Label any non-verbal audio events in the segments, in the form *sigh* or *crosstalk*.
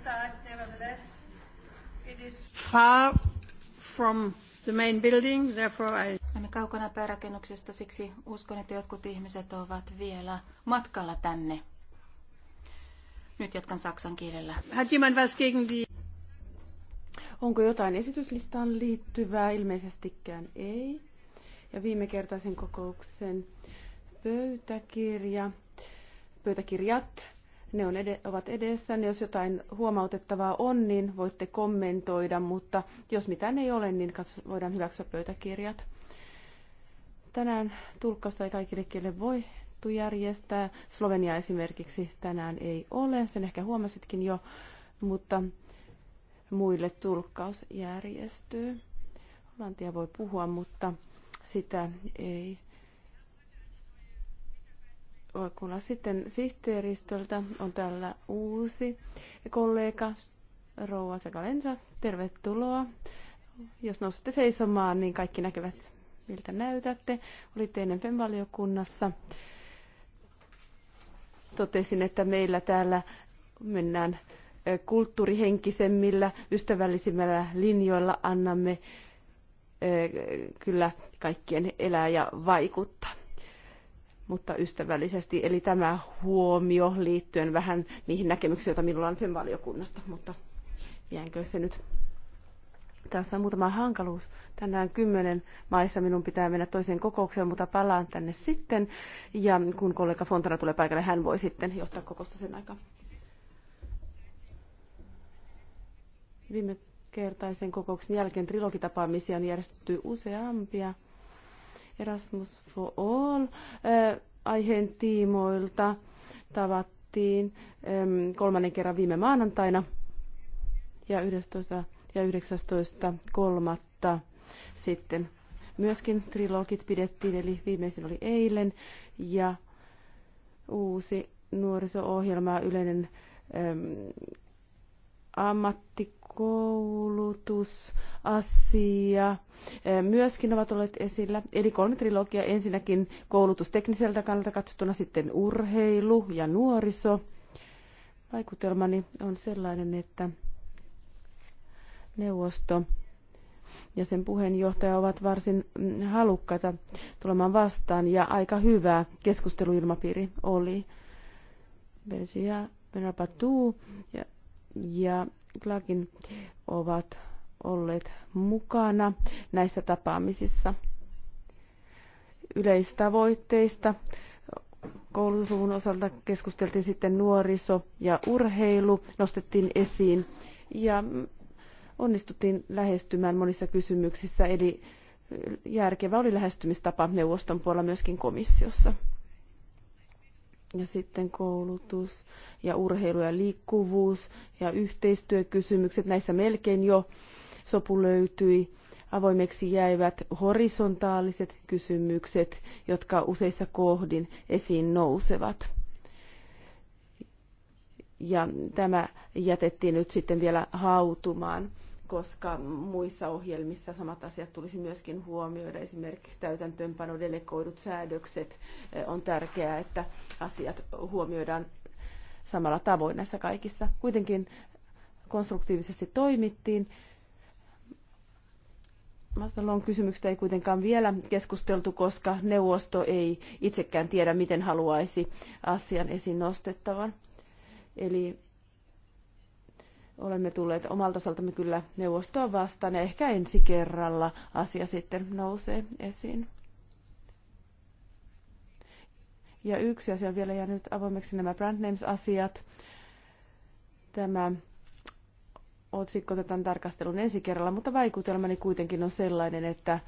start, nevertheless. It is far from the main building, therefore I... Olemme kaukana päärakennuksesta, siksi uskon, että jotkut ihmiset ovat vielä matkalla tänne. Nyt jatkan saksan kielellä. Hat jemand was gegen die... Onko jotain esityslistaan liittyvää? Ilmeisestikään ei. Ja viime kertaisen kokouksen pöytäkirja, pöytäkirjat ne on ed- ovat edessä. Jos jotain huomautettavaa on, niin voitte kommentoida, mutta jos mitään ei ole, niin katso, voidaan hyväksyä pöytäkirjat. Tänään tulkkausta ei kaikille kielille voi järjestää. Slovenia esimerkiksi tänään ei ole, sen ehkä huomasitkin jo, mutta muille tulkkaus järjestyy. Hollantia voi puhua, mutta sitä ei Kuulla sitten sihteeristöltä on täällä uusi kollega Rouva Sekalensa. Tervetuloa. Jos nousette seisomaan, niin kaikki näkevät, miltä näytätte. Olitte ennen e valiokunnassa. Totesin, että meillä täällä mennään kulttuurihenkisemmillä, ystävällisimmillä linjoilla annamme kyllä kaikkien elää ja vaikuttaa mutta ystävällisesti. Eli tämä huomio liittyen vähän niihin näkemyksiin, joita minulla on FEM-valiokunnasta, mutta jäänkö se nyt tässä on muutama hankaluus. Tänään kymmenen maissa minun pitää mennä toiseen kokoukseen, mutta palaan tänne sitten. Ja kun kollega Fontana tulee paikalle, hän voi sitten johtaa kokousta sen aikaa. Viime kertaisen kokouksen jälkeen trilogitapaamisia on järjestetty useampia. Erasmus for All aiheen tiimoilta tavattiin kolmannen kerran viime maanantaina ja 11. ja 19.3. sitten myöskin trilogit pidettiin, eli viimeisin oli eilen ja uusi nuoriso-ohjelma yleinen äm, ammatti koulutusasia eh, myöskin ovat olleet esillä. Eli kolme trilogia. Ensinnäkin koulutus tekniseltä kannalta katsottuna, sitten urheilu ja nuoriso. Vaikutelmani on sellainen, että neuvosto ja sen puheenjohtaja ovat varsin mm, halukkaita tulemaan vastaan ja aika hyvä keskusteluilmapiiri oli. Belgia Benapatu ja, ja Clarkin ovat olleet mukana näissä tapaamisissa. Yleistavoitteista koulusuvun osalta keskusteltiin sitten nuoriso ja urheilu, nostettiin esiin ja onnistuttiin lähestymään monissa kysymyksissä, eli järkevä oli lähestymistapa neuvoston puolella myöskin komissiossa. Ja sitten koulutus ja urheilu ja liikkuvuus ja yhteistyökysymykset, näissä melkein jo sopu löytyi. Avoimeksi jäivät horisontaaliset kysymykset, jotka useissa kohdin esiin nousevat. Ja tämä jätettiin nyt sitten vielä hautumaan koska muissa ohjelmissa samat asiat tulisi myöskin huomioida. Esimerkiksi täytäntöönpano delegoidut säädökset eh, on tärkeää, että asiat huomioidaan samalla tavoin näissä kaikissa. Kuitenkin konstruktiivisesti toimittiin. Mastalon kysymyksestä ei kuitenkaan vielä keskusteltu, koska neuvosto ei itsekään tiedä, miten haluaisi asian esiin nostettavan. Eli olemme tulleet omalta osaltamme kyllä neuvostoa vastaan ja ehkä ensi kerralla asia sitten nousee esiin. Ja yksi asia on vielä jäänyt avoimeksi nämä brand names-asiat. Tämä otsikko otetaan tarkastelun ensi kerralla, mutta vaikutelmani kuitenkin on sellainen, että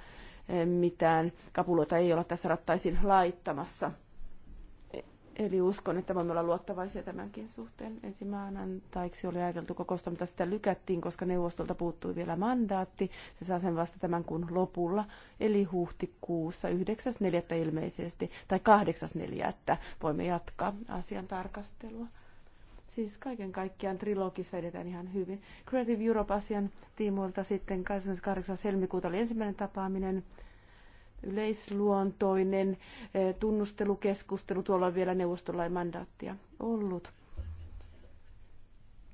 mitään kapuloita ei olla tässä rattaisin laittamassa. Eli uskon, että voimme olla luottavaisia tämänkin suhteen. Ensi maanantaiksi oli ajateltu kokousta, mutta sitä lykättiin, koska neuvostolta puuttui vielä mandaatti. Se saa sen vasta tämän kuun lopulla, eli huhtikuussa 9.4. ilmeisesti, tai 8.4. voimme jatkaa asian tarkastelua. Siis kaiken kaikkiaan trilogissa edetään ihan hyvin. Creative Europe-asian tiimoilta sitten 28. helmikuuta oli ensimmäinen tapaaminen yleisluontoinen eh, tunnustelukeskustelu. Tuolla on vielä neuvostolla ei mandaattia ollut.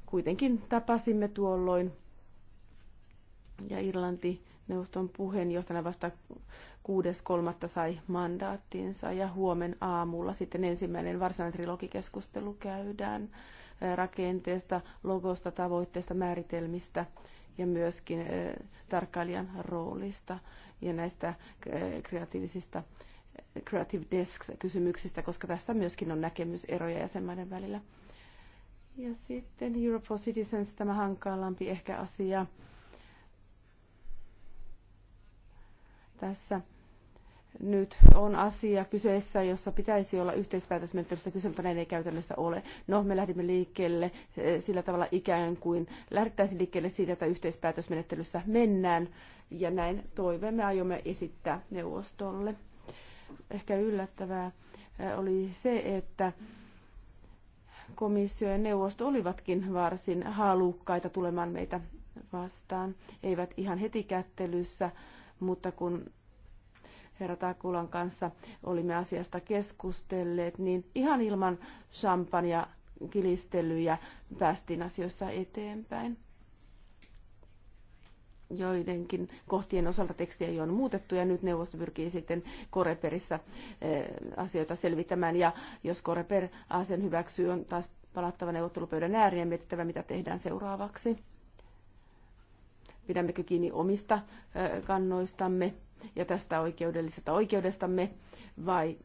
Kuitenkin tapasimme tuolloin ja Irlanti neuvoston puheenjohtajana vasta 6.3. sai mandaattinsa ja huomen aamulla sitten ensimmäinen varsinainen trilogikeskustelu käydään eh, rakenteesta, logosta, tavoitteesta, määritelmistä ja myöskin eh, tarkkailijan roolista ja näistä eh, kreatiivisista eh, Creative Desks-kysymyksistä, koska tässä myöskin on näkemyseroja jäsenmaiden välillä. Ja sitten Europe for Citizens, tämä hankalampi ehkä asia. Tässä nyt on asia kyseessä, jossa pitäisi olla yhteispäätösmenettelystä kyse, mutta näin ei käytännössä ole. No, me lähdimme liikkeelle eh, sillä tavalla ikään kuin lähdettäisiin liikkeelle siitä, että yhteispäätösmenettelyssä mennään, ja näin toiveemme aiomme esittää neuvostolle. Ehkä yllättävää eh, oli se, että komissio ja neuvosto olivatkin varsin halukkaita tulemaan meitä vastaan. Eivät ihan heti kättelyssä, mutta kun herra Takulan kanssa olimme asiasta keskustelleet, niin ihan ilman champagnea kilistelyjä päästiin asioissa eteenpäin. Joidenkin kohtien osalta tekstiä ei ole muutettu ja nyt neuvosto pyrkii sitten Koreperissä eh, asioita selvittämään. Ja jos Koreper asian hyväksyy, on taas palattava neuvottelupöydän ääriä ja mietittävä, mitä tehdään seuraavaksi. Pidämmekö kiinni omista eh, kannoistamme ja tästä oikeudellisesta oikeudestamme vai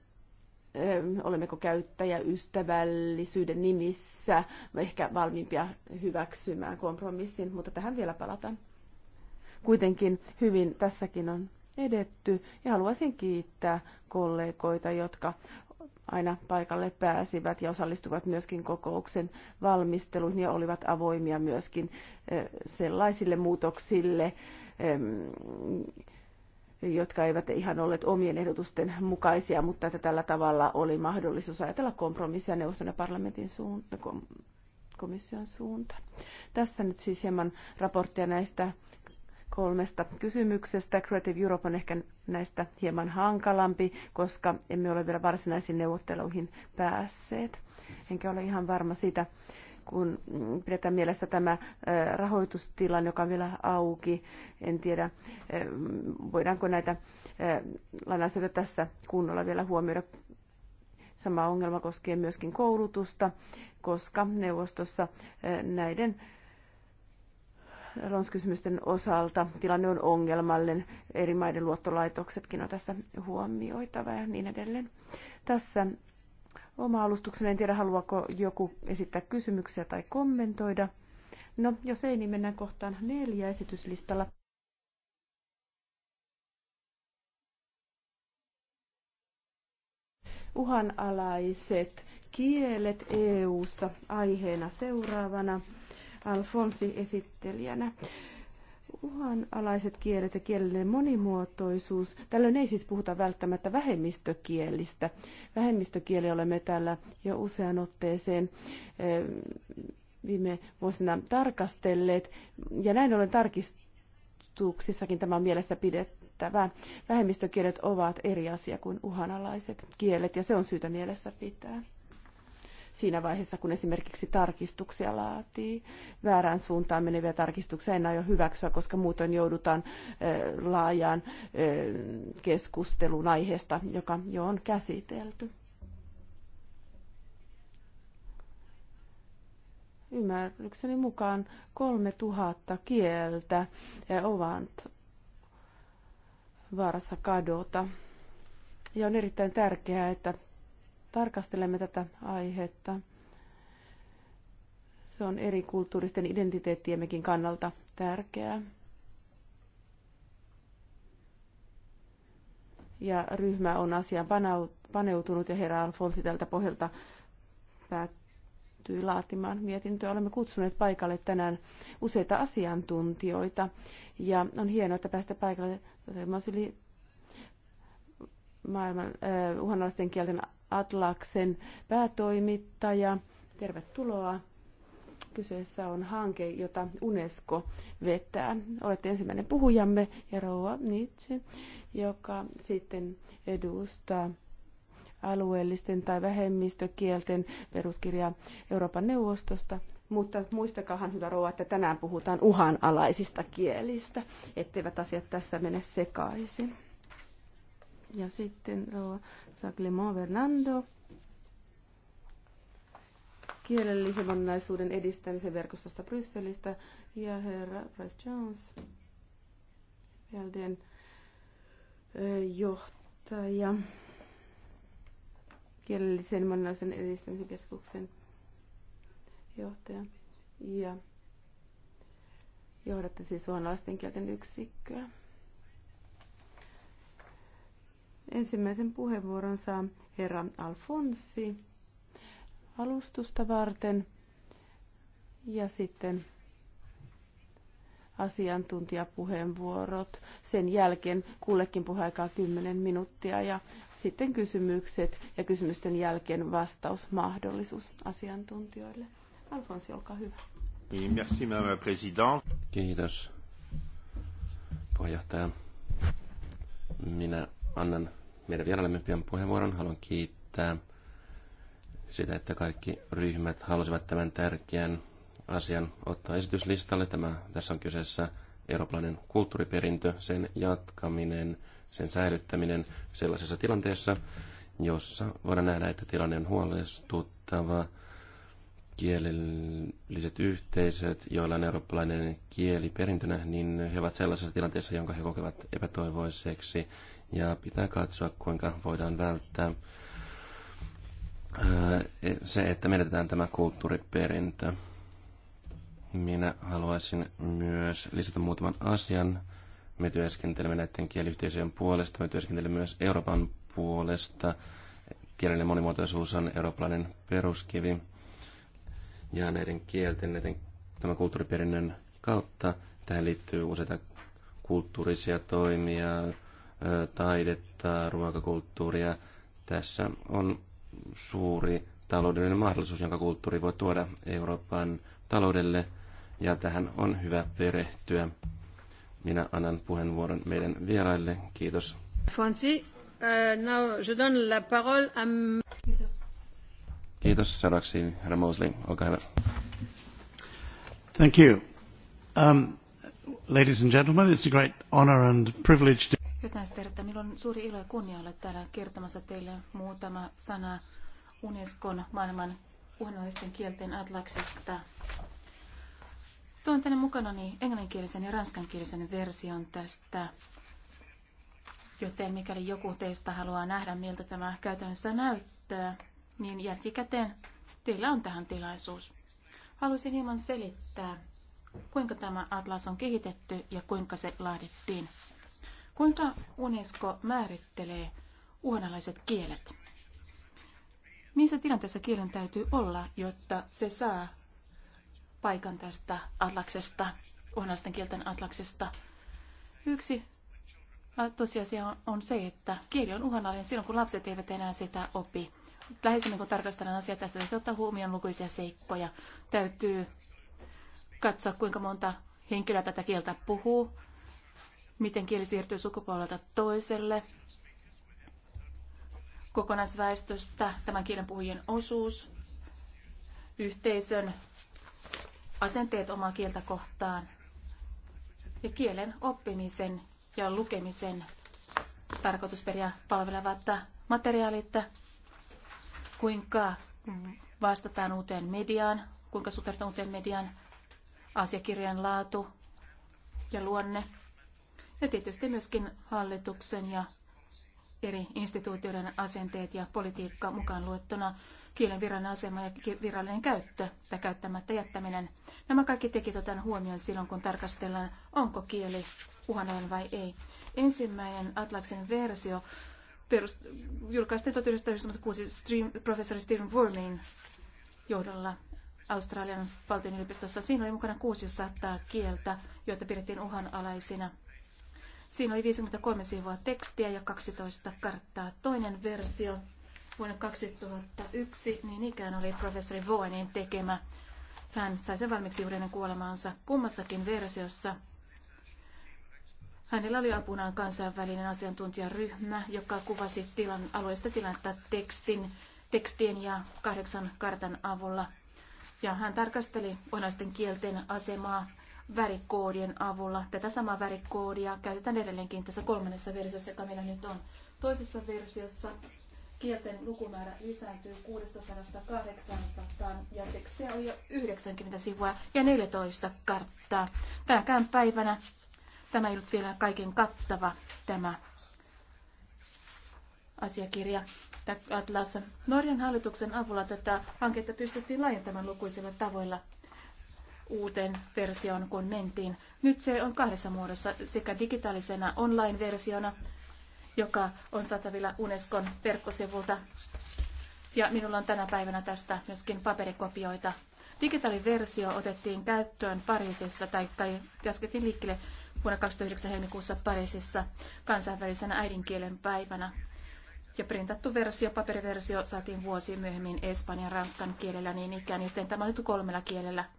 ähm, olemmeko käyttäjäystävällisyyden nimissä ehkä valmiimpia hyväksymään kompromissin, mutta tähän vielä palataan. Kuitenkin hyvin tässäkin on edetty ja haluaisin kiittää kollegoita, jotka aina paikalle pääsivät ja osallistuvat myöskin kokouksen valmisteluun ja olivat avoimia myöskin äh, sellaisille muutoksille, ähm, jotka eivät ihan olleet omien ehdotusten mukaisia, mutta että tällä tavalla oli mahdollisuus ajatella kompromissia neuvoston ja parlamentin kom, komission suuntaan. Tässä nyt siis hieman raporttia näistä kolmesta kysymyksestä. Creative Europe on ehkä näistä hieman hankalampi, koska emme ole vielä varsinaisiin neuvotteluihin päässeet. Enkä ole ihan varma siitä, kun pidetään mielessä tämä rahoitustilanne, joka on vielä auki. En tiedä, voidaanko näitä lainaisuuksia tässä kunnolla vielä huomioida. Sama ongelma koskee myöskin koulutusta, koska neuvostossa näiden ronskysymysten osalta tilanne on ongelmallinen. Eri maiden luottolaitoksetkin on tässä huomioitava ja niin edelleen. Tässä oma alustuksen. En tiedä, haluaako joku esittää kysymyksiä tai kommentoida. No, jos ei, niin mennään kohtaan neljä esityslistalla. Uhanalaiset kielet EU-ssa aiheena seuraavana. Alfonsi esittelijänä uhanalaiset kielet ja kielellinen monimuotoisuus. Tällöin ei siis puhuta välttämättä vähemmistökielistä. Vähemmistökieli olemme täällä jo usean otteeseen eh, viime vuosina tarkastelleet, ja näin ollen tarkistuksissakin tämä on mielessä pidettävä. Vähemmistökielet ovat eri asia kuin uhanalaiset kielet, ja se on syytä mielessä pitää siinä vaiheessa, kun esimerkiksi tarkistuksia laatii. Väärään suuntaan meneviä tarkistuksia en aio hyväksyä, koska muuten joudutaan laajaan keskustelun aiheesta, joka jo on käsitelty. ymmärrykseni mukaan 3000 kieltä ovat vaarassa kadota. Ja on erittäin tärkeää, että tarkastelemme tätä aihetta. Se on eri kulttuuristen identiteettiemmekin kannalta tärkeää. Ja ryhmä on asiaan paneutunut ja herra Alfonsi tältä pohjalta päättyi laatimaan mietintöä. Olemme kutsuneet paikalle tänään useita asiantuntijoita ja on hienoa, että päästä paikalle maailman äh, uhanalaisten kielten Atlaksen päätoimittaja. Tervetuloa. Kyseessä on hanke, jota UNESCO vetää. Olette ensimmäinen puhujamme, ja Rouva Nietzsche, joka sitten edustaa alueellisten tai vähemmistökielten peruskirjaa Euroopan neuvostosta. Mutta muistakahan, hyvä Roa, että tänään puhutaan uhanalaisista kielistä, etteivät asiat tässä mene sekaisin. Ja sitten rouva Saclemon Fernando. Kielellisen moninaisuuden edistämisen verkostosta Brysselistä. Ja herra Price Jones. Jälkeen johtaja kielellisen moninaisen edistämisen keskuksen johtaja. Ja johdatte siis suomalaisten kielten yksikköä. Ensimmäisen puheenvuoron saa herra Alfonsi alustusta varten ja sitten asiantuntijapuheenvuorot. Sen jälkeen kullekin puheaikaa 10 minuuttia ja sitten kysymykset ja kysymysten jälkeen vastausmahdollisuus asiantuntijoille. Alfonsi, olkaa hyvä. Merci, madame président. Kiitos, puheenjohtaja. Minä annan meidän vieraillemme pian puheenvuoron. Haluan kiittää sitä, että kaikki ryhmät halusivat tämän tärkeän asian ottaa esityslistalle. Tämä, tässä on kyseessä eurooppalainen kulttuuriperintö, sen jatkaminen, sen säilyttäminen sellaisessa tilanteessa, jossa voidaan nähdä, että tilanne on huolestuttava. Kielelliset yhteisöt, joilla on eurooppalainen kieli perintönä, niin he ovat sellaisessa tilanteessa, jonka he kokevat epätoivoiseksi ja pitää katsoa, kuinka voidaan välttää se, että menetetään tämä kulttuuriperintö. Minä haluaisin myös lisätä muutaman asian. Me työskentelemme näiden kieliyhteisöjen puolesta, me työskentelemme myös Euroopan puolesta. Kielinen monimuotoisuus on eurooppalainen peruskivi. Ja näiden kielten, näiden tämän kulttuuriperinnön kautta tähän liittyy useita kulttuurisia toimia, taidetta, ruokakulttuuria. Tässä on suuri taloudellinen mahdollisuus, jonka kulttuuri voi tuoda Euroopan taloudelle, ja tähän on hyvä perehtyä. Minä annan puheenvuoron meidän vieraille. Kiitos. Fonsi, uh, now je donne la parole à... Kiitos. Kiitos. Seuraavaksi herra Mosley, olkaa hyvä. Thank you. Um, ladies and gentlemen, it's a great honor and privilege to... Hyvät naiset herrat, minulla on suuri ilo ja kunnia olla täällä kertomassa teille muutama sana Unescon maailman uhanalaisten kielten atlaksesta. Tuon tänne mukanani englanninkielisen ja ranskankielisen version tästä, joten mikäli joku teistä haluaa nähdä, miltä tämä käytännössä näyttää, niin jälkikäteen teillä on tähän tilaisuus. Haluaisin hieman selittää, kuinka tämä atlas on kehitetty ja kuinka se laadittiin. Kuinka UNESCO määrittelee uhanalaiset kielet? Missä tilanteessa kielen täytyy olla, jotta se saa paikan tästä atlaksesta, uhanalaisten kielten atlaksesta? Yksi tosiasia on se, että kieli on uhanalainen silloin, kun lapset eivät enää sitä opi. Läheisemmin kun tarkastellaan asiaa tässä, täytyy ottaa huomioon lukuisia seikkoja. Täytyy katsoa, kuinka monta henkilöä tätä kieltä puhuu, miten kieli siirtyy sukupuolelta toiselle, kokonaisväestöstä tämän kielen puhujien osuus, yhteisön asenteet omaa kieltä kohtaan ja kielen oppimisen ja lukemisen tarkoitusperia palvelevat materiaalit, kuinka vastataan uuteen mediaan, kuinka suhtaudutaan uuteen mediaan, asiakirjan laatu ja luonne ja tietysti myöskin hallituksen ja eri instituutioiden asenteet ja politiikka mukaan luettuna kielen viran asema ja virallinen käyttö tai käyttämättä jättäminen. Nämä kaikki tekit otan huomioon silloin, kun tarkastellaan, onko kieli uhanalainen vai ei. Ensimmäinen Atlaksen versio perust- julkaistiin 1996 Stream, professori Stephen Wormin johdolla Australian valtion yliopistossa. Siinä oli mukana 600 kieltä, joita pidettiin uhanalaisina – Siinä oli 53 sivua tekstiä ja 12 karttaa. Toinen versio vuonna 2001, niin ikään oli professori Voinin tekemä. Hän sai sen valmiiksi juuri ennen kuolemaansa. Kummassakin versiossa hänellä oli apunaan kansainvälinen asiantuntijaryhmä, joka kuvasi tilan, alueellista tilannetta tekstin, tekstien ja kahdeksan kartan avulla. Ja hän tarkasteli onaisten kielten asemaa värikoodien avulla. Tätä samaa värikoodia käytetään edelleenkin tässä kolmannessa versiossa, joka meillä nyt on. Toisessa versiossa kielten lukumäärä lisääntyy 600-800 ja tekstiä on jo 90 sivua ja 14 karttaa. Tänäkään päivänä tämä ei ollut vielä kaiken kattava tämä asiakirja. Atlas. Norjan hallituksen avulla tätä hanketta pystyttiin laajentamaan lukuisilla tavoilla uuteen versioon, kun mentiin. Nyt se on kahdessa muodossa, sekä digitaalisena online-versiona, joka on saatavilla Unescon verkkosivulta. Ja minulla on tänä päivänä tästä myöskin paperikopioita. Digitaaliversio otettiin käyttöön Pariisissa tai käskettiin liikkeelle vuonna 29. helmikuussa Pariisissa kansainvälisenä äidinkielen päivänä. Ja printattu versio, paperiversio saatiin vuosi myöhemmin espanjan ranskan kielellä niin ikään, joten tämä on nyt kolmella kielellä –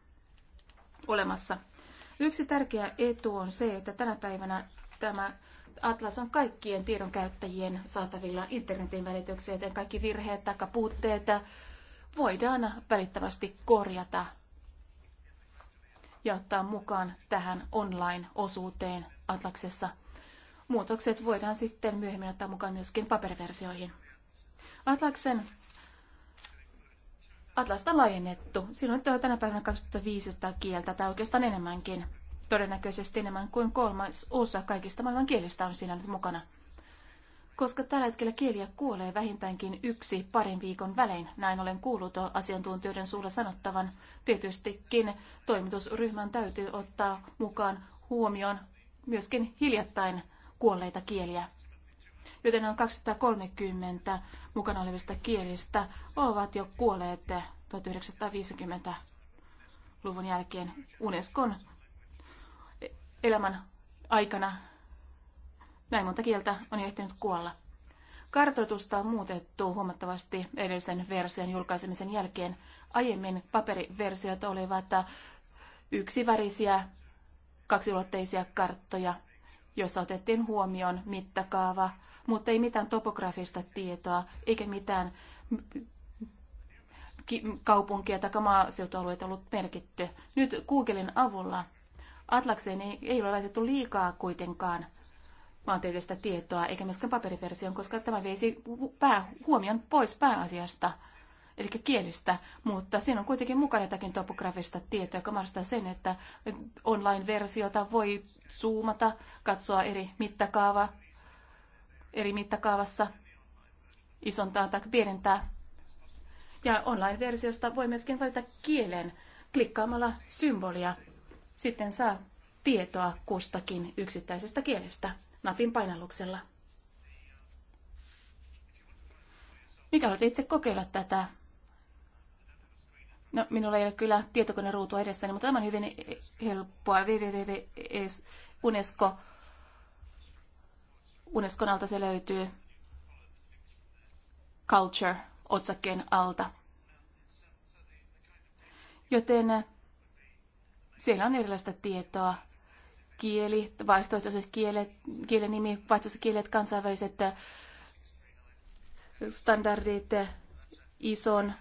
olemassa. Yksi tärkeä etu on se, että tänä päivänä tämä Atlas on kaikkien tiedon käyttäjien saatavilla internetin välityksiä, joten kaikki virheet tai puutteet voidaan välittävästi korjata ja ottaa mukaan tähän online-osuuteen Atlaksessa. Muutokset voidaan sitten myöhemmin ottaa mukaan myöskin paperiversioihin. Atlaksen Atlasta on laajennettu. Silloin on tänä päivänä 2500 kieltä tai oikeastaan enemmänkin. Todennäköisesti enemmän kuin kolmas osa kaikista maailman kielistä on siinä nyt mukana. Koska tällä hetkellä kieliä kuolee vähintäänkin yksi parin viikon välein, näin olen kuullut asiantuntijoiden suulla sanottavan, tietystikin toimitusryhmän täytyy ottaa mukaan huomioon myöskin hiljattain kuolleita kieliä joten noin 230 mukana olevista kielistä ovat jo kuolleet 1950-luvun jälkeen Unescon elämän aikana. Näin monta kieltä on jo ehtinyt kuolla. Kartoitusta on muutettu huomattavasti edellisen version julkaisemisen jälkeen. Aiemmin paperiversiot olivat yksivärisiä, kaksiulotteisia karttoja, joissa otettiin huomioon mittakaava, mutta ei mitään topografista tietoa eikä mitään kaupunkia tai maaseutualueita ollut merkitty. Nyt Googlen avulla Atlakseen ei, ole laitettu liikaa kuitenkaan maantieteellistä tietoa, eikä myöskään paperiversioon, koska tämä veisi pää, huomion pois pääasiasta, eli kielistä, mutta siinä on kuitenkin mukana jotakin topografista tietoa, joka mahdollistaa sen, että online-versiota voi zoomata, katsoa eri mittakaava eri mittakaavassa isontaa tai pienentää. Ja online-versiosta voi myöskin valita kielen klikkaamalla symbolia. Sitten saa tietoa kustakin yksittäisestä kielestä napin painalluksella. Mikä olet itse kokeilla tätä? No, minulla ei ole kyllä tietokoneruutua edessäni, mutta tämä on hyvin helppoa. www.unesco.com e Unescon alta se löytyy Culture-otsakkeen alta. Joten siellä on erilaista tietoa. Kieli, vaihtoehtoiset kielet, kielen nimi, vaihtoehtoiset kielet, kansainväliset äh, standardit, äh, ison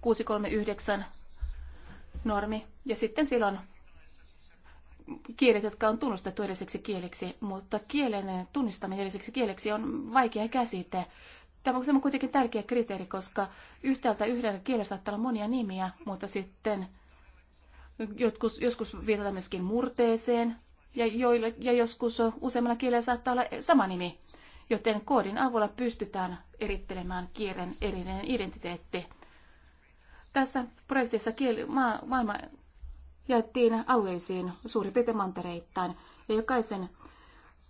639 normi. Ja sitten silloin kielet, jotka on tunnustettu edelliseksi kieleksi, mutta kielen tunnistaminen edelliseksi kieleksi on vaikea käsite. Tämä on kuitenkin tärkeä kriteeri, koska yhtäältä yhdellä kielellä saattaa olla monia nimiä, mutta sitten jotkus, joskus viitataan myöskin murteeseen, ja, joille, ja joskus useammalla kielellä saattaa olla sama nimi, joten koodin avulla pystytään erittelemään kielen erillinen identiteetti. Tässä projektissa kieli, maailma, jaettiin alueisiin suurin piirtein mantereittain. Ja jokaisen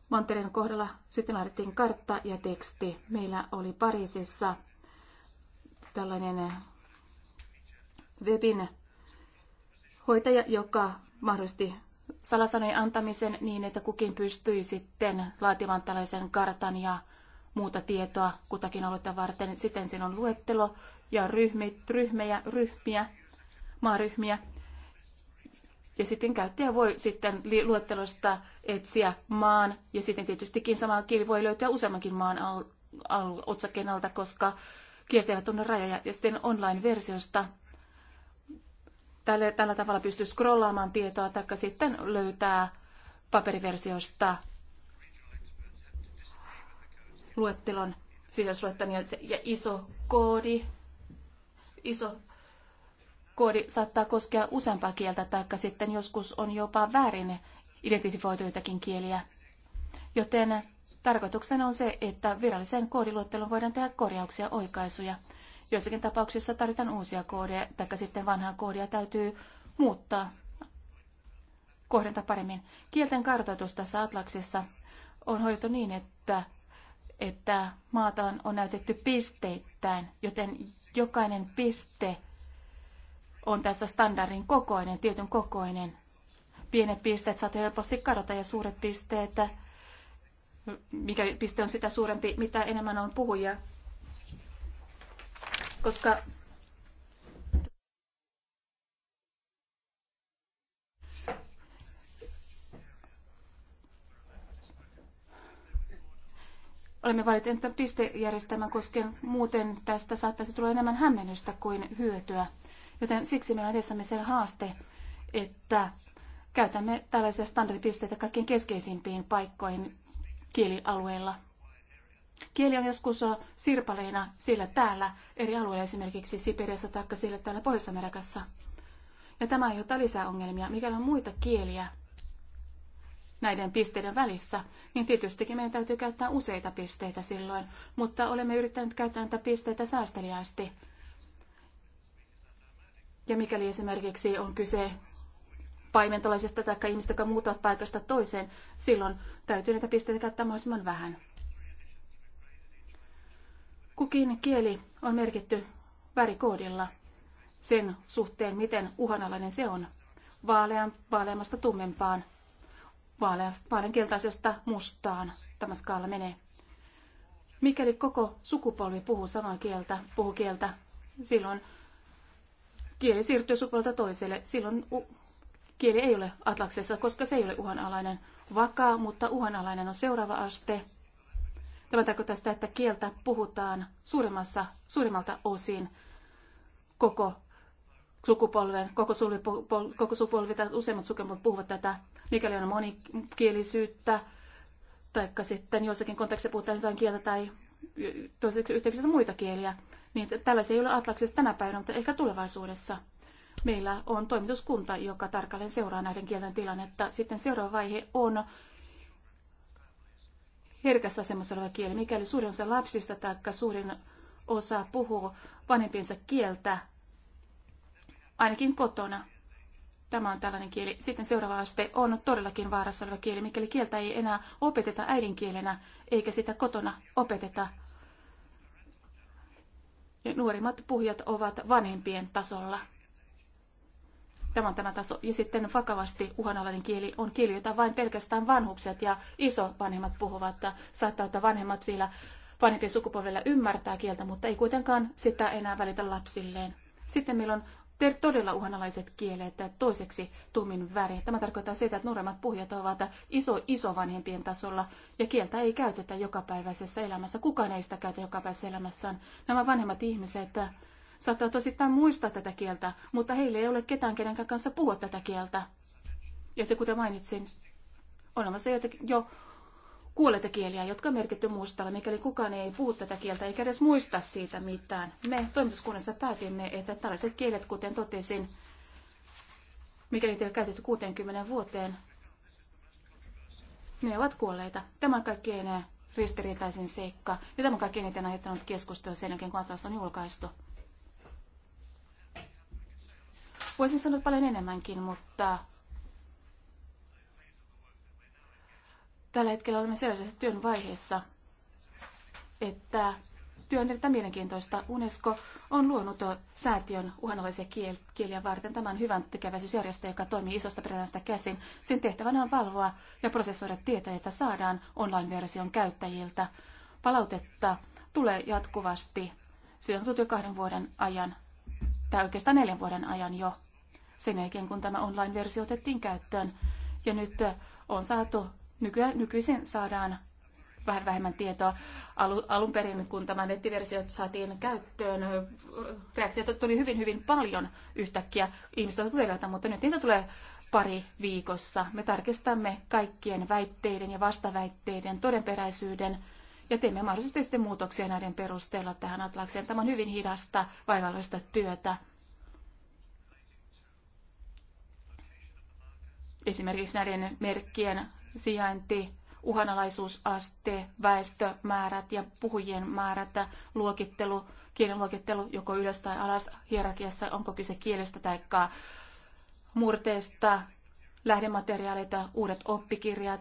mantereen kohdalla sitten laadittiin kartta ja teksti. Meillä oli Pariisissa tällainen webin hoitaja, joka mahdollisti salasanojen antamisen niin, että kukin pystyi sitten laatimaan tällaisen kartan ja muuta tietoa kutakin aluetta varten. Sitten siinä on luettelo ja ryhmit, ryhmejä, ryhmiä, maaryhmiä ja sitten käyttäjä voi sitten luettelosta etsiä maan, ja sitten tietystikin sama kieli voi löytyä useammankin maan al- al- otsakkeen alta, koska kielet eivät tunne rajoja. Ja sitten online-versiosta tällä, tällä tavalla pystyy scrollaamaan tietoa, tai sitten löytää paperiversiosta luettelon sisällysluettelon ja iso koodi, iso koodi saattaa koskea useampaa kieltä, taikka sitten joskus on jopa väärin identifioituitakin kieliä. Joten tarkoituksena on se, että viralliseen koodiluotteluun voidaan tehdä korjauksia, oikaisuja. Joissakin tapauksissa tarvitaan uusia koodeja, taikka sitten vanhaa koodia täytyy muuttaa, Kohdenta paremmin. Kielten kartoitus tässä Atlaksissa on hoidettu niin, että, että maata on, on näytetty pisteittäin, joten jokainen piste on tässä standardin kokoinen, tietyn kokoinen. Pienet pisteet saat helposti kadota ja suuret pisteet, mikä piste on sitä suurempi, mitä enemmän on puhujia. Koska olemme valitettavasti pistejärjestelmän, koskien muuten tästä saattaisi tulla enemmän hämmennystä kuin hyötyä. Joten siksi meillä on edessämme se haaste, että käytämme tällaisia standardipisteitä kaikkein keskeisimpiin paikkoihin kielialueilla. Kieli on joskus sirpaleina sillä täällä eri alueilla, esimerkiksi Siperiassa tai sillä täällä Pohjois-Amerikassa. Ja tämä aiheuttaa lisää ongelmia. Mikäli on muita kieliä näiden pisteiden välissä, niin tietystikin meidän täytyy käyttää useita pisteitä silloin, mutta olemme yrittäneet käyttää näitä pisteitä säästeliästi ja mikäli esimerkiksi on kyse paimentolaisesta tai ihmistä, jotka muuttavat paikasta toiseen, silloin täytyy näitä pisteitä käyttää mahdollisimman vähän. Kukin kieli on merkitty värikoodilla sen suhteen, miten uhanalainen se on. Vaalean, vaaleammasta tummempaan, vaalean keltaisesta mustaan tämä skaala menee. Mikäli koko sukupolvi puhuu samaa kieltä, puhuu kieltä, silloin kieli siirtyy sukupuolelta toiselle. Silloin kieli ei ole atlaksessa, koska se ei ole uhanalainen. Vakaa, mutta uhanalainen on seuraava aste. Tämä tarkoittaa sitä, että kieltä puhutaan suuremmassa, suurimmalta osin koko sukupolven, koko, sulipol, koko sukupolvi tai useimmat sukupolvet puhuvat tätä, mikäli on monikielisyyttä, taikka sitten joissakin kontekstissa puhutaan jotain kieltä tai toiseksi yhteyksissä muita kieliä. Niin tällaisia ei ole Atlaksessa tänä päivänä, mutta ehkä tulevaisuudessa. Meillä on toimituskunta, joka tarkalleen seuraa näiden kielten tilannetta. Sitten seuraava vaihe on herkässä asemassa oleva kieli. Mikäli suurin osa lapsista tai suurin osa puhuu vanhempiensa kieltä, ainakin kotona, tämä on tällainen kieli. Sitten seuraava aste on todellakin vaarassa oleva kieli, mikäli kieltä ei enää opeteta äidinkielenä eikä sitä kotona opeteta ja nuorimmat puhujat ovat vanhempien tasolla. Tämä on tämä taso. Ja sitten vakavasti uhanalainen kieli on kieli, jota vain pelkästään vanhukset ja isovanhemmat puhuvat. Saattaa, että vanhemmat vielä vanhempien sukupolvella ymmärtää kieltä, mutta ei kuitenkaan sitä enää välitä lapsilleen. Sitten meillä on todella uhanalaiset kielet toiseksi tummin väri. Tämä tarkoittaa sitä, että nuoremmat puhujat ovat iso isovanhempien tasolla ja kieltä ei käytetä jokapäiväisessä elämässä. Kukaan ei sitä käytä jokapäiväisessä elämässään. Nämä vanhemmat ihmiset saattavat tosittain muistaa tätä kieltä, mutta heillä ei ole ketään kenenkään kanssa puhua tätä kieltä. Ja se, kuten mainitsin, on olemassa jo kuuleta kieliä, jotka on merkitty mustalla, mikäli kukaan ei puhu tätä kieltä eikä edes muista siitä mitään. Me toimituskunnassa päätimme, että tällaiset kielet, kuten totesin, mikäli teillä on käytetty 60 vuoteen, ne ovat kuolleita. Tämä on kaikkein ristiriitaisin seikka, ja tämä on kaikkein eniten aiheuttanut keskustelua sen jälkeen, kun Atlas on julkaistu. Voisin sanoa paljon enemmänkin, mutta Tällä hetkellä olemme sellaisessa työn vaiheessa, että työ on erittäin mielenkiintoista. UNESCO on luonut säätiön uhanalaisia kieliä varten tämän hyvän tekeväisyysjärjestö, joka toimii isosta Britanniasta käsin. Sen tehtävänä on valvoa ja prosessoida tietoja, joita saadaan online-version käyttäjiltä. Palautetta tulee jatkuvasti. Siitä on tullut jo kahden vuoden ajan, tai oikeastaan neljän vuoden ajan jo, sen jälkeen kun tämä online-versio otettiin käyttöön. Ja nyt on saatu Nykyään, nykyisin saadaan vähän vähemmän tietoa. Alu, alun perin, kun tämä nettiversio saatiin käyttöön, reaktiot tuli hyvin, hyvin paljon yhtäkkiä ihmistä tutelijoilta, mutta nyt niitä tulee pari viikossa. Me tarkistamme kaikkien väitteiden ja vastaväitteiden todenperäisyyden ja teemme mahdollisesti sitten muutoksia näiden perusteella tähän atlakseen. Tämä on hyvin hidasta, vaivalloista työtä. Esimerkiksi näiden merkkien sijainti, uhanalaisuusaste, väestömäärät ja puhujien määrät, luokittelu, kielen luokittelu joko ylös tai alas hierarkiassa, onko kyse kielestä tai murteesta, lähdemateriaaleita, uudet oppikirjat,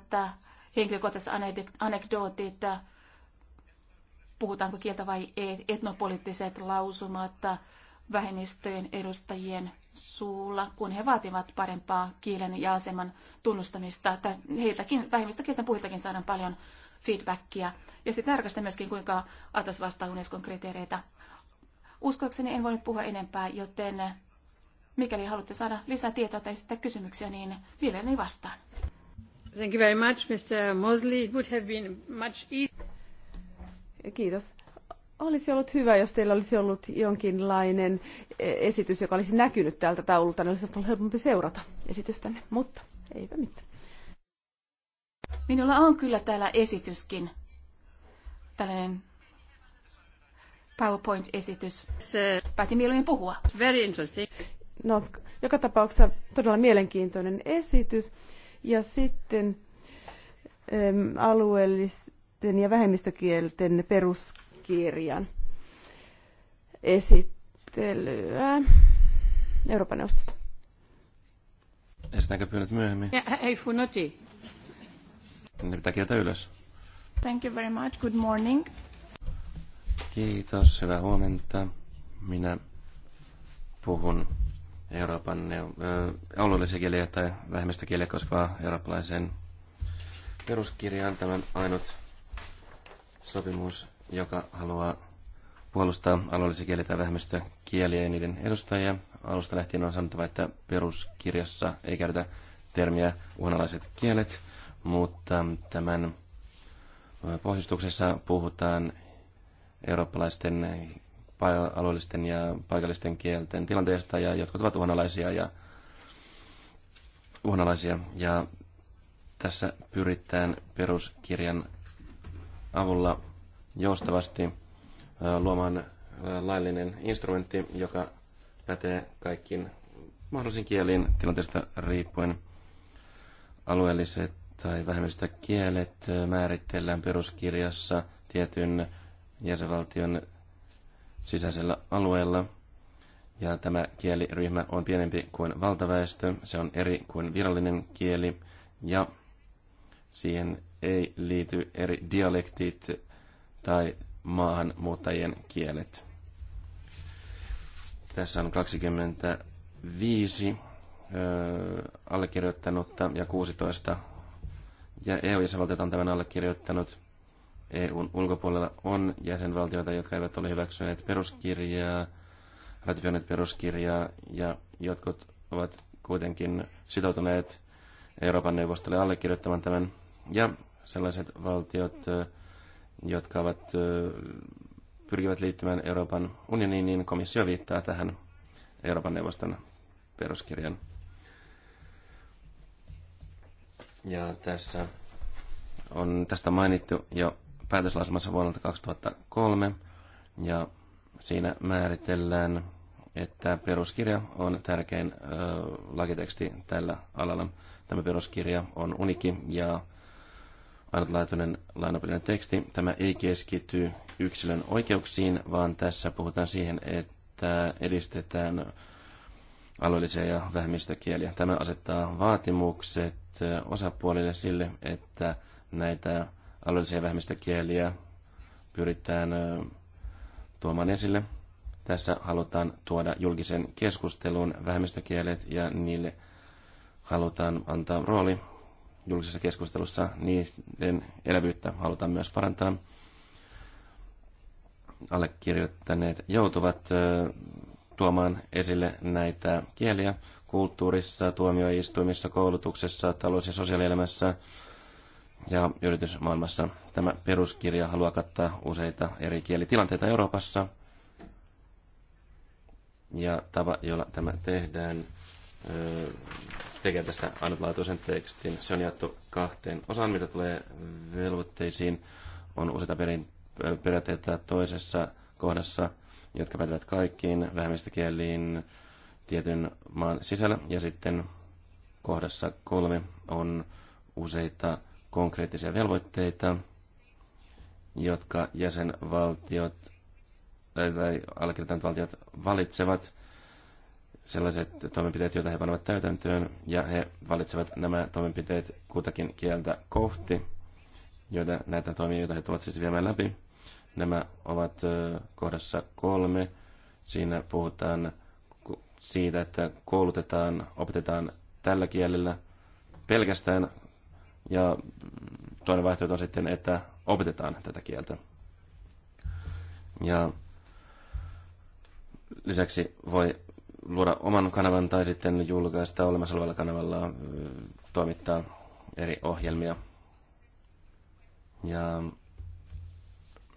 henkilökohtaiset anekdootit, puhutaanko kieltä vai ei, etnopoliittiset lausumat, vähemmistöjen edustajien suulla, kun he vaativat parempaa kielen ja aseman tunnustamista. Heiltäkin, vähemmistökielten puhiltakin saadaan paljon feedbackia. Ja sitten tarkastan myöskin, kuinka Atas vastaa Unescon kriteereitä. Uskoakseni en voinut puhua enempää, joten mikäli haluatte saada lisää tietoa tai esittää kysymyksiä, niin mielelläni vastaan. Thank you very much, Mr. Mosley. It would have been much easier. Kiitos. Olisi ollut hyvä, jos teillä olisi ollut jonkinlainen e, esitys, joka olisi näkynyt täältä taululta, niin olisi ollut helpompi seurata esitystänne, mutta eipä mitään. Minulla on kyllä täällä esityskin, tällainen PowerPoint-esitys. Päätin mieluummin puhua. Very interesting. No, joka tapauksessa todella mielenkiintoinen esitys. Ja sitten äm, alueellisten ja vähemmistökielten perus Kirjan esittelyä Euroopan neuvostosta. Esitänkö pyynnöt myöhemmin? Ei, funoti. Ne pitää kieltä ylös. Thank you very much. Good morning. Kiitos, hyvää huomenta. Minä puhun Euroopan alueellisia kieliä tai kieliä koskevaa eurooppalaisen peruskirjaan. Tämän ainut sopimus, joka haluaa puolustaa alueellisia kieliä tai kieliä ja niiden edustajia. Alusta lähtien on sanottava, että peruskirjassa ei käytetä termiä uhanalaiset kielet, mutta tämän pohjustuksessa puhutaan eurooppalaisten alueellisten ja paikallisten kielten tilanteesta, ja jotkut ovat uhanalaisia ja, uhanalaisia, ja tässä pyritään peruskirjan avulla joustavasti luomaan laillinen instrumentti, joka pätee kaikkiin mahdollisiin kieliin tilanteesta riippuen. Alueelliset tai vähemmistä kielet määritellään peruskirjassa tietyn jäsenvaltion sisäisellä alueella. Ja tämä kieliryhmä on pienempi kuin valtaväestö, se on eri kuin virallinen kieli ja siihen ei liity eri dialektit tai maahanmuuttajien kielet. Tässä on 25 äh, allekirjoittanutta ja 16 ja EU-jäsenvaltiota on tämän allekirjoittanut. EUn ulkopuolella on jäsenvaltioita, jotka eivät ole hyväksyneet peruskirjaa, ratifioineet peruskirjaa ja jotkut ovat kuitenkin sitoutuneet Euroopan neuvostolle allekirjoittamaan tämän. Ja sellaiset valtiot, jotka ovat, pyrkivät liittymään Euroopan unioniin, niin komissio viittaa tähän Euroopan neuvoston peruskirjan. Ja tässä on tästä mainittu jo päätöslausumassa vuodelta 2003, ja siinä määritellään, että peruskirja on tärkein ö, lakiteksti tällä alalla. Tämä peruskirja on uniki ja ainutlaatuinen lainopillinen teksti. Tämä ei keskity yksilön oikeuksiin, vaan tässä puhutaan siihen, että edistetään alueellisia ja vähemmistökieliä. Tämä asettaa vaatimukset osapuolille sille, että näitä alueellisia vähemmistökieliä pyritään tuomaan esille. Tässä halutaan tuoda julkisen keskustelun vähemmistökielet ja niille halutaan antaa rooli julkisessa keskustelussa, niiden elävyyttä halutaan myös parantaa. Allekirjoittaneet joutuvat tuomaan esille näitä kieliä kulttuurissa, tuomioistuimissa, koulutuksessa, talous- ja sosiaalielämässä ja yritysmaailmassa. Tämä peruskirja haluaa kattaa useita eri kielitilanteita Euroopassa. Ja tapa, jolla tämä tehdään, tekee tästä ainutlaatuisen tekstin. Se on jaettu kahteen osaan, mitä tulee velvoitteisiin. On useita perin, periaatteita toisessa kohdassa, jotka päätyvät kaikkiin vähemmistökieliin tietyn maan sisällä. Ja sitten kohdassa kolme on useita konkreettisia velvoitteita, jotka jäsenvaltiot tai allekirjoittaneet valtiot valitsevat – sellaiset toimenpiteet, joita he panevat täytäntöön, ja he valitsevat nämä toimenpiteet kutakin kieltä kohti, joita näitä toimia, joita he tulevat siis viemään läpi. Nämä ovat kohdassa kolme. Siinä puhutaan siitä, että koulutetaan, opetetaan tällä kielellä pelkästään, ja toinen vaihtoehto on sitten, että opetetaan tätä kieltä. Ja lisäksi voi luoda oman kanavan tai sitten julkaista olemassa olevalla kanavalla toimittaa eri ohjelmia. Ja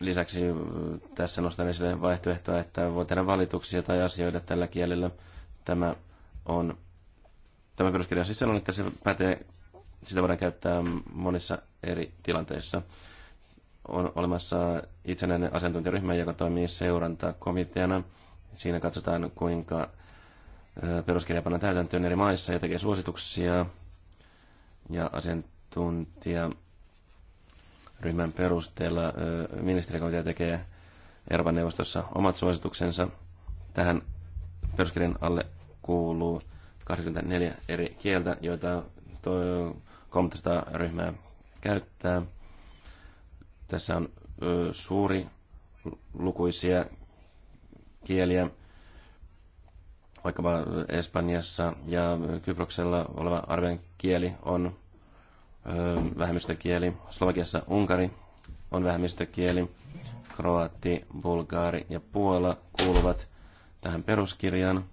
lisäksi tässä nostan esille vaihtoehtoa, että voi tehdä valituksia tai asioida tällä kielellä. Tämä on tämä peruskirja siis sellainen, että se pätee, sitä voidaan käyttää monissa eri tilanteissa. On olemassa itsenäinen asiantuntijaryhmä, joka toimii seurantakomiteana. Siinä katsotaan, kuinka peruskirja pannaan täytäntöön eri maissa ja tekee suosituksia ja asiantuntija ryhmän perusteella ministerikomitea tekee Euroopan neuvostossa omat suosituksensa. Tähän peruskirjan alle kuuluu 24 eri kieltä, joita 13 ryhmää käyttää. Tässä on suuri lukuisia kieliä, vaikkapa Espanjassa ja Kyproksella oleva arven kieli on vähemmistökieli, Slovakiassa Unkari on vähemmistökieli, Kroati, Bulgaari ja Puola kuuluvat tähän peruskirjaan.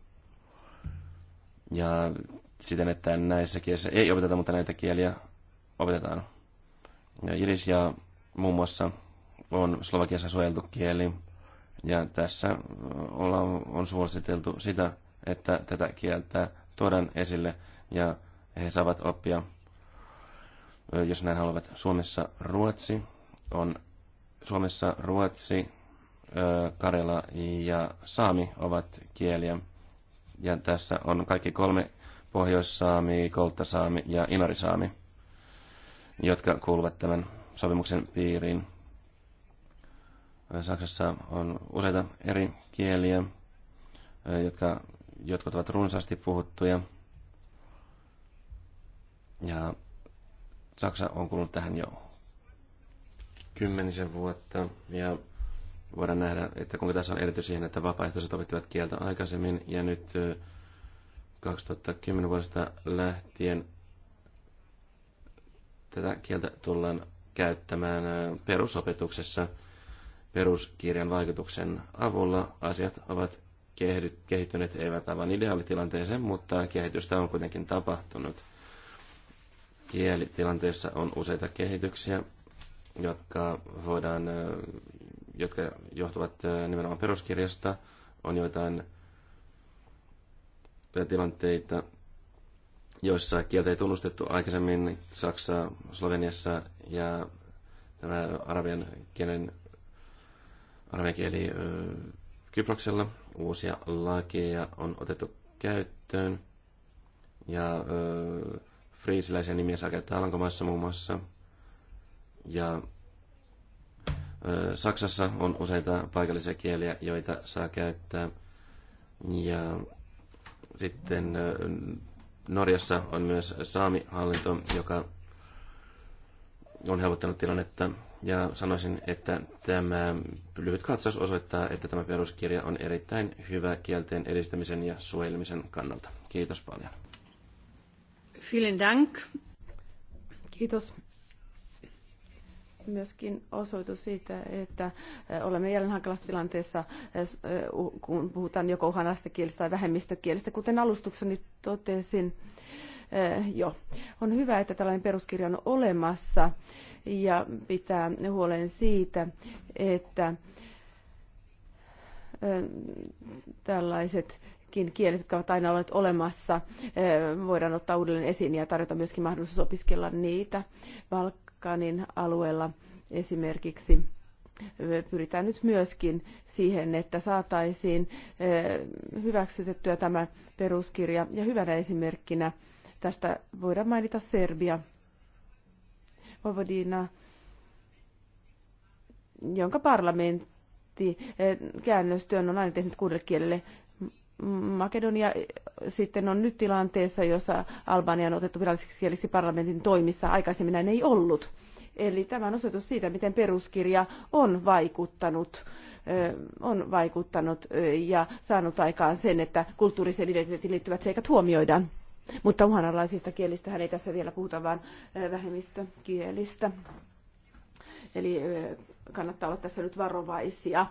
Ja siten, että näissä kielissä ei opeteta, mutta näitä kieliä opetetaan. Ja Iris ja muun muassa on Slovakiassa suojeltu kieli. Ja tässä on suositeltu sitä, että tätä kieltä tuodaan esille ja he saavat oppia, jos näin haluavat, Suomessa ruotsi on Suomessa ruotsi, karela ja saami ovat kieliä. Ja tässä on kaikki kolme pohjoissaami, kolttasaami ja inarisaami, jotka kuuluvat tämän sopimuksen piiriin. Saksassa on useita eri kieliä, jotka jotkut ovat runsaasti puhuttuja. Ja Saksa on kulunut tähän jo kymmenisen vuotta. Ja voidaan nähdä, että kuinka tässä on edetty siihen, että vapaaehtoiset opettivat kieltä aikaisemmin. Ja nyt 2010 vuodesta lähtien tätä kieltä tullaan käyttämään perusopetuksessa peruskirjan vaikutuksen avulla. Asiat ovat kehittyneet eivät aivan ideaalitilanteeseen, mutta kehitystä on kuitenkin tapahtunut. Kielitilanteessa on useita kehityksiä, jotka, voidaan, jotka johtuvat nimenomaan peruskirjasta. On joitain tilanteita, joissa kieltä ei tunnustettu aikaisemmin Saksa, Sloveniassa ja tämä arabian kielen, arabian kieli Kyproksella – uusia lakeja on otettu käyttöön. Ja öö, friisiläisiä nimiä saa käyttää Alankomaissa muun muassa. Ja öö, Saksassa on useita paikallisia kieliä, joita saa käyttää. Ja sitten öö, Norjassa on myös saamihallinto, joka on helpottanut tilannetta ja sanoisin, että tämä lyhyt katsaus osoittaa, että tämä peruskirja on erittäin hyvä kielteen edistämisen ja suojelmisen kannalta. Kiitos paljon. Vielen dank. Kiitos. Myöskin osoitus siitä, että eh, olemme jälleen hankalassa tilanteessa, eh, eh, kun puhutaan joko uhanasta kielestä tai vähemmistökielestä, kuten alustukseni totesin joo, On hyvä, että tällainen peruskirja on olemassa ja pitää huolen siitä, että tällaisetkin kielet, jotka ovat aina olleet olemassa, voidaan ottaa uudelleen esiin ja tarjota myöskin mahdollisuus opiskella niitä. Balkanin alueella esimerkiksi pyritään nyt myöskin siihen, että saataisiin hyväksytettyä tämä peruskirja. Ja hyvänä esimerkkinä tästä voidaan mainita Serbia, Ovodina, jonka parlamentti eh, käännöstyön on aina tehnyt kuudelle kielelle. Makedonia eh, sitten on nyt tilanteessa, jossa Albania on otettu viralliseksi kieliksi parlamentin toimissa. Aikaisemmin näin ei ollut. Eli tämä on osoitus siitä, miten peruskirja on vaikuttanut eh, on vaikuttanut ja saanut aikaan sen, että kulttuurisen identiteettiin liittyvät seikat huomioidaan. Mutta uhanalaisista kielistä ei tässä vielä puhuta, vaan vähemmistökielistä. Eli kannattaa olla tässä nyt varovaisia,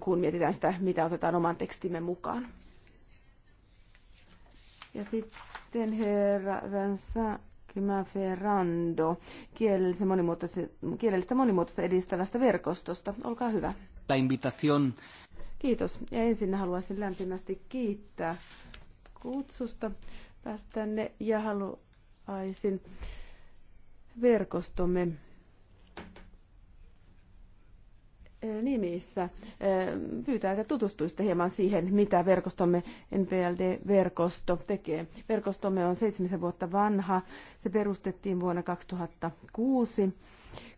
kun mietitään sitä, mitä otetaan oman tekstimme mukaan. Ja sitten herra Vincent Ferrando kielellistä monimuotoista, kielellistä monimuotoisuutta edistävästä verkostosta. Olkaa hyvä. La invitación. Kiitos. Ja ensin haluaisin lämpimästi kiittää kutsusta tänne ja haluaisin verkostomme eh, nimissä eh, pyytää, että tutustuisitte hieman siihen, mitä verkostomme NPLD-verkosto tekee. Verkostomme on seitsemisen vuotta vanha. Se perustettiin vuonna 2006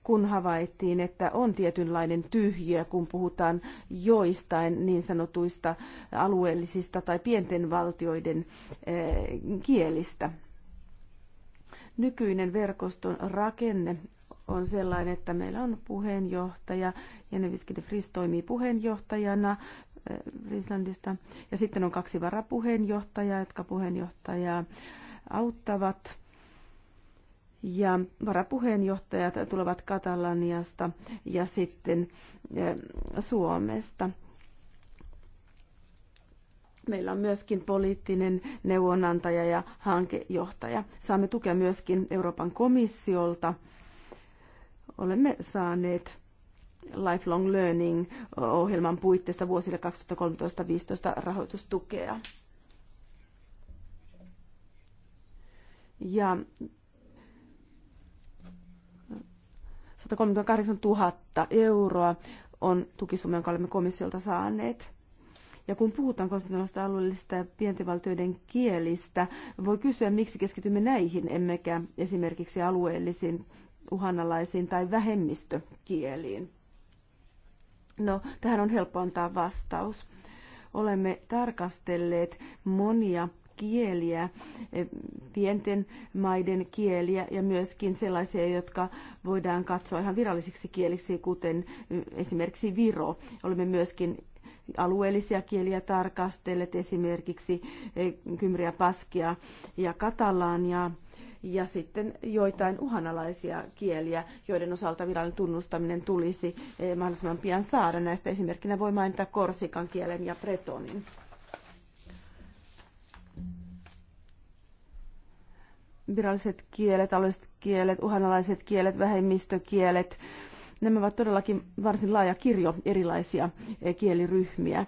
kun havaittiin, että on tietynlainen tyhjiö, kun puhutaan joistain niin sanotuista alueellisista tai pienten valtioiden eh, kielistä. Nykyinen verkoston rakenne on sellainen, että meillä on puheenjohtaja, Jenne Viskide Fris toimii puheenjohtajana eh, Islandista, ja sitten on kaksi varapuheenjohtajaa, jotka puheenjohtajaa auttavat ja varapuheenjohtajat tulevat Katalaniasta ja sitten Suomesta. Meillä on myöskin poliittinen neuvonantaja ja hankejohtaja. Saamme tukea myöskin Euroopan komissiolta. Olemme saaneet Lifelong Learning-ohjelman puitteissa vuosille 2013-2015 rahoitustukea. Ja 138 000 euroa on tukisumma, jonka olemme komissiolta saaneet. Ja kun puhutaan konstitutionaalisista alueellisista ja pientivaltioiden kielistä, voi kysyä, miksi keskitymme näihin, emmekä esimerkiksi alueellisiin, uhanalaisiin tai vähemmistökieliin. No, tähän on helppo antaa vastaus. Olemme tarkastelleet monia kieliä, eh, pienten maiden kieliä ja myöskin sellaisia, jotka voidaan katsoa ihan virallisiksi kieliksi, kuten eh, esimerkiksi Viro. Olemme myöskin alueellisia kieliä tarkastelleet, esimerkiksi eh, kymriä, paskia ja katalaania ja sitten joitain uhanalaisia kieliä, joiden osalta virallinen tunnustaminen tulisi mahdollisimman pian saada. Näistä esimerkkinä voi mainita korsikan kielen ja bretonin. viralliset kielet, alueelliset kielet, uhanalaiset kielet, vähemmistökielet. Nämä ovat todellakin varsin laaja kirjo erilaisia eh, kieliryhmiä.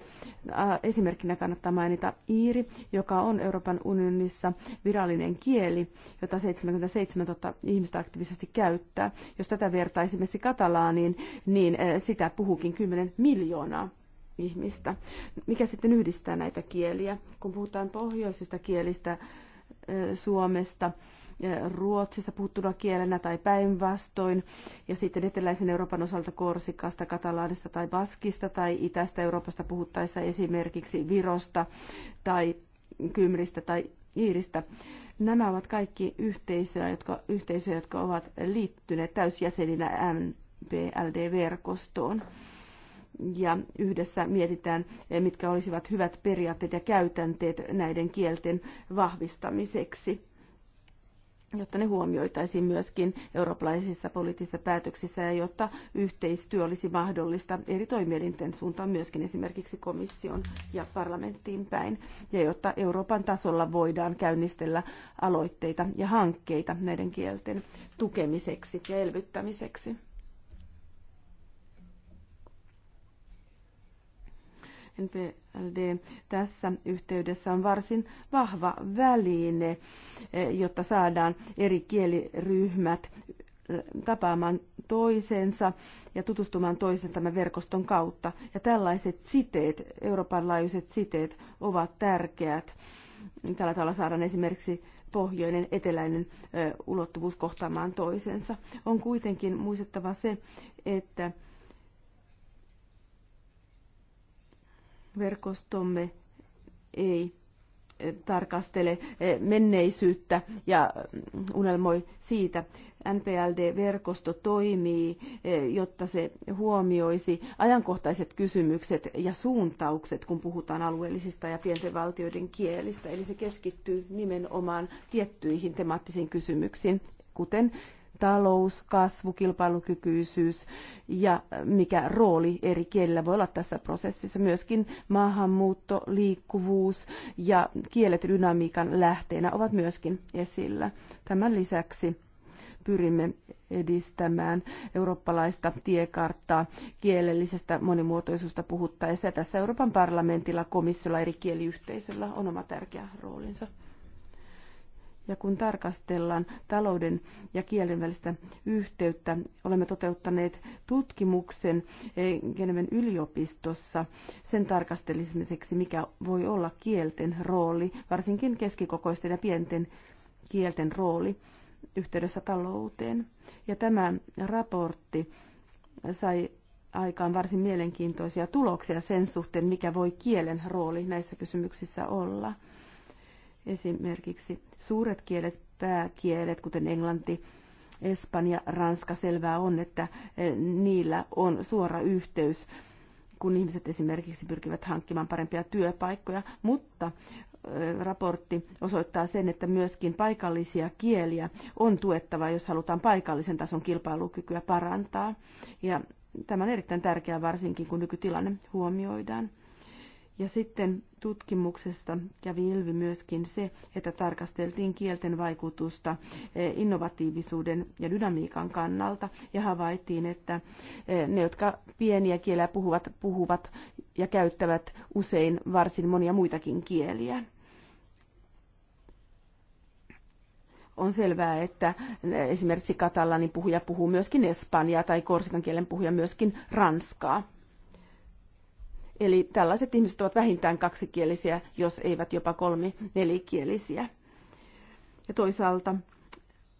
Esimerkkinä kannattaa mainita iiri, joka on Euroopan unionissa virallinen kieli, jota 77 000 ihmistä aktiivisesti käyttää. Jos tätä vertaa esimerkiksi katalaaniin, niin eh, sitä puhuukin 10 miljoonaa ihmistä. Mikä sitten yhdistää näitä kieliä? Kun puhutaan pohjoisista kielistä, Suomesta Ruotsissa puhuttuna kielenä tai päinvastoin, ja sitten eteläisen Euroopan osalta Korsikasta, Katalaanista tai Baskista tai itästä Euroopasta puhuttaessa esimerkiksi Virosta tai Kymristä tai Iiristä. Nämä ovat kaikki yhteisöjä, jotka, yhteisöjä, jotka ovat liittyneet täysjäseninä MPLD-verkostoon ja yhdessä mietitään, eh, mitkä olisivat hyvät periaatteet ja käytänteet näiden kielten vahvistamiseksi jotta ne huomioitaisiin myöskin eurooppalaisissa poliittisissa päätöksissä ja jotta yhteistyö olisi mahdollista eri toimielinten suuntaan myöskin esimerkiksi komission ja parlamenttiin päin ja jotta Euroopan tasolla voidaan käynnistellä aloitteita ja hankkeita näiden kielten tukemiseksi ja elvyttämiseksi. NPLD tässä yhteydessä on varsin vahva väline, eh, jotta saadaan eri kieliryhmät eh, tapaamaan toisensa ja tutustumaan toisensa tämän verkoston kautta. Ja tällaiset siteet, Euroopan laajuiset siteet, ovat tärkeät. Tällä tavalla saadaan esimerkiksi pohjoinen, eteläinen eh, ulottuvuus kohtaamaan toisensa. On kuitenkin muistettava se, että verkostomme ei eh, tarkastele eh, menneisyyttä ja mm, unelmoi siitä. NPLD-verkosto toimii, eh, jotta se huomioisi ajankohtaiset kysymykset ja suuntaukset, kun puhutaan alueellisista ja pienten valtioiden kielistä. Eli se keskittyy nimenomaan tiettyihin temaattisiin kysymyksiin, kuten talous, kasvu, kilpailukykyisyys ja mikä rooli eri kielillä voi olla tässä prosessissa. Myöskin maahanmuutto, liikkuvuus ja kielet dynamiikan lähteenä ovat myöskin esillä. Tämän lisäksi pyrimme edistämään eurooppalaista tiekarttaa kielellisestä monimuotoisuudesta puhuttaessa. Ja tässä Euroopan parlamentilla, komissiolla, eri kieliyhteisöllä on oma tärkeä roolinsa. Ja kun tarkastellaan talouden ja kielen välistä yhteyttä, olemme toteuttaneet tutkimuksen eh, Geneven yliopistossa sen tarkastelemiseksi, mikä voi olla kielten rooli, varsinkin keskikokoisten ja pienten kielten rooli yhteydessä talouteen. Ja tämä raportti sai aikaan varsin mielenkiintoisia tuloksia sen suhteen, mikä voi kielen rooli näissä kysymyksissä olla. Esimerkiksi suuret kielet, pääkielet, kuten englanti, Espanja, Ranska, selvää on, että eh, niillä on suora yhteys, kun ihmiset esimerkiksi pyrkivät hankkimaan parempia työpaikkoja, mutta eh, raportti osoittaa sen, että myöskin paikallisia kieliä on tuettava, jos halutaan paikallisen tason kilpailukykyä parantaa. Ja tämä on erittäin tärkeää varsinkin, kun nykytilanne huomioidaan. Ja sitten tutkimuksesta kävi ilmi myöskin se, että tarkasteltiin kielten vaikutusta eh, innovatiivisuuden ja dynamiikan kannalta ja havaittiin, että eh, ne, jotka pieniä kieliä puhuvat, puhuvat ja käyttävät usein varsin monia muitakin kieliä. on selvää, että eh, esimerkiksi katalanin puhuja puhuu myöskin espanjaa tai korsikan kielen puhuja myöskin ranskaa. Eli tällaiset ihmiset ovat vähintään kaksikielisiä, jos eivät jopa kolmi nelikielisiä. Ja toisaalta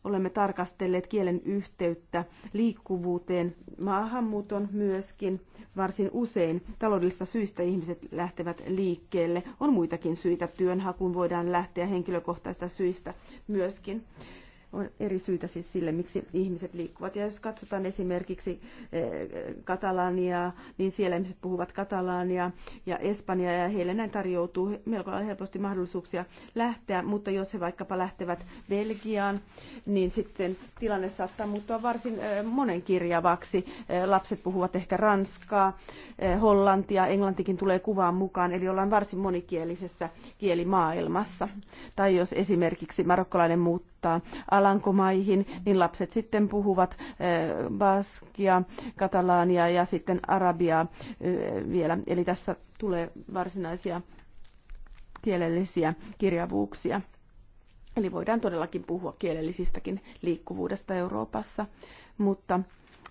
olemme tarkastelleet kielen yhteyttä liikkuvuuteen, maahanmuuton myöskin. Varsin usein taloudellisista syistä ihmiset lähtevät liikkeelle. On muitakin syitä työnhakuun, voidaan lähteä henkilökohtaisista syistä myöskin on eri syitä siis sille, miksi ihmiset liikkuvat. Ja jos katsotaan esimerkiksi eh, Katalaniaa, niin siellä ihmiset puhuvat katalaania ja espanjaa, ja heille näin tarjoutuu melko helposti mahdollisuuksia lähteä, mutta jos he vaikkapa lähtevät Belgiaan, niin sitten tilanne saattaa muuttua varsin eh, monenkirjavaksi. Eh, lapset puhuvat ehkä ranskaa, hollantia, englantikin tulee kuvaan mukaan, eli ollaan varsin monikielisessä kielimaailmassa. Tai jos esimerkiksi marokkolainen muuttaa Alankomaihin, niin lapset sitten puhuvat eh, baskia, katalaania ja sitten arabiaa eh, vielä. Eli tässä tulee varsinaisia kielellisiä kirjavuuksia. Eli voidaan todellakin puhua kielellisistäkin liikkuvuudesta Euroopassa, mutta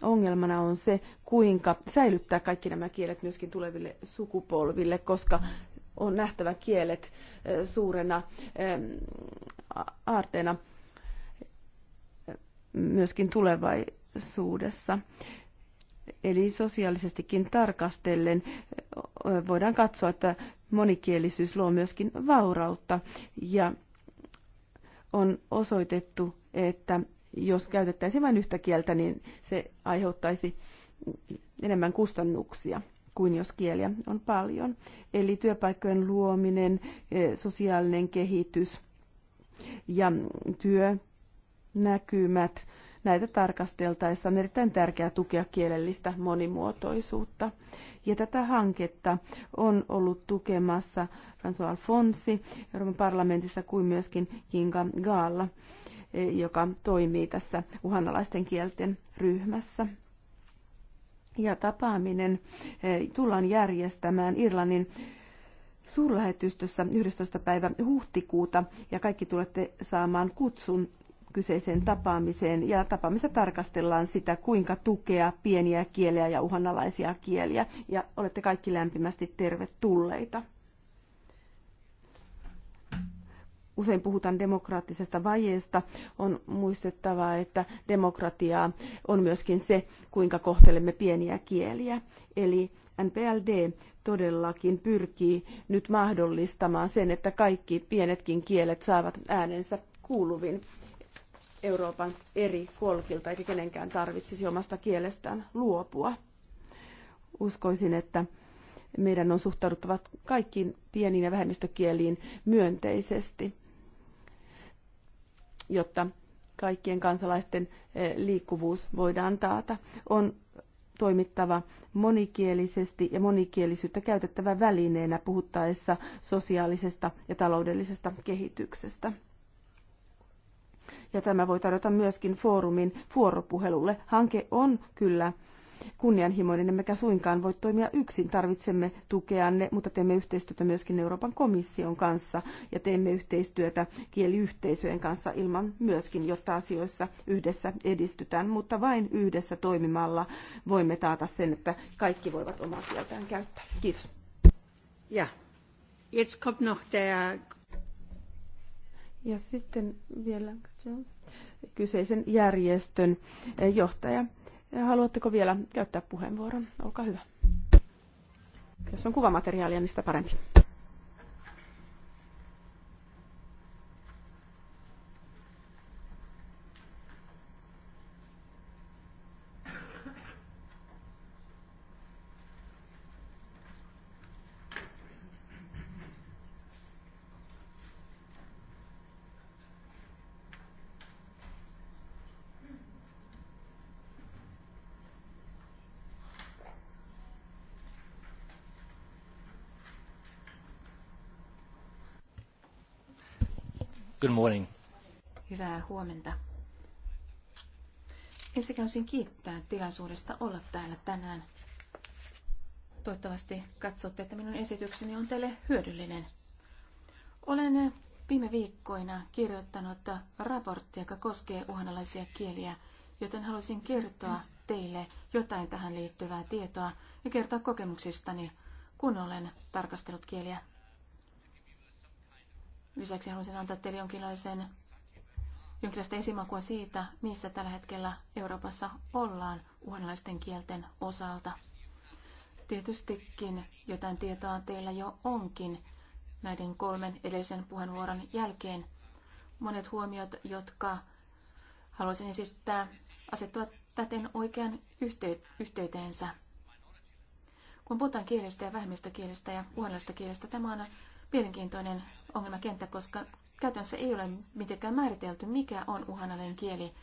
ongelmana on se, kuinka säilyttää kaikki nämä kielet myöskin tuleville sukupolville, koska on nähtävä kielet eh, suurena aarteena myöskin tulevaisuudessa. Eli sosiaalisestikin tarkastellen voidaan katsoa, että monikielisyys luo myöskin vaurautta ja on osoitettu, että jos käytettäisiin vain yhtä kieltä, niin se aiheuttaisi enemmän kustannuksia kuin jos kieliä on paljon. Eli työpaikkojen luominen, sosiaalinen kehitys ja työ näkymät. Näitä tarkasteltaessa on erittäin tärkeää tukea kielellistä monimuotoisuutta. Ja tätä hanketta on ollut tukemassa François Alfonsi Euroopan parlamentissa kuin myöskin Kinga Gaalla, e, joka toimii tässä uhanalaisten kielten ryhmässä ja tapaaminen e, tullaan järjestämään Irlannin suurlähetystössä 11. päivä huhtikuuta ja kaikki tulette saamaan kutsun kyseiseen tapaamiseen ja tapaamissa tarkastellaan sitä, kuinka tukea pieniä kieliä ja uhanalaisia kieliä. Ja olette kaikki lämpimästi tervetulleita. usein puhutaan demokraattisesta vajeesta, on muistettava, että demokratiaa on myöskin se, kuinka kohtelemme pieniä kieliä. Eli NPLD todellakin pyrkii nyt mahdollistamaan sen, että kaikki pienetkin kielet saavat äänensä kuuluvin. Euroopan eri kolkilta, eikä kenenkään tarvitsisi omasta kielestään luopua. Uskoisin, että meidän on suhtauduttava kaikkiin pieniin ja vähemmistökieliin myönteisesti, jotta kaikkien kansalaisten eh, liikkuvuus voidaan taata. On toimittava monikielisesti ja monikielisyyttä käytettävä välineenä puhuttaessa sosiaalisesta ja taloudellisesta kehityksestä ja tämä voi tarjota myöskin foorumin vuoropuhelulle. Hanke on kyllä kunnianhimoinen, emmekä suinkaan voi toimia yksin. Tarvitsemme tukeanne, mutta teemme yhteistyötä myöskin Euroopan komission kanssa ja teemme yhteistyötä kieliyhteisöjen kanssa ilman myöskin, jotta asioissa yhdessä edistytään. Mutta vain yhdessä toimimalla voimme taata sen, että kaikki voivat omaa kieltään käyttää. Kiitos. Ja. Jetzt kommt noch der ja sitten vielä Jones, kyseisen järjestön eh, johtaja. Eh, haluatteko vielä käyttää puheenvuoron? Olkaa hyvä. Jos on kuvamateriaalia, niin sitä parempi. Good morning. Hyvää huomenta. Ensinnäkin haluaisin kiittää tilaisuudesta olla täällä tänään. Toivottavasti katsotte, että minun esitykseni on teille hyödyllinen. Olen viime viikkoina kirjoittanut raporttia, joka koskee uhanalaisia kieliä, joten haluaisin kertoa teille jotain tähän liittyvää tietoa ja kertoa kokemuksistani, kun olen tarkastellut kieliä Lisäksi haluaisin antaa teille jonkinlaisen, jonkinlaista esimakua siitä, missä tällä hetkellä Euroopassa ollaan uhanalaisten kielten osalta. Tietystikin jotain tietoa teillä jo onkin näiden kolmen edellisen puheenvuoron jälkeen. Monet huomiot, jotka haluaisin esittää, asettuvat täten oikean yhteyteensä. Kun puhutaan kielestä ja vähemmistökielestä ja uhanalaisista kielestä, tämä on mielenkiintoinen ongelmakenttä, koska käytännössä ei ole mitenkään määritelty, mikä on uhanalainen kieli.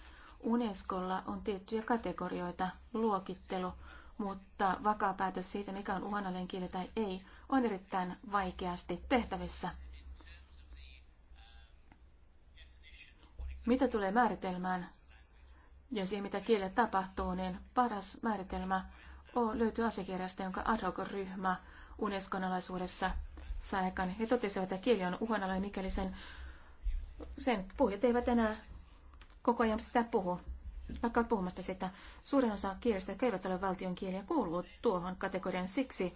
Unescolla on tiettyjä kategorioita, luokittelu, mutta vakaa päätös siitä, mikä on uhanalainen kieli tai ei, on erittäin vaikeasti tehtävissä. Mitä tulee määritelmään ja siihen, mitä kielellä tapahtuu, niin paras määritelmä on, löytyy asiakirjasta, jonka ad hoc-ryhmä Unescon alaisuudessa aikaan. He totesivat, että kieli on uhanalainen, mikäli sen, sen puhujat eivät enää koko ajan sitä puhu. Vaikka puhumasta sitä, suurin osa kielistä, jotka eivät ole valtion kieliä, kuuluu tuohon kategorian siksi.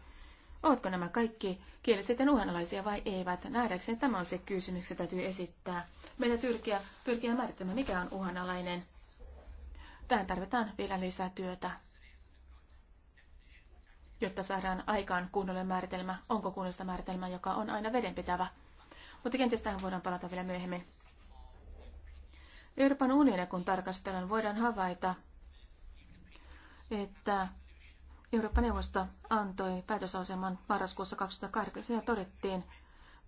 Ovatko nämä kaikki kieliset uhanalaisia vai eivät? Nähdäkseni tämä on se kysymys, joka täytyy esittää. meitä pyrkiä, pyrkiä määrittämään, mikä on uhanalainen. Tähän tarvitaan vielä lisää työtä jotta saadaan aikaan kunnollinen määritelmä, onko kunnollista määritelmä, joka on aina vedenpitävä. Mutta kenties tähän voidaan palata vielä myöhemmin. Euroopan unionia kun tarkastellaan, voidaan havaita, että Euroopan neuvosto antoi päätösaseman marraskuussa 2008 ja todettiin,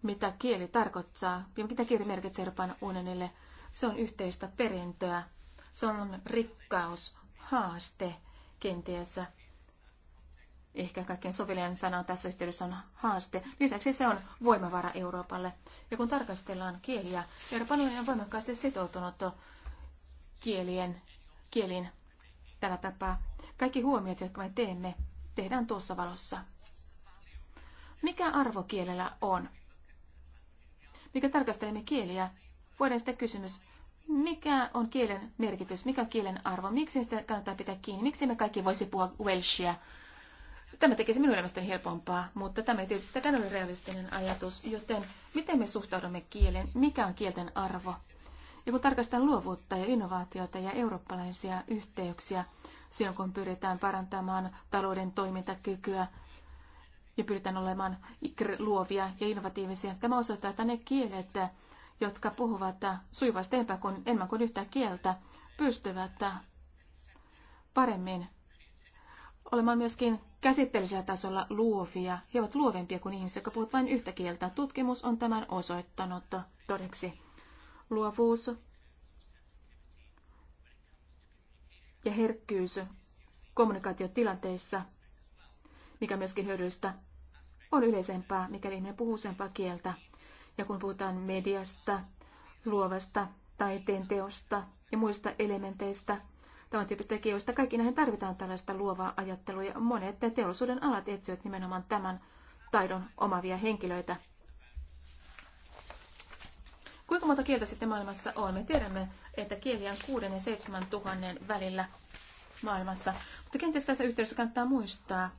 mitä kieli tarkoittaa ja mitä kieli merkitsee Euroopan unionille. Se on yhteistä perintöä, se on rikkaus, haaste kenties ehkä kaikkein sovellinen sana tässä yhteydessä on haaste. Lisäksi se on voimavara Euroopalle. Ja kun tarkastellaan kieliä, Euroopan unioni on voimakkaasti sitoutunut kielien, kielin tällä tapaa. Kaikki huomiot, jotka me teemme, tehdään tuossa valossa. Mikä arvo kielellä on? Mikä tarkastelemme kieliä? Voidaan sitten kysymys, mikä on kielen merkitys, mikä on kielen arvo, miksi sitä kannattaa pitää kiinni, miksi me kaikki voisi puhua Welshia Tämä tekisi minun elämästäni helpompaa, mutta tämä ei tietysti sitäkään ole realistinen ajatus, joten miten me suhtaudumme kielen, mikä on kielten arvo? Ja kun tarkastetaan luovuutta ja innovaatioita ja eurooppalaisia yhteyksiä, silloin kun pyritään parantamaan talouden toimintakykyä ja pyritään olemaan luovia ja innovatiivisia, tämä osoittaa, että ne kielet, jotka puhuvat sujuvasti enemmän kuin, enemmän kuin yhtä kieltä, pystyvät paremmin olemaan myöskin käsitteellisellä tasolla luovia, he ovat luovempia kuin ihmiset, jotka puhuvat vain yhtä kieltä. Tutkimus on tämän osoittanut todeksi. Luovuus ja herkkyys kommunikaatiotilanteissa, mikä myöskin hyödyllistä, on yleisempää, mikäli ihminen puhuu useampaa kieltä. Ja kun puhutaan mediasta, luovasta, taiteen teosta ja muista elementeistä, tämän tyyppistä tekijöistä. Kaikki näihin tarvitaan tällaista luovaa ajattelua ja monet teollisuuden alat etsivät nimenomaan tämän taidon omavia henkilöitä. Kuinka monta kieltä sitten maailmassa on? Me tiedämme, että kieliä on 6 ja 7 tuhannen välillä maailmassa. Mutta kenties tässä yhteydessä kannattaa muistaa,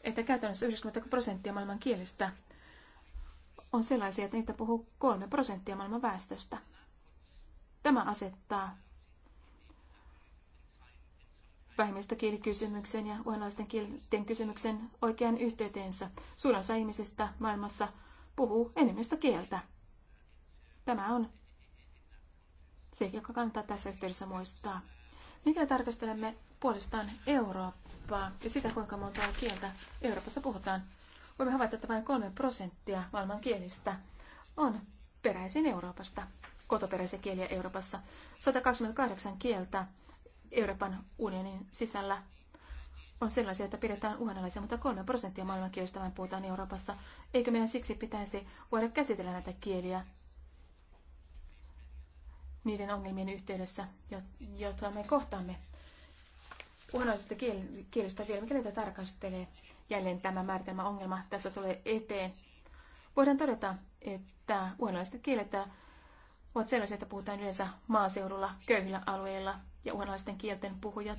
että käytännössä 90 prosenttia maailman kielistä on sellaisia, että niitä puhuu 3 prosenttia maailman väestöstä. Tämä asettaa vähemmistökielikysymyksen ja uhanalaisten kielten kysymyksen oikean yhteyteensä. Suurin osa ihmisistä maailmassa puhuu enemmistä kieltä. Tämä on se, joka kannattaa tässä yhteydessä muistaa. Mikä tarkastelemme puolestaan Eurooppaa ja sitä, kuinka monta kieltä Euroopassa puhutaan, voimme havaita, että vain 3 prosenttia maailman kielistä on peräisin Euroopasta, kotoperäisiä kieliä Euroopassa. 128 kieltä Euroopan unionin sisällä on sellaisia, että pidetään uhanalaisia, mutta 3 prosenttia maailmankielistä vain puhutaan Euroopassa. Eikö meidän siksi pitäisi voida käsitellä näitä kieliä niiden ongelmien yhteydessä, jotka me kohtaamme? Uhanalaisista kielistä vielä, mikä niitä tarkastelee jälleen tämä määritelmä ongelma tässä tulee eteen. Voidaan todeta, että uhanalaiset kielet ovat sellaisia, että puhutaan yleensä maaseudulla, köyhillä alueilla – ja uhanalaisten kielten puhujat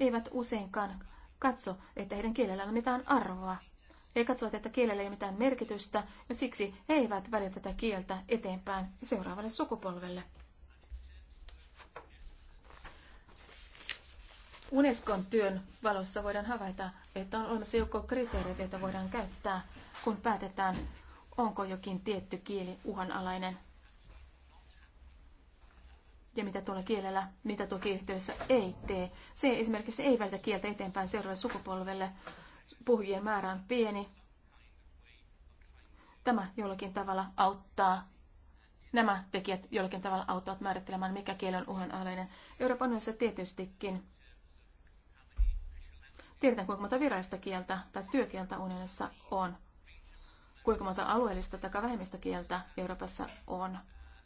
eivät useinkaan katso, että heidän kielellään on mitään arvoa. He katsovat, että kielellä ei ole mitään merkitystä ja siksi he eivät välitä tätä kieltä eteenpäin seuraavalle sukupolvelle. Unescon työn valossa voidaan havaita, että on olemassa joukko kriteereitä, joita voidaan käyttää, kun päätetään, onko jokin tietty kieli uhanalainen ja mitä tuolla kielellä, mitä tuo kielityössä ei tee. Se esimerkiksi ei välitä kieltä eteenpäin seuraavalle sukupolvelle. Puhujien määrä on pieni. Tämä jollakin tavalla auttaa. Nämä tekijät jollakin tavalla auttavat määrittelemään, mikä kieli on uhanalainen. Euroopan unionissa tietystikin tiedetään, kuinka monta virallista kieltä tai työkieltä unionissa on. Kuinka monta alueellista tai vähemmistökieltä Euroopassa on.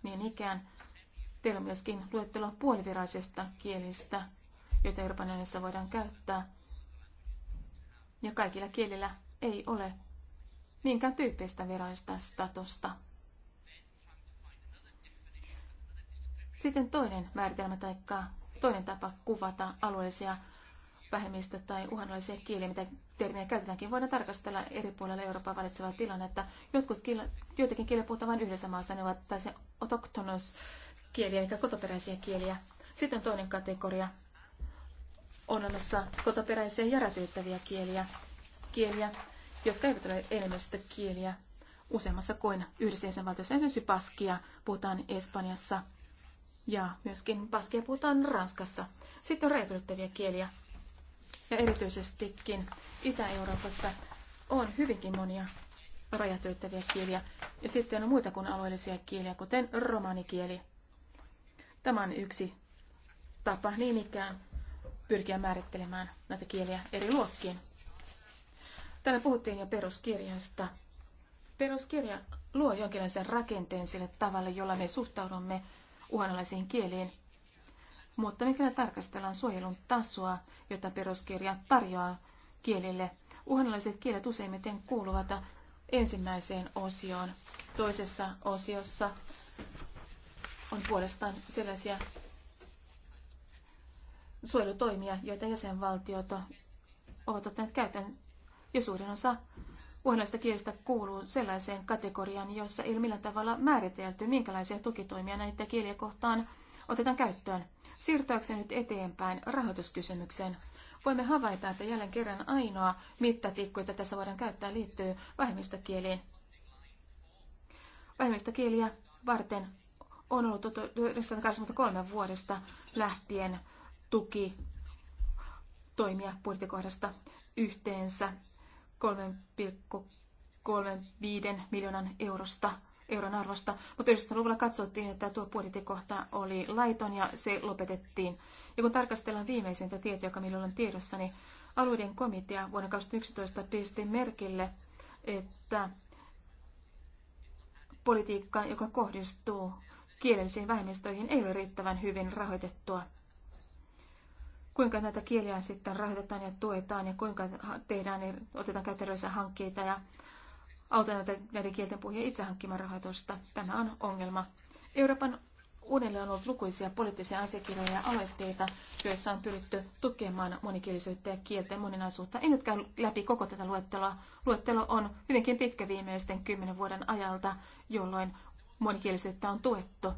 Niin ikään Teillä on myöskin luettelo puolivirallisista kielistä, joita Euroopan unionissa voidaan käyttää. Ja kaikilla kielillä ei ole minkään tyyppistä virallista statusta. Sitten toinen määritelmä tai toinen tapa kuvata alueellisia vähemmistö- tai uhanalaisia kieliä, mitä termiä käytetäänkin, voidaan tarkastella eri puolilla Euroopan valitsevaa tilannetta. Jotkut kiel, joitakin kieliä puhutaan vain yhdessä maassa, ne ovat täysin autoktonos kieliä, eli kotoperäisiä kieliä. Sitten toinen kategoria on olemassa kotoperäisiä ja rätyyttäviä kieliä, kieliä, jotka eivät ole kieliä useammassa kuin yhdessä jäsenvaltiossa. Esimerkiksi paskia puhutaan Espanjassa ja myöskin paskia puhutaan Ranskassa. Sitten on rätyyttäviä kieliä. Ja erityisestikin Itä-Euroopassa on hyvinkin monia rajat kieliä. Ja sitten on muita kuin alueellisia kieliä, kuten romanikieli. Tämä on yksi tapa niin ikään pyrkiä määrittelemään näitä kieliä eri luokkiin. Täällä puhuttiin jo peruskirjasta. Peruskirja luo jonkinlaisen rakenteen sille tavalle, jolla me suhtaudumme uhanalaisiin kieliin. Mutta mikäli tarkastellaan suojelun tasoa, jota peruskirja tarjoaa kielille, uhanalaiset kielet useimmiten kuuluvat ensimmäiseen osioon. Toisessa osiossa on puolestaan sellaisia suojelutoimia, joita jäsenvaltiot ovat ottaneet käyttöön. Ja suurin osa puhelaista kielistä kuuluu sellaiseen kategoriaan, jossa ei ole millään tavalla määritelty, minkälaisia tukitoimia näitä kieliä kohtaan otetaan käyttöön. Siirtääkseni nyt eteenpäin rahoituskysymykseen. Voimme havaita, että jälleen kerran ainoa mittatikku, jota tässä voidaan käyttää, liittyy vähemmistökieliin. Vähemmistökieliä varten on ollut 1983 tuota vuodesta lähtien tuki toimia budjettikohdasta yhteensä 3,35 miljoonan eurosta euron arvosta, mutta 90-luvulla katsottiin, että tuo budjettikohta oli laiton ja se lopetettiin. Ja kun tarkastellaan viimeisintä tietoa, joka minulla on tiedossa, niin alueiden komitea vuonna 2011 pisti merkille, että politiikka, joka kohdistuu kielellisiin vähemmistöihin ei ole riittävän hyvin rahoitettua. Kuinka näitä kieliä sitten rahoitetaan ja tuetaan ja kuinka tehdään, niin otetaan käytännössä hankkeita ja autetaan näiden kielten puhujia itse hankkimaan rahoitusta. Tämä on ongelma. Euroopan unionilla on ollut lukuisia poliittisia asiakirjoja ja aloitteita, joissa on pyritty tukemaan monikielisyyttä ja kielten moninaisuutta. En nyt käy läpi koko tätä luetteloa. Luettelo on hyvinkin pitkä viimeisten kymmenen vuoden ajalta, jolloin monikielisyyttä on tuettu.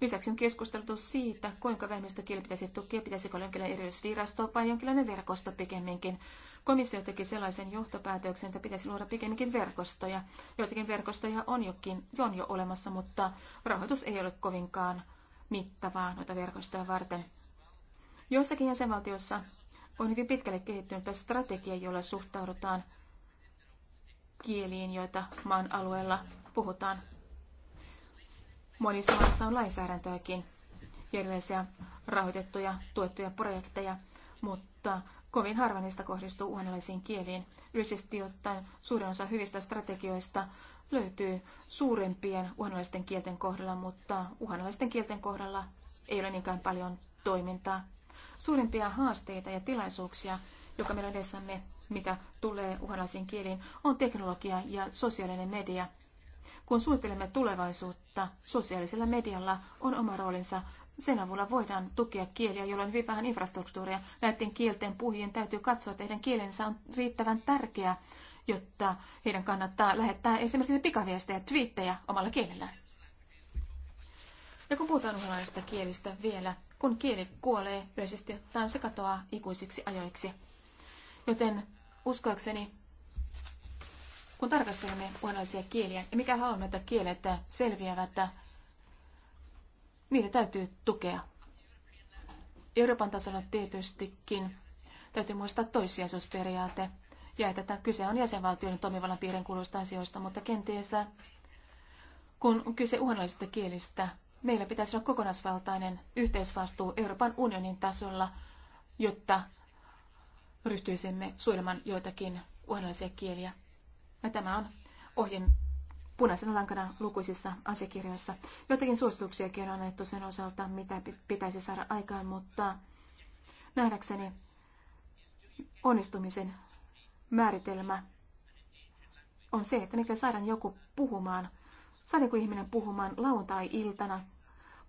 Lisäksi on keskusteltu siitä, kuinka vähemmistökieli pitäisi tukea, pitäisikö olla jonkinlainen erillisvirasto vai jonkinlainen verkosto pikemminkin. Komissio teki sellaisen johtopäätöksen, että pitäisi luoda pikemminkin verkostoja. Joitakin verkostoja on, jokin, on jo olemassa, mutta rahoitus ei ole kovinkaan mittavaa noita verkostoja varten. Joissakin jäsenvaltioissa on hyvin pitkälle kehittynyt strategia, jolla suhtaudutaan kieliin, joita maan alueella puhutaan. Monissa maissa on lainsäädäntöäkin ja erilaisia rahoitettuja, tuettuja projekteja, mutta kovin harva niistä kohdistuu uhanalaisiin kieliin. Yleisesti ottaen suurin osa hyvistä strategioista löytyy suurempien uhanalaisten kielten kohdalla, mutta uhanalaisten kielten kohdalla ei ole niinkään paljon toimintaa. Suurimpia haasteita ja tilaisuuksia, joka meillä edessämme, mitä tulee uhanalaisiin kieliin, on teknologia ja sosiaalinen media – kun suunnittelemme tulevaisuutta, sosiaalisella medialla on oma roolinsa. Sen avulla voidaan tukea kieliä, jolla on hyvin vähän infrastruktuuria. Näiden kielten puhujien täytyy katsoa, että heidän kielensä on riittävän tärkeä, jotta heidän kannattaa lähettää esimerkiksi pikaviestejä, twiittejä omalla kielellään. Ja kun puhutaan uhanalaisista kielistä vielä, kun kieli kuolee, yleisesti ottaen se katoaa ikuisiksi ajoiksi. Joten uskoakseni kun tarkastelemme puolalaisia kieliä ja niin mikä haluamme, että kielet selviävät, niitä täytyy tukea. Euroopan tasolla tietystikin täytyy muistaa toissijaisuusperiaate ja että kyse on jäsenvaltioiden toimivallan piirin kuuluvista asioista, mutta kenties kun on kyse uhanalaisista kielistä, meillä pitäisi olla kokonaisvaltainen yhteisvastuu Euroopan unionin tasolla, jotta ryhtyisimme suojelemaan joitakin uhanalaisia kieliä. Ja tämä on ohje punaisena lankana lukuisissa asiakirjoissa. Joitakin suosituksia on annettu sen osalta, mitä pitäisi saada aikaan, mutta nähdäkseni onnistumisen määritelmä on se, että mikä saadaan joku puhumaan, joku ihminen puhumaan lauantai-iltana,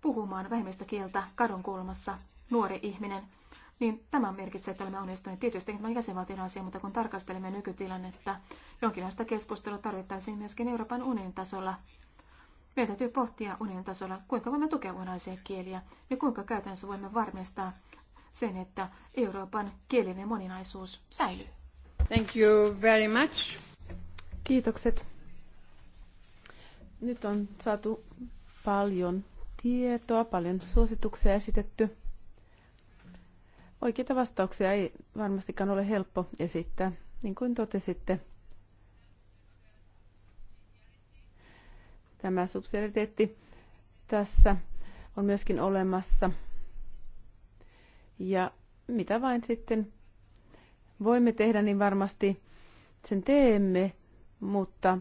puhumaan vähemmistökieltä kadun kulmassa, nuori ihminen – niin tämä merkitsee, että olemme onnistuneet. Tietysti tämä on jäsenvaltion asia, mutta kun tarkastelemme nykytilannetta, jonkinlaista keskustelua tarvittaisiin myöskin Euroopan unionin tasolla. Meidän täytyy pohtia unionin tasolla, kuinka voimme tukea unaisia kieliä ja kuinka käytännössä voimme varmistaa sen, että Euroopan kielinen moninaisuus säilyy. Thank you very much. Kiitokset. Nyt on saatu paljon tietoa, paljon suosituksia esitetty. Oikeita vastauksia ei varmastikaan ole helppo esittää, niin kuin totesitte. Tämä subsidiariteetti tässä on myöskin olemassa. Ja mitä vain sitten voimme tehdä, niin varmasti sen teemme, mutta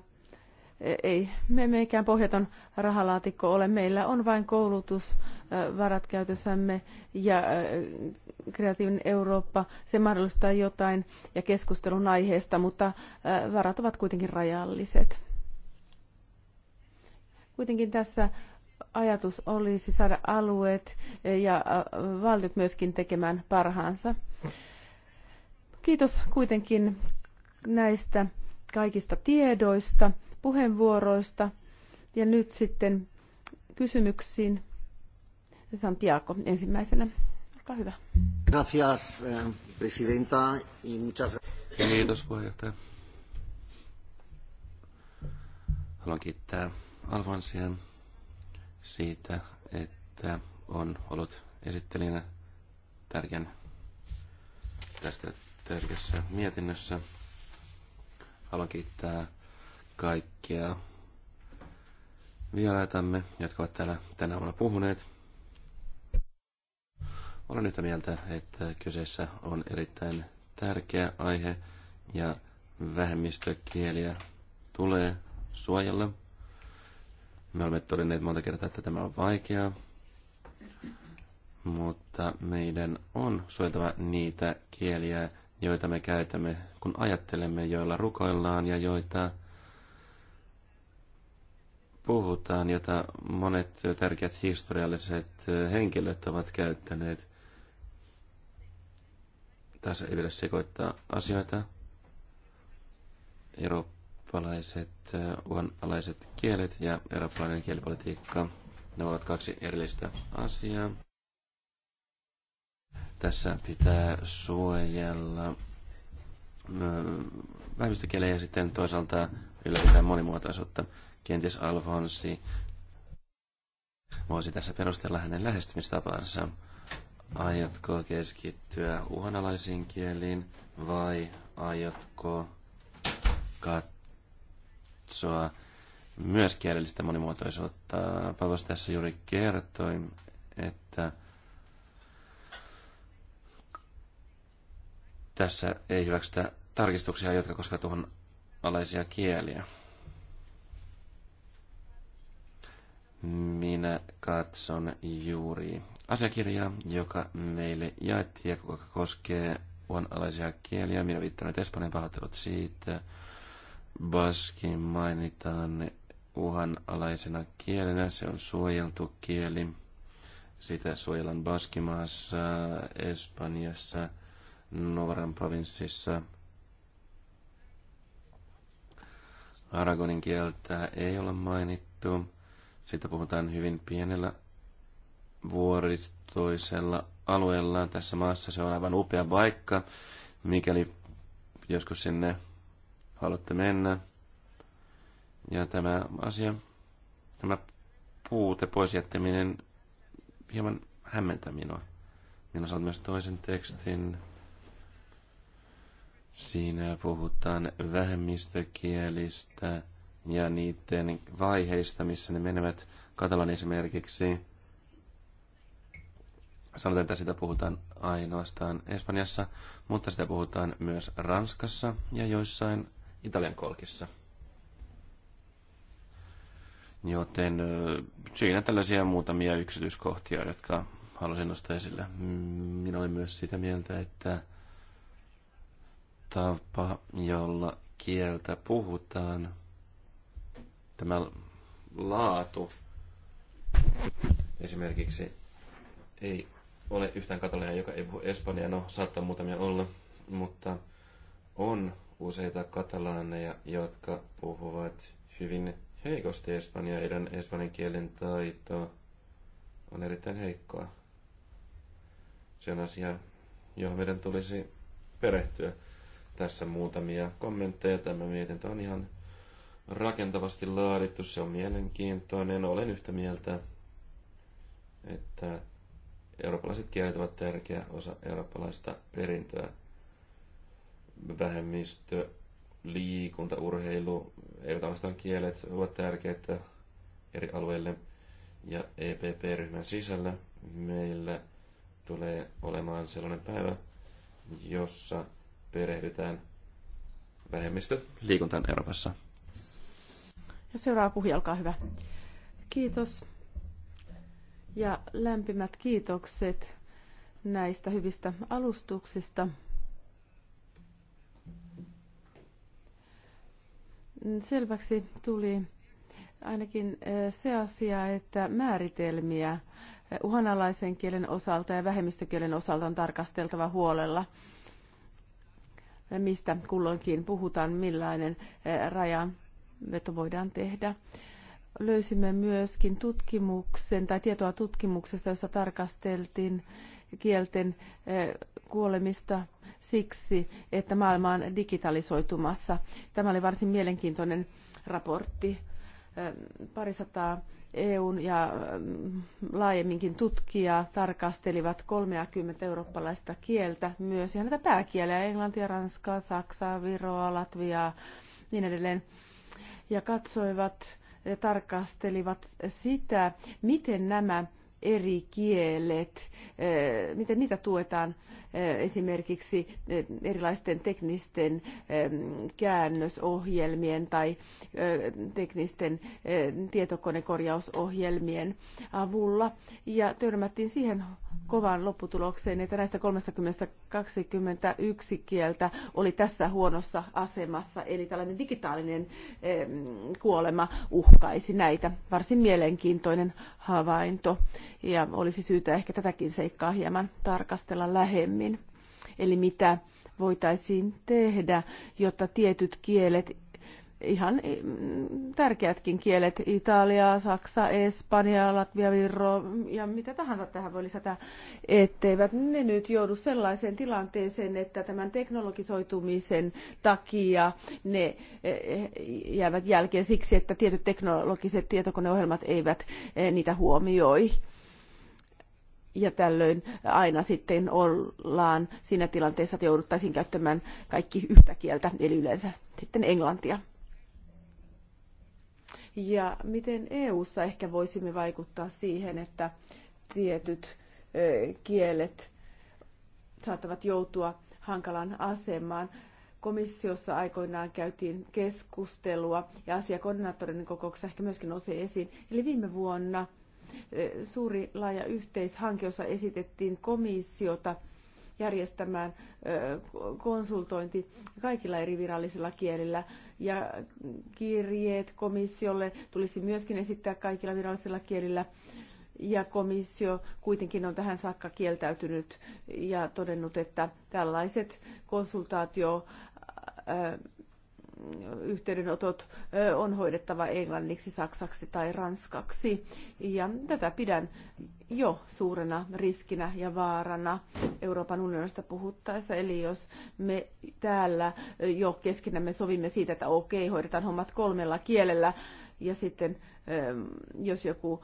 ei me meikään pohjaton rahalaatikko ole. Meillä on vain koulutusvarat käytössämme ja äh, kreatiivinen Eurooppa, se mahdollistaa jotain ja keskustelun aiheesta, mutta äh, varat ovat kuitenkin rajalliset. Kuitenkin tässä ajatus olisi saada alueet ja äh, valtiot myöskin tekemään parhaansa. Kiitos kuitenkin näistä kaikista tiedoista puheenvuoroista. Ja nyt sitten kysymyksiin. Santiago ensimmäisenä. Olkaa hyvä. Gracias, eh, presidenta, y muchas... Kiitos, puheenjohtaja. Haluan kiittää Alfonsia siitä, että on ollut esittelijänä tärkeän tästä tärkeässä mietinnössä. Haluan kiittää kaikkia vieraitamme, jotka ovat täällä tänä aamuna puhuneet. Olen yhtä mieltä, että kyseessä on erittäin tärkeä aihe ja vähemmistökieliä tulee suojella. Me olemme todenneet monta kertaa, että tämä on vaikeaa, mutta meidän on suojeltava niitä kieliä, joita me käytämme, kun ajattelemme, joilla rukoillaan ja joita puhutaan, jota monet tärkeät historialliset henkilöt ovat käyttäneet. Tässä ei vielä sekoittaa asioita. Eurooppalaiset äh, uhanalaiset kielet ja eurooppalainen kielipolitiikka, ne ovat kaksi erillistä asiaa. Tässä pitää suojella äh, vähemmistökielejä ja sitten toisaalta ylläpitää monimuotoisuutta. Kenties Alfonsi voisi tässä perustella hänen lähestymistapansa. Aiotko keskittyä uhanalaisiin kieliin vai aiotko katsoa myös kielellistä monimuotoisuutta? Pavos tässä juuri kertoi, että tässä ei hyväksytä tarkistuksia, jotka koskevat alaisia kieliä. Minä katson juuri asiakirjaa, joka meille jaettiin ja joka koskee uonalaisia kieliä. Minä viittaan nyt Espanjan pahoittelut siitä. Baskin mainitaan uhanalaisena kielenä. Se on suojeltu kieli. Sitä suojellaan Baskimaassa, Espanjassa, Novaran provinssissa. Aragonin kieltä ei ole mainittu. Siitä puhutaan hyvin pienellä vuoristoisella alueella tässä maassa. Se on aivan upea paikka, mikäli joskus sinne haluatte mennä. Ja tämä asia, tämä puute pois jättäminen hieman hämmentää minua. Minä saan myös toisen tekstin. Siinä puhutaan vähemmistökielistä ja niiden vaiheista, missä ne menevät. Katalan esimerkiksi, sanotaan, että sitä puhutaan ainoastaan Espanjassa, mutta sitä puhutaan myös Ranskassa ja joissain Italian kolkissa. Joten siinä tällaisia muutamia yksityiskohtia, jotka halusin nostaa esille. Mm, minä olen myös sitä mieltä, että tapa, jolla kieltä puhutaan, Tämä laatu esimerkiksi ei ole yhtään katolinen, joka ei puhu espanjaa. No, saattaa muutamia olla, mutta on useita katalaaneja, jotka puhuvat hyvin heikosti espanjaa. Heidän espanjan kielen taito on erittäin heikkoa. Se on asia, johon meidän tulisi perehtyä. Tässä muutamia kommentteja. Tämä mietintö on ihan rakentavasti laadittu, se on mielenkiintoinen. Olen yhtä mieltä, että eurooppalaiset kielet ovat tärkeä osa eurooppalaista perintöä. Vähemmistö, liikunta, urheilu, eurooppalaiset kielet ovat tärkeitä eri alueille. Ja EPP-ryhmän sisällä meillä tulee olemaan sellainen päivä, jossa perehdytään vähemmistö liikuntaan Euroopassa. Ja seuraava puhuja, olkaa hyvä. Kiitos ja lämpimät kiitokset näistä hyvistä alustuksista. Selväksi tuli ainakin eh, se asia, että määritelmiä eh, uhanalaisen kielen osalta ja vähemmistökielen osalta on tarkasteltava huolella mistä kulloinkin puhutaan, millainen eh, raja veto voidaan tehdä. Löysimme myöskin tutkimuksen tai tietoa tutkimuksesta, jossa tarkasteltiin kielten eh, kuolemista siksi, että maailma on digitalisoitumassa. Tämä oli varsin mielenkiintoinen raportti. Eh, parisataa EUn ja mm, laajemminkin tutkijaa tarkastelivat 30 eurooppalaista kieltä, myös ihan näitä pääkieliä, englantia, ranskaa, saksaa, viroa, latviaa, niin edelleen ja katsoivat ja tarkastelivat sitä, miten nämä eri kielet, eh, miten niitä tuetaan esimerkiksi eh, erilaisten teknisten eh, käännösohjelmien tai eh, teknisten tietokonekorjausohjelmien avulla. Ja törmättiin siihen kovaan lopputulokseen, että näistä 30-21 kieltä oli tässä huonossa asemassa, eli tällainen digitaalinen kuolema uhkaisi näitä. Varsin mielenkiintoinen havainto, ja olisi syytä ehkä tätäkin seikkaa hieman tarkastella lähemmin paremmin. Eli mitä voitaisiin tehdä, jotta tietyt kielet, ihan mm, tärkeätkin kielet, Italia, Saksa, Espanja, Latvia, Virro ja mitä tahansa tähän voi lisätä, etteivät ne nyt joudu sellaiseen tilanteeseen, että tämän teknologisoitumisen takia ne eh, jäävät jälkeen siksi, että tietyt teknologiset tietokoneohjelmat eivät eh, niitä huomioi ja tällöin aina sitten ollaan siinä tilanteessa, että jouduttaisiin käyttämään kaikki yhtä kieltä, eli yleensä sitten englantia. Ja miten EU:ssa ehkä voisimme vaikuttaa siihen, että tietyt kielet saattavat joutua hankalaan asemaan komissiossa aikoinaan käytiin keskustelua ja asiakoordinaattorin kokouksessa ehkä myöskin nousee esiin. Eli viime vuonna suuri laaja yhteishanke, jossa esitettiin komissiota järjestämään konsultointi kaikilla eri virallisilla kielillä. Ja kirjeet komissiolle tulisi myöskin esittää kaikilla virallisilla kielillä. Ja komissio kuitenkin on tähän saakka kieltäytynyt ja todennut, että tällaiset konsultaatio yhteydenotot on hoidettava englanniksi, saksaksi tai ranskaksi. Ja tätä pidän jo suurena riskinä ja vaarana Euroopan unionista puhuttaessa. Eli jos me täällä jo keskenämme sovimme siitä, että okei, hoidetaan hommat kolmella kielellä ja sitten jos joku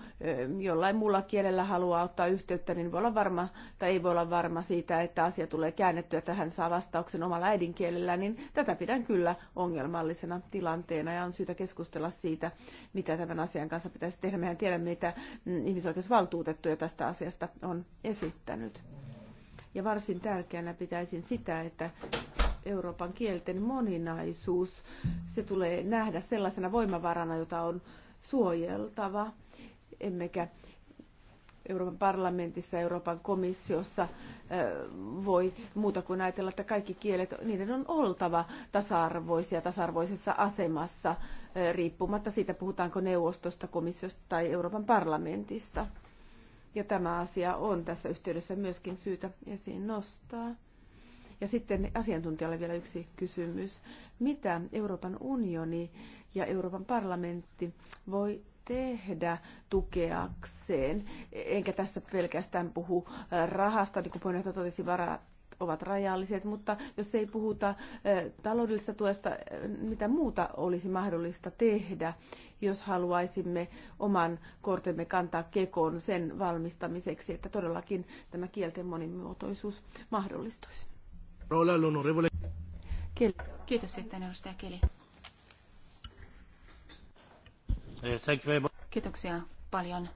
jollain muulla kielellä haluaa ottaa yhteyttä, niin voi olla varma tai ei voi olla varma siitä, että asia tulee käännettyä, että hän saa vastauksen omalla äidinkielellä, niin tätä pidän kyllä ongelmallisena tilanteena ja on syytä keskustella siitä, mitä tämän asian kanssa pitäisi tehdä. Mehän tiedämme, mitä mm, ihmisoikeusvaltuutettuja tästä asiasta on esittänyt. Ja varsin tärkeänä pitäisin sitä, että Euroopan kielten moninaisuus, se tulee nähdä sellaisena voimavarana, jota on suojeltava, emmekä Euroopan parlamentissa, Euroopan komissiossa voi muuta kuin ajatella, että kaikki kielet, niiden on oltava tasa-arvoisia, tasa-arvoisessa asemassa, riippumatta siitä, puhutaanko neuvostosta, komissiosta tai Euroopan parlamentista. Ja tämä asia on tässä yhteydessä myöskin syytä esiin nostaa. Ja sitten asiantuntijalle vielä yksi kysymys. Mitä Euroopan unioni ja Euroopan parlamentti voi tehdä tukeakseen? Enkä tässä pelkästään puhu äh, rahasta, niin kuin puheenjohtaja totesi, varat ovat rajalliset, mutta jos ei puhuta äh, taloudellisesta tuesta, äh, mitä muuta olisi mahdollista tehdä, jos haluaisimme oman kortemme kantaa kekoon sen valmistamiseksi, että todellakin tämä kielten monimuotoisuus mahdollistuisi. Kiitos sitten edustaja Keli. Kiitoksia paljon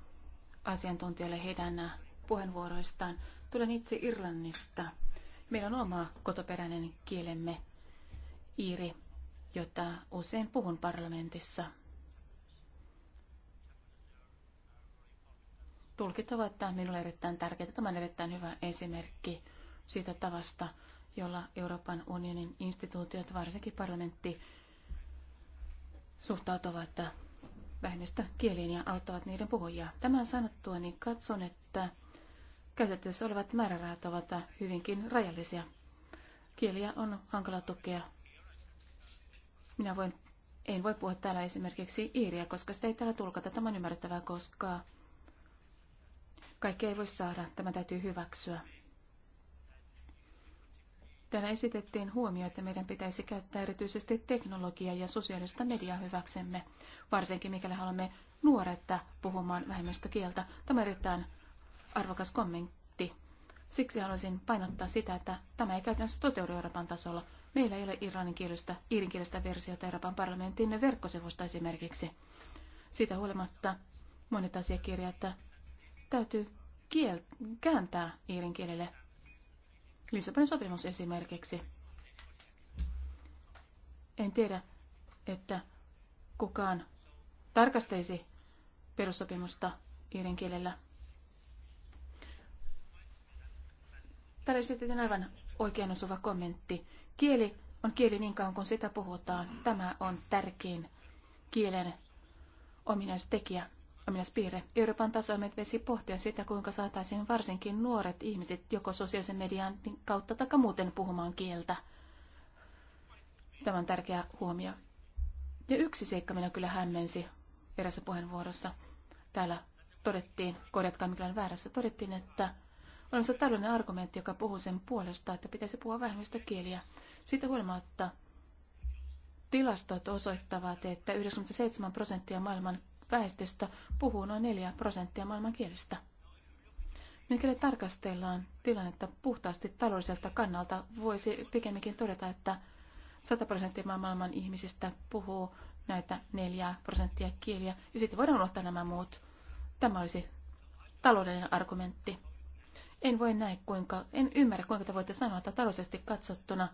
asiantuntijoille heidän puheenvuoroistaan. Tulen itse Irlannista. Meillä on oma kotoperäinen kielemme, iiri, jota usein puhun parlamentissa. Tulkit että minulle erittäin tärkeää. Tämä on erittäin hyvä esimerkki siitä tavasta, jolla Euroopan unionin instituutiot, varsinkin parlamentti, suhtautuvat vähemmistökieliin ja auttavat niiden puhujia. Tämän sanottua niin katson, että käytettävissä olevat määrärahat ovat hyvinkin rajallisia. Kieliä on hankala tukea. Minä voin, en voi puhua täällä esimerkiksi iiriä, koska sitä ei täällä tulkata. Tämä on ymmärrettävää, koska kaikkea ei voi saada. Tämä täytyy hyväksyä. Täällä esitettiin huomio, että meidän pitäisi käyttää erityisesti teknologiaa ja sosiaalista mediaa hyväksemme, varsinkin mikäli haluamme nuoretta puhumaan vähemmistökieltä. Tämä on erittäin arvokas kommentti. Siksi haluaisin painottaa sitä, että tämä ei käytännössä toteudu Euroopan tasolla. Meillä ei ole irlanninkielistä, irinkielistä versiota Euroopan parlamentin verkkosivusta esimerkiksi. Siitä huolimatta monet asiakirjat täytyy kiel- kääntää irinkielelle. Lissabonin sopimus esimerkiksi. En tiedä, että kukaan tarkastaisi perussopimusta iirin kielellä. Täällä esitettiin aivan oikein osuva kommentti. Kieli on kieli niin kauan kuin sitä puhutaan. Tämä on tärkein kielen ominaistekijä ominaispiirre. Euroopan tasoimet me vesi pohtia sitä, kuinka saataisiin varsinkin nuoret ihmiset joko sosiaalisen median kautta tai muuten puhumaan kieltä. Tämä on tärkeä huomio. Ja yksi seikka minä kyllä hämmensi erässä puheenvuorossa. Täällä todettiin, korjatkaa mikä väärässä, todettiin, että on se tällainen argumentti, joka puhuu sen puolesta, että pitäisi puhua vähemmistökieliä. Siitä huolimatta tilastot osoittavat, että 97 prosenttia maailman väestöstä puhuu noin 4 prosenttia maailman kielistä. Mikäli tarkastellaan tilannetta puhtaasti taloudelliselta kannalta, voisi pikemminkin todeta, että 100 prosenttia maailman ihmisistä puhuu näitä 4 prosenttia kieliä, ja sitten voidaan unohtaa nämä muut. Tämä olisi taloudellinen argumentti. En voi näe, kuinka, en ymmärrä, kuinka te voitte sanoa, että taloudellisesti katsottuna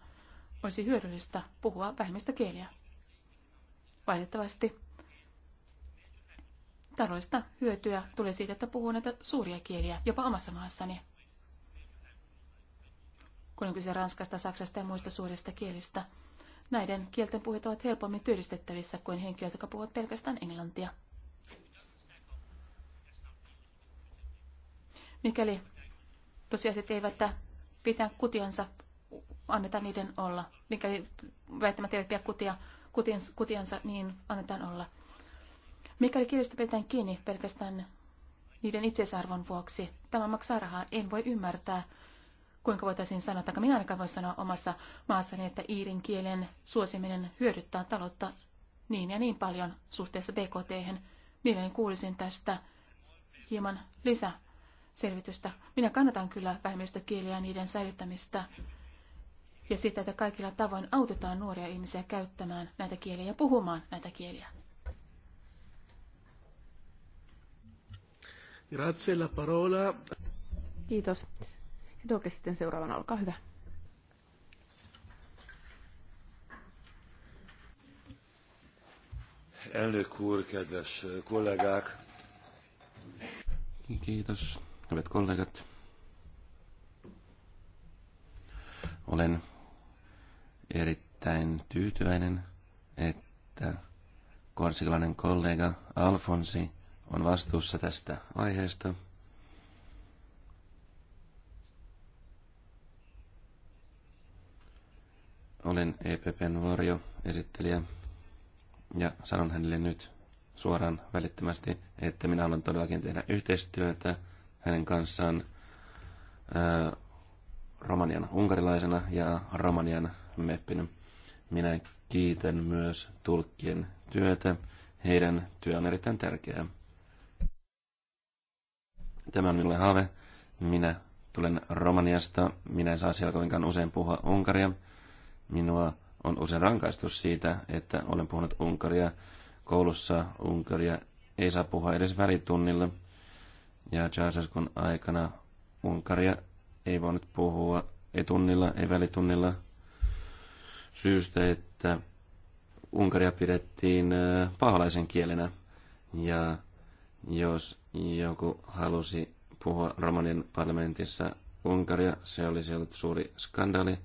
olisi hyödyllistä puhua vähemmistökieliä. Valitettavasti Taloudellista hyötyä tulee siitä, että puhuu näitä suuria kieliä, jopa omassa maassani. Kun on kyse ranskasta, saksasta ja muista suurista kielistä, näiden kielten puhet ovat helpommin työllistettävissä kuin henkilöt, jotka puhuvat pelkästään englantia. Mikäli tosiasiat eivät pitää kutiansa, annetaan niiden olla. Mikäli väittämät eivät pidä kutia, kutiansa, niin annetaan olla. Mikäli kielestä pidetään kiinni pelkästään niiden itsesarvon vuoksi, tämä maksaa rahaa. En voi ymmärtää, kuinka voitaisiin sanoa, että minä ainakaan voin sanoa omassa maassani, että iirin kielen suosiminen hyödyttää taloutta niin ja niin paljon suhteessa BKT. -hän. Mielelläni kuulisin tästä hieman lisäselvitystä. Minä kannatan kyllä vähemmistökieliä ja niiden säilyttämistä ja sitä, että kaikilla tavoin autetaan nuoria ihmisiä käyttämään näitä kieliä ja puhumaan näitä kieliä. Grazie la parola. Kiitos. Doke sitten seuraavana, olkaa hyvä. Elnök úr, kedves kollégák! Kiitos, hyvät kollegat. Olen erittäin tyytyväinen, että korsikalainen kollega Alfonsi on vastuussa tästä aiheesta. Olen EPPn Nuorio, esittelijä ja sanon hänelle nyt suoraan välittömästi, että minä haluan todellakin tehdä yhteistyötä hänen kanssaan ää, äh, romanian unkarilaisena ja romanian meppinä. Minä kiitän myös tulkkien työtä. Heidän työ on erittäin tärkeää. Tämä on minulle haave. Minä tulen Romaniasta. Minä en saa siellä kovinkaan usein puhua Unkaria. Minua on usein rankaistu siitä, että olen puhunut Unkaria koulussa. Unkaria ei saa puhua edes välitunnilla. Ja Ceausescun aikana Unkaria ei voinut puhua ei tunnilla, ei välitunnilla syystä, että Unkaria pidettiin äh, paholaisen kielenä. Ja jos joku halusi puhua Romanin parlamentissa Unkaria. Se oli siellä suuri skandaali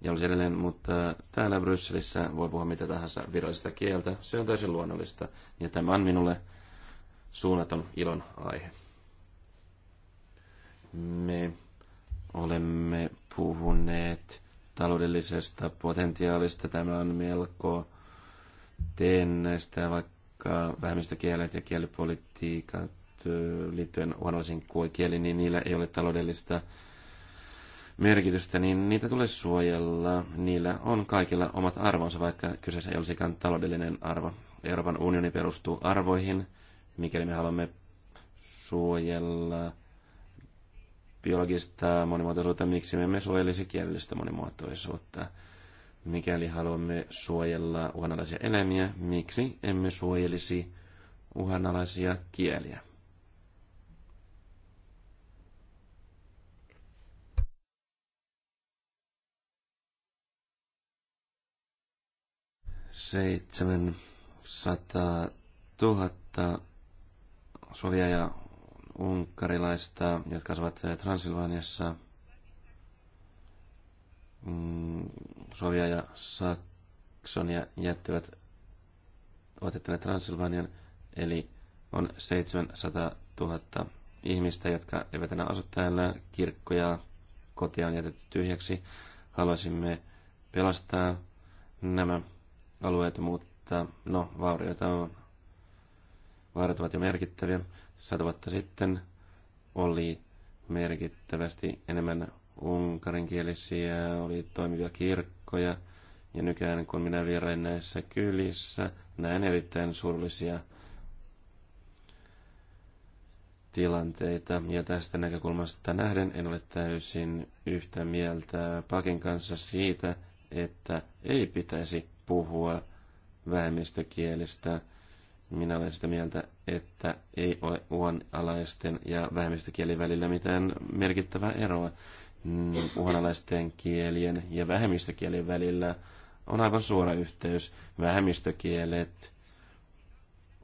ja oli edelleen, mutta täällä Brysselissä voi puhua mitä tahansa virallista kieltä. Se on täysin luonnollista ja tämä on minulle suunnaton ilon aihe. Me olemme puhuneet taloudellisesta potentiaalista. Tämä on melko teennäistä, vaikka vähemmistökielet ja kielipolitiikat Äh, liittyen uhanalaisiin kieliin, niin niillä ei ole taloudellista merkitystä, niin niitä tulee suojella. Niillä on kaikilla omat arvonsa, vaikka kyseessä ei olisikaan taloudellinen arvo. Euroopan unioni perustuu arvoihin, mikäli me haluamme suojella biologista monimuotoisuutta, miksi me emme suojelisi kielellistä monimuotoisuutta. Mikäli haluamme suojella uhanalaisia eläimiä, miksi emme suojelisi uhanalaisia kieliä? 700 000 sovia ja unkarilaista, jotka asuvat Transilvaniassa, mm, Sovia ja Saksonia jättivät, ovat jättäneet Transilvanian, eli on 700 000 ihmistä, jotka eivät enää asu täällä. Kirkkoja, kotia on jätetty tyhjäksi. Haluaisimme pelastaa nämä alueet, mutta no, vaurioita on, vaarat ovat jo merkittäviä. Sata vuotta sitten oli merkittävästi enemmän unkarinkielisiä, oli toimivia kirkkoja, ja nykyään kun minä vierain näissä kylissä, näen erittäin surullisia tilanteita. Ja tästä näkökulmasta nähden en ole täysin yhtä mieltä Pakin kanssa siitä, että ei pitäisi puhua vähemmistökielistä. Minä olen sitä mieltä, että ei ole uhanalaisten ja vähemmistökielien välillä mitään merkittävää eroa. Mm, uhanalaisten kielien ja vähemmistökielien välillä on aivan suora yhteys. Vähemmistökielet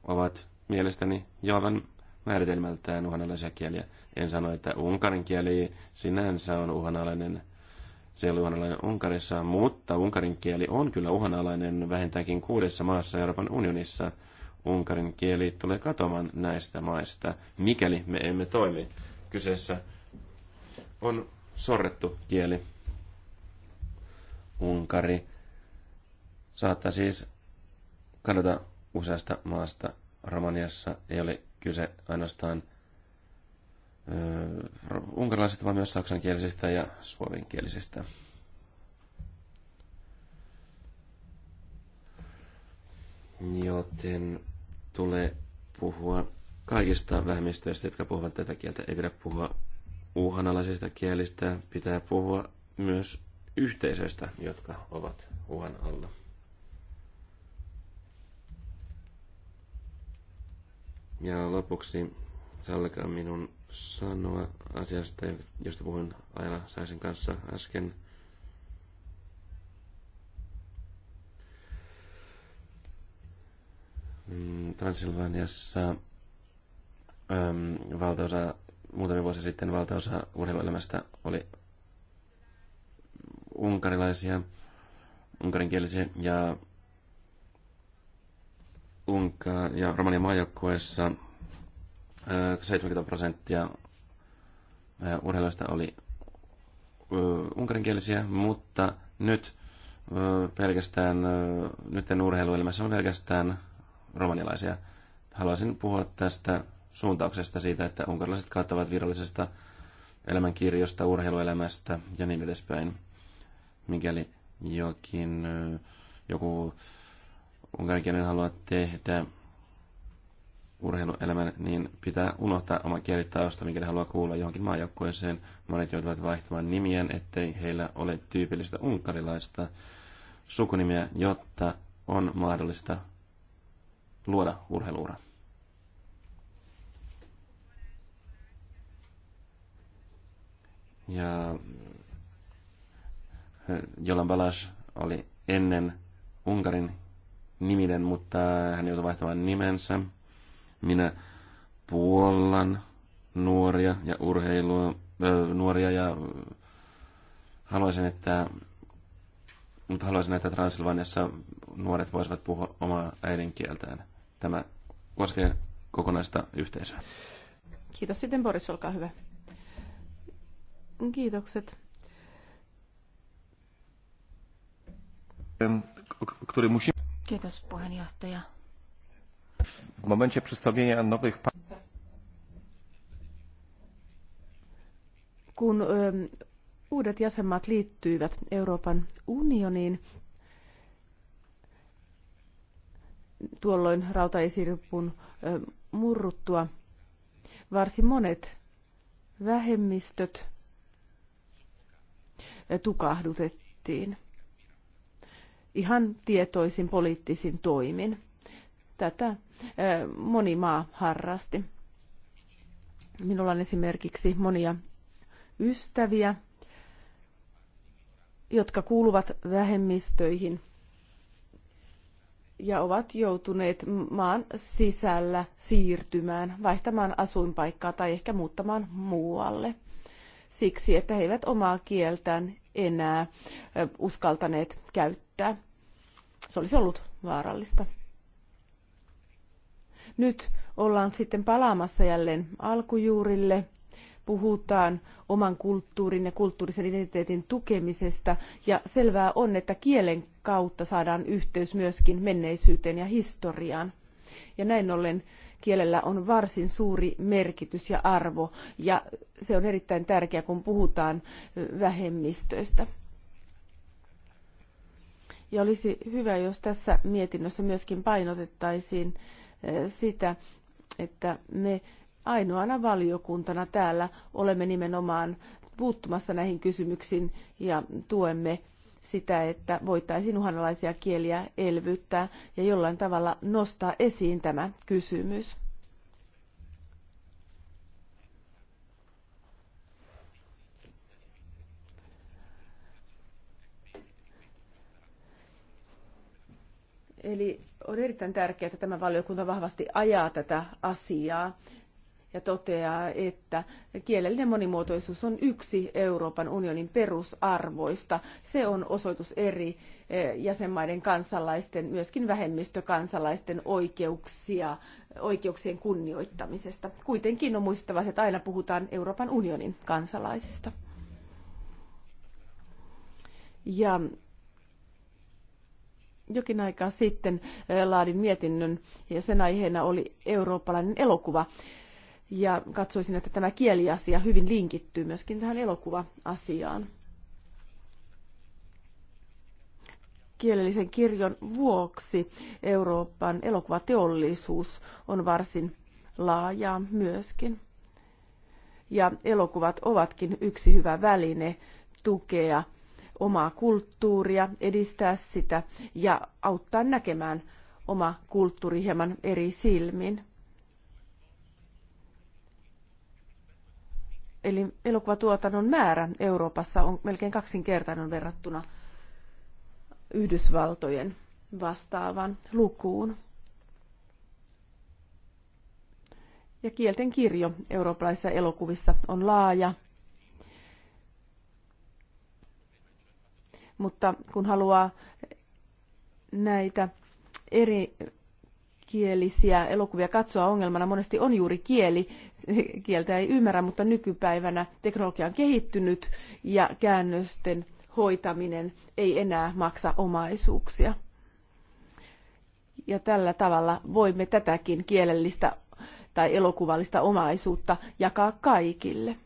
ovat mielestäni jo aivan määritelmältään uhanalaisia kieliä. En sano, että unkarin kieli sinänsä on uhanalainen se oli uhanalainen Unkarissa, mutta unkarin kieli on kyllä uhanalainen vähintäänkin kuudessa maassa Euroopan unionissa. Unkarin kieli tulee katoamaan näistä maista, mikäli me emme toimi. Kyseessä on sorrettu kieli. Unkari saattaa siis kadota useasta maasta. Romaniassa ei ole kyse ainoastaan – unkarilaisista, vaan myös saksankielisistä ja suomenkielisistä. Joten tulee puhua kaikista vähemmistöistä, jotka puhuvat tätä kieltä. Ei pidä puhua uhanalaisista kielistä, pitää puhua myös yhteisöistä, jotka ovat uhan alla. Ja lopuksi sallikaa minun sanoa asiasta, josta puhuin aina Saisen kanssa äsken. Mm, Transilvaniassa äm, valtaosa, muutamia vuosia sitten valtaosa urheiluelämästä oli unkarilaisia, unkarinkielisiä ja Unka- ja Romanian maajoukkueessa 70 prosenttia urheilijoista oli unkarinkielisiä, mutta nyt pelkästään, nyt urheiluelämässä on pelkästään romanilaisia. Haluaisin puhua tästä suuntauksesta siitä, että unkarilaiset kattavat virallisesta elämänkirjosta, urheiluelämästä ja niin edespäin. Mikäli jokin, joku unkarinkielinen haluaa tehdä urheiluelämän, niin pitää unohtaa oma kielitausta, ne haluaa kuulla johonkin maajoukkueeseen. Monet joutuvat vaihtamaan nimiään, ettei heillä ole tyypillistä unkarilaista sukunimiä, jotta on mahdollista luoda urheiluura. Ja eh, Jolan Balas oli ennen Unkarin nimiden, mutta hän joutui vaihtamaan nimensä. Minä puollan nuoria ja urheilua, ö, nuoria ja haluaisin, että mutta haluaisin, että Transilvaniassa nuoret voisivat puhua omaa äidinkieltään. Tämä koskee kokonaista yhteisöä. Kiitos sitten Boris, olkaa hyvä. Kiitokset. Kiitos puheenjohtaja w momencie przystąpienia nowych kun ö, uudet jäsenmaat liittyivät Euroopan unioniin, tuolloin rautaesiripun ö, murruttua, varsin monet vähemmistöt eh, tukahdutettiin ihan tietoisin poliittisin toimin. Tätä moni maa harrasti. Minulla on esimerkiksi monia ystäviä, jotka kuuluvat vähemmistöihin ja ovat joutuneet maan sisällä siirtymään, vaihtamaan asuinpaikkaa tai ehkä muuttamaan muualle. Siksi, että he eivät omaa kieltään enää uskaltaneet käyttää. Se olisi ollut vaarallista. Nyt ollaan sitten palaamassa jälleen alkujuurille. Puhutaan oman kulttuurin ja kulttuurisen identiteetin tukemisesta ja selvää on, että kielen kautta saadaan yhteys myöskin menneisyyteen ja historiaan. Ja näin ollen kielellä on varsin suuri merkitys ja arvo ja se on erittäin tärkeää, kun puhutaan vähemmistöistä. Ja olisi hyvä, jos tässä mietinnössä myöskin painotettaisiin sitä, että me ainoana valiokuntana täällä olemme nimenomaan puuttumassa näihin kysymyksiin ja tuemme sitä, että voitaisiin uhanalaisia kieliä elvyttää ja jollain tavalla nostaa esiin tämä kysymys. Eli on erittäin tärkeää, että tämä valiokunta vahvasti ajaa tätä asiaa ja toteaa, että kielellinen monimuotoisuus on yksi Euroopan unionin perusarvoista. Se on osoitus eri eh, jäsenmaiden kansalaisten, myöskin vähemmistökansalaisten oikeuksia, oikeuksien kunnioittamisesta. Kuitenkin on muistettava, että aina puhutaan Euroopan unionin kansalaisista. Ja jokin aika sitten laadin mietinnön ja sen aiheena oli eurooppalainen elokuva. Ja katsoisin, että tämä kieliasia hyvin linkittyy myöskin tähän elokuva-asiaan. Kielellisen kirjon vuoksi Euroopan elokuvateollisuus on varsin laajaa myöskin. Ja elokuvat ovatkin yksi hyvä väline tukea omaa kulttuuria, edistää sitä ja auttaa näkemään oma kulttuuri hieman eri silmin. Eli elokuvatuotannon määrä Euroopassa on melkein kaksinkertainen verrattuna Yhdysvaltojen vastaavan lukuun. Ja kielten kirjo eurooppalaisissa elokuvissa on laaja mutta kun haluaa näitä eri kielisiä elokuvia katsoa ongelmana monesti on juuri kieli. *laughs* Kieltä ei ymmärrä, mutta nykypäivänä teknologia on kehittynyt ja käännösten hoitaminen ei enää maksa omaisuuksia. Ja tällä tavalla voimme tätäkin kielellistä tai elokuvallista omaisuutta jakaa kaikille.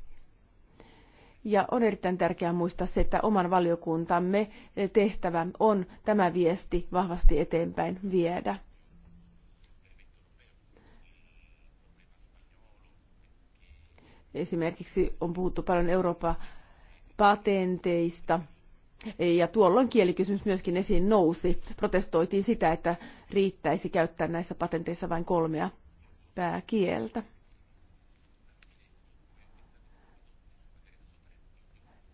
Ja on erittäin tärkeää muistaa se, että oman valiokuntamme eh, tehtävä on tämä viesti vahvasti eteenpäin viedä. Esimerkiksi on puhuttu paljon Euroopan patenteista, eh, ja tuolloin kielikysymys myöskin esiin nousi. Protestoitiin sitä, että riittäisi käyttää näissä patenteissa vain kolmea pääkieltä.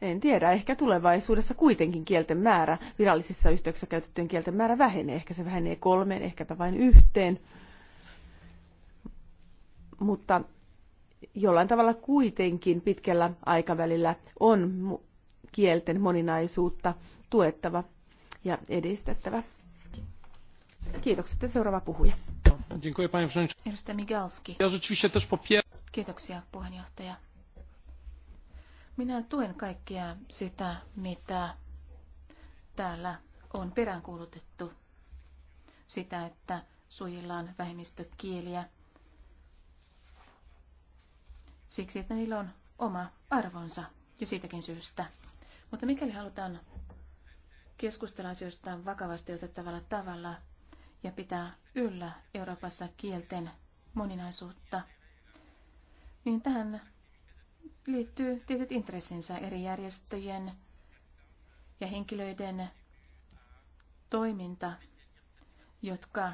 En tiedä, ehkä tulevaisuudessa kuitenkin kielten määrä, virallisissa yhteyksissä käytettyjen kielten määrä vähenee. Ehkä se vähenee kolmeen, ehkäpä vain yhteen. Mutta jollain tavalla kuitenkin pitkällä aikavälillä on kielten moninaisuutta tuettava ja edistettävä. Kiitokset ja seuraava puhuja. Kiitoksia puheenjohtaja. Minä tuen kaikkea sitä, mitä täällä on peräänkuulutettu. Sitä, että suojellaan vähemmistökieliä siksi, että niillä on oma arvonsa jo siitäkin syystä. Mutta mikäli halutaan keskustella asioista vakavasti otettavalla tavalla ja pitää yllä Euroopassa kielten moninaisuutta, niin tähän liittyy tietyt intressinsä eri järjestöjen ja henkilöiden toiminta, jotka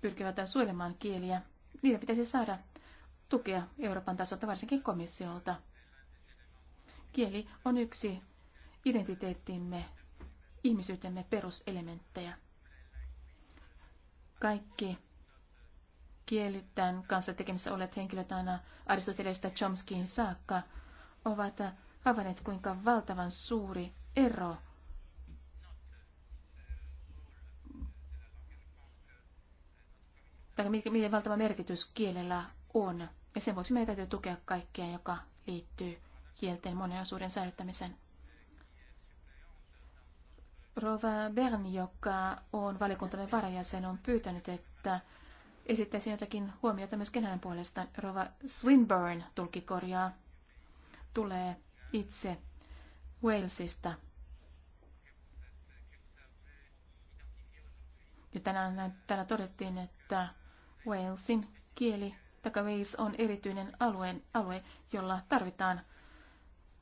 pyrkivät suojelemaan kieliä. Niiden pitäisi saada tukea Euroopan tasolta, varsinkin komissiolta. Kieli on yksi identiteettimme, ihmisyytemme peruselementtejä. Kaikki kielitään kanssa tekemisissä olleet henkilöt aina Aristoteleista Chomskiin saakka ovat havainneet, kuinka valtavan suuri ero tai miten valtava merkitys kielellä on. Ja sen vuoksi meidän täytyy tukea kaikkea, joka liittyy kielten moninaisuuden säilyttämiseen. Rova Bern, joka on valiokuntamme varajäsen, on pyytänyt, että esittäisi jotakin huomiota myöskin hänen puolestaan. Rova Swinburne tulkikorjaa tulee itse Walesista. Ja tänään täällä todettiin, että Walesin kieli taka Wales on erityinen alueen, alue, jolla tarvitaan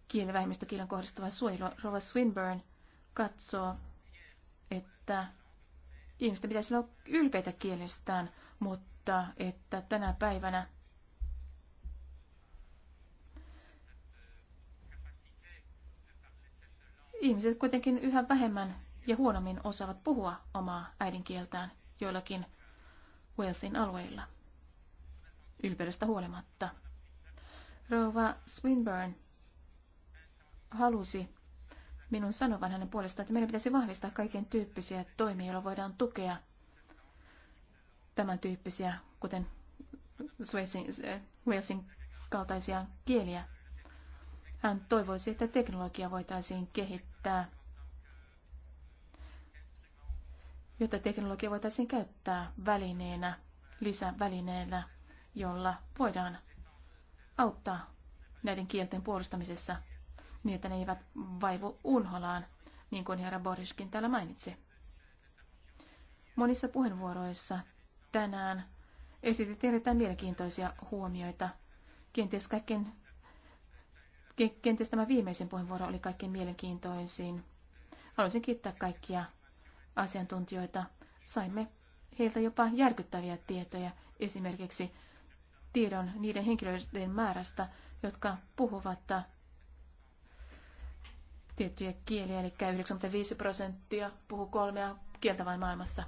kielivähemmistökielen kohdistuvaa suojelua. Rova Swinburne katsoo, että ihmisten pitäisi olla ylpeitä kielestään, mutta että tänä päivänä ihmiset kuitenkin yhä vähemmän ja huonommin osaavat puhua omaa äidinkieltään joillakin Walesin alueilla. Ylpeydestä huolimatta. Rova Swinburne halusi minun sanovan hänen puolestaan, että meidän pitäisi vahvistaa kaiken tyyppisiä toimia, joilla voidaan tukea tämän tyyppisiä, kuten Swaysin, Walesin kaltaisia kieliä. Hän toivoisi, että teknologia voitaisiin kehittää, jotta teknologia voitaisiin käyttää välineenä, lisävälineenä, jolla voidaan auttaa näiden kielten puolustamisessa niin, että ne eivät vaivu unholaan, niin kuin herra Boriskin täällä mainitsi. Monissa puheenvuoroissa tänään. Esitit erittäin mielenkiintoisia huomioita. Kenties, kaikkein, kenties tämä viimeisin puheenvuoro oli kaikkein mielenkiintoisin. Haluaisin kiittää kaikkia asiantuntijoita. Saimme heiltä jopa järkyttäviä tietoja, esimerkiksi tiedon niiden henkilöiden määrästä, jotka puhuvat tiettyjä kieliä, eli 95 prosenttia puhuu kolmea kieltä vain maailmassa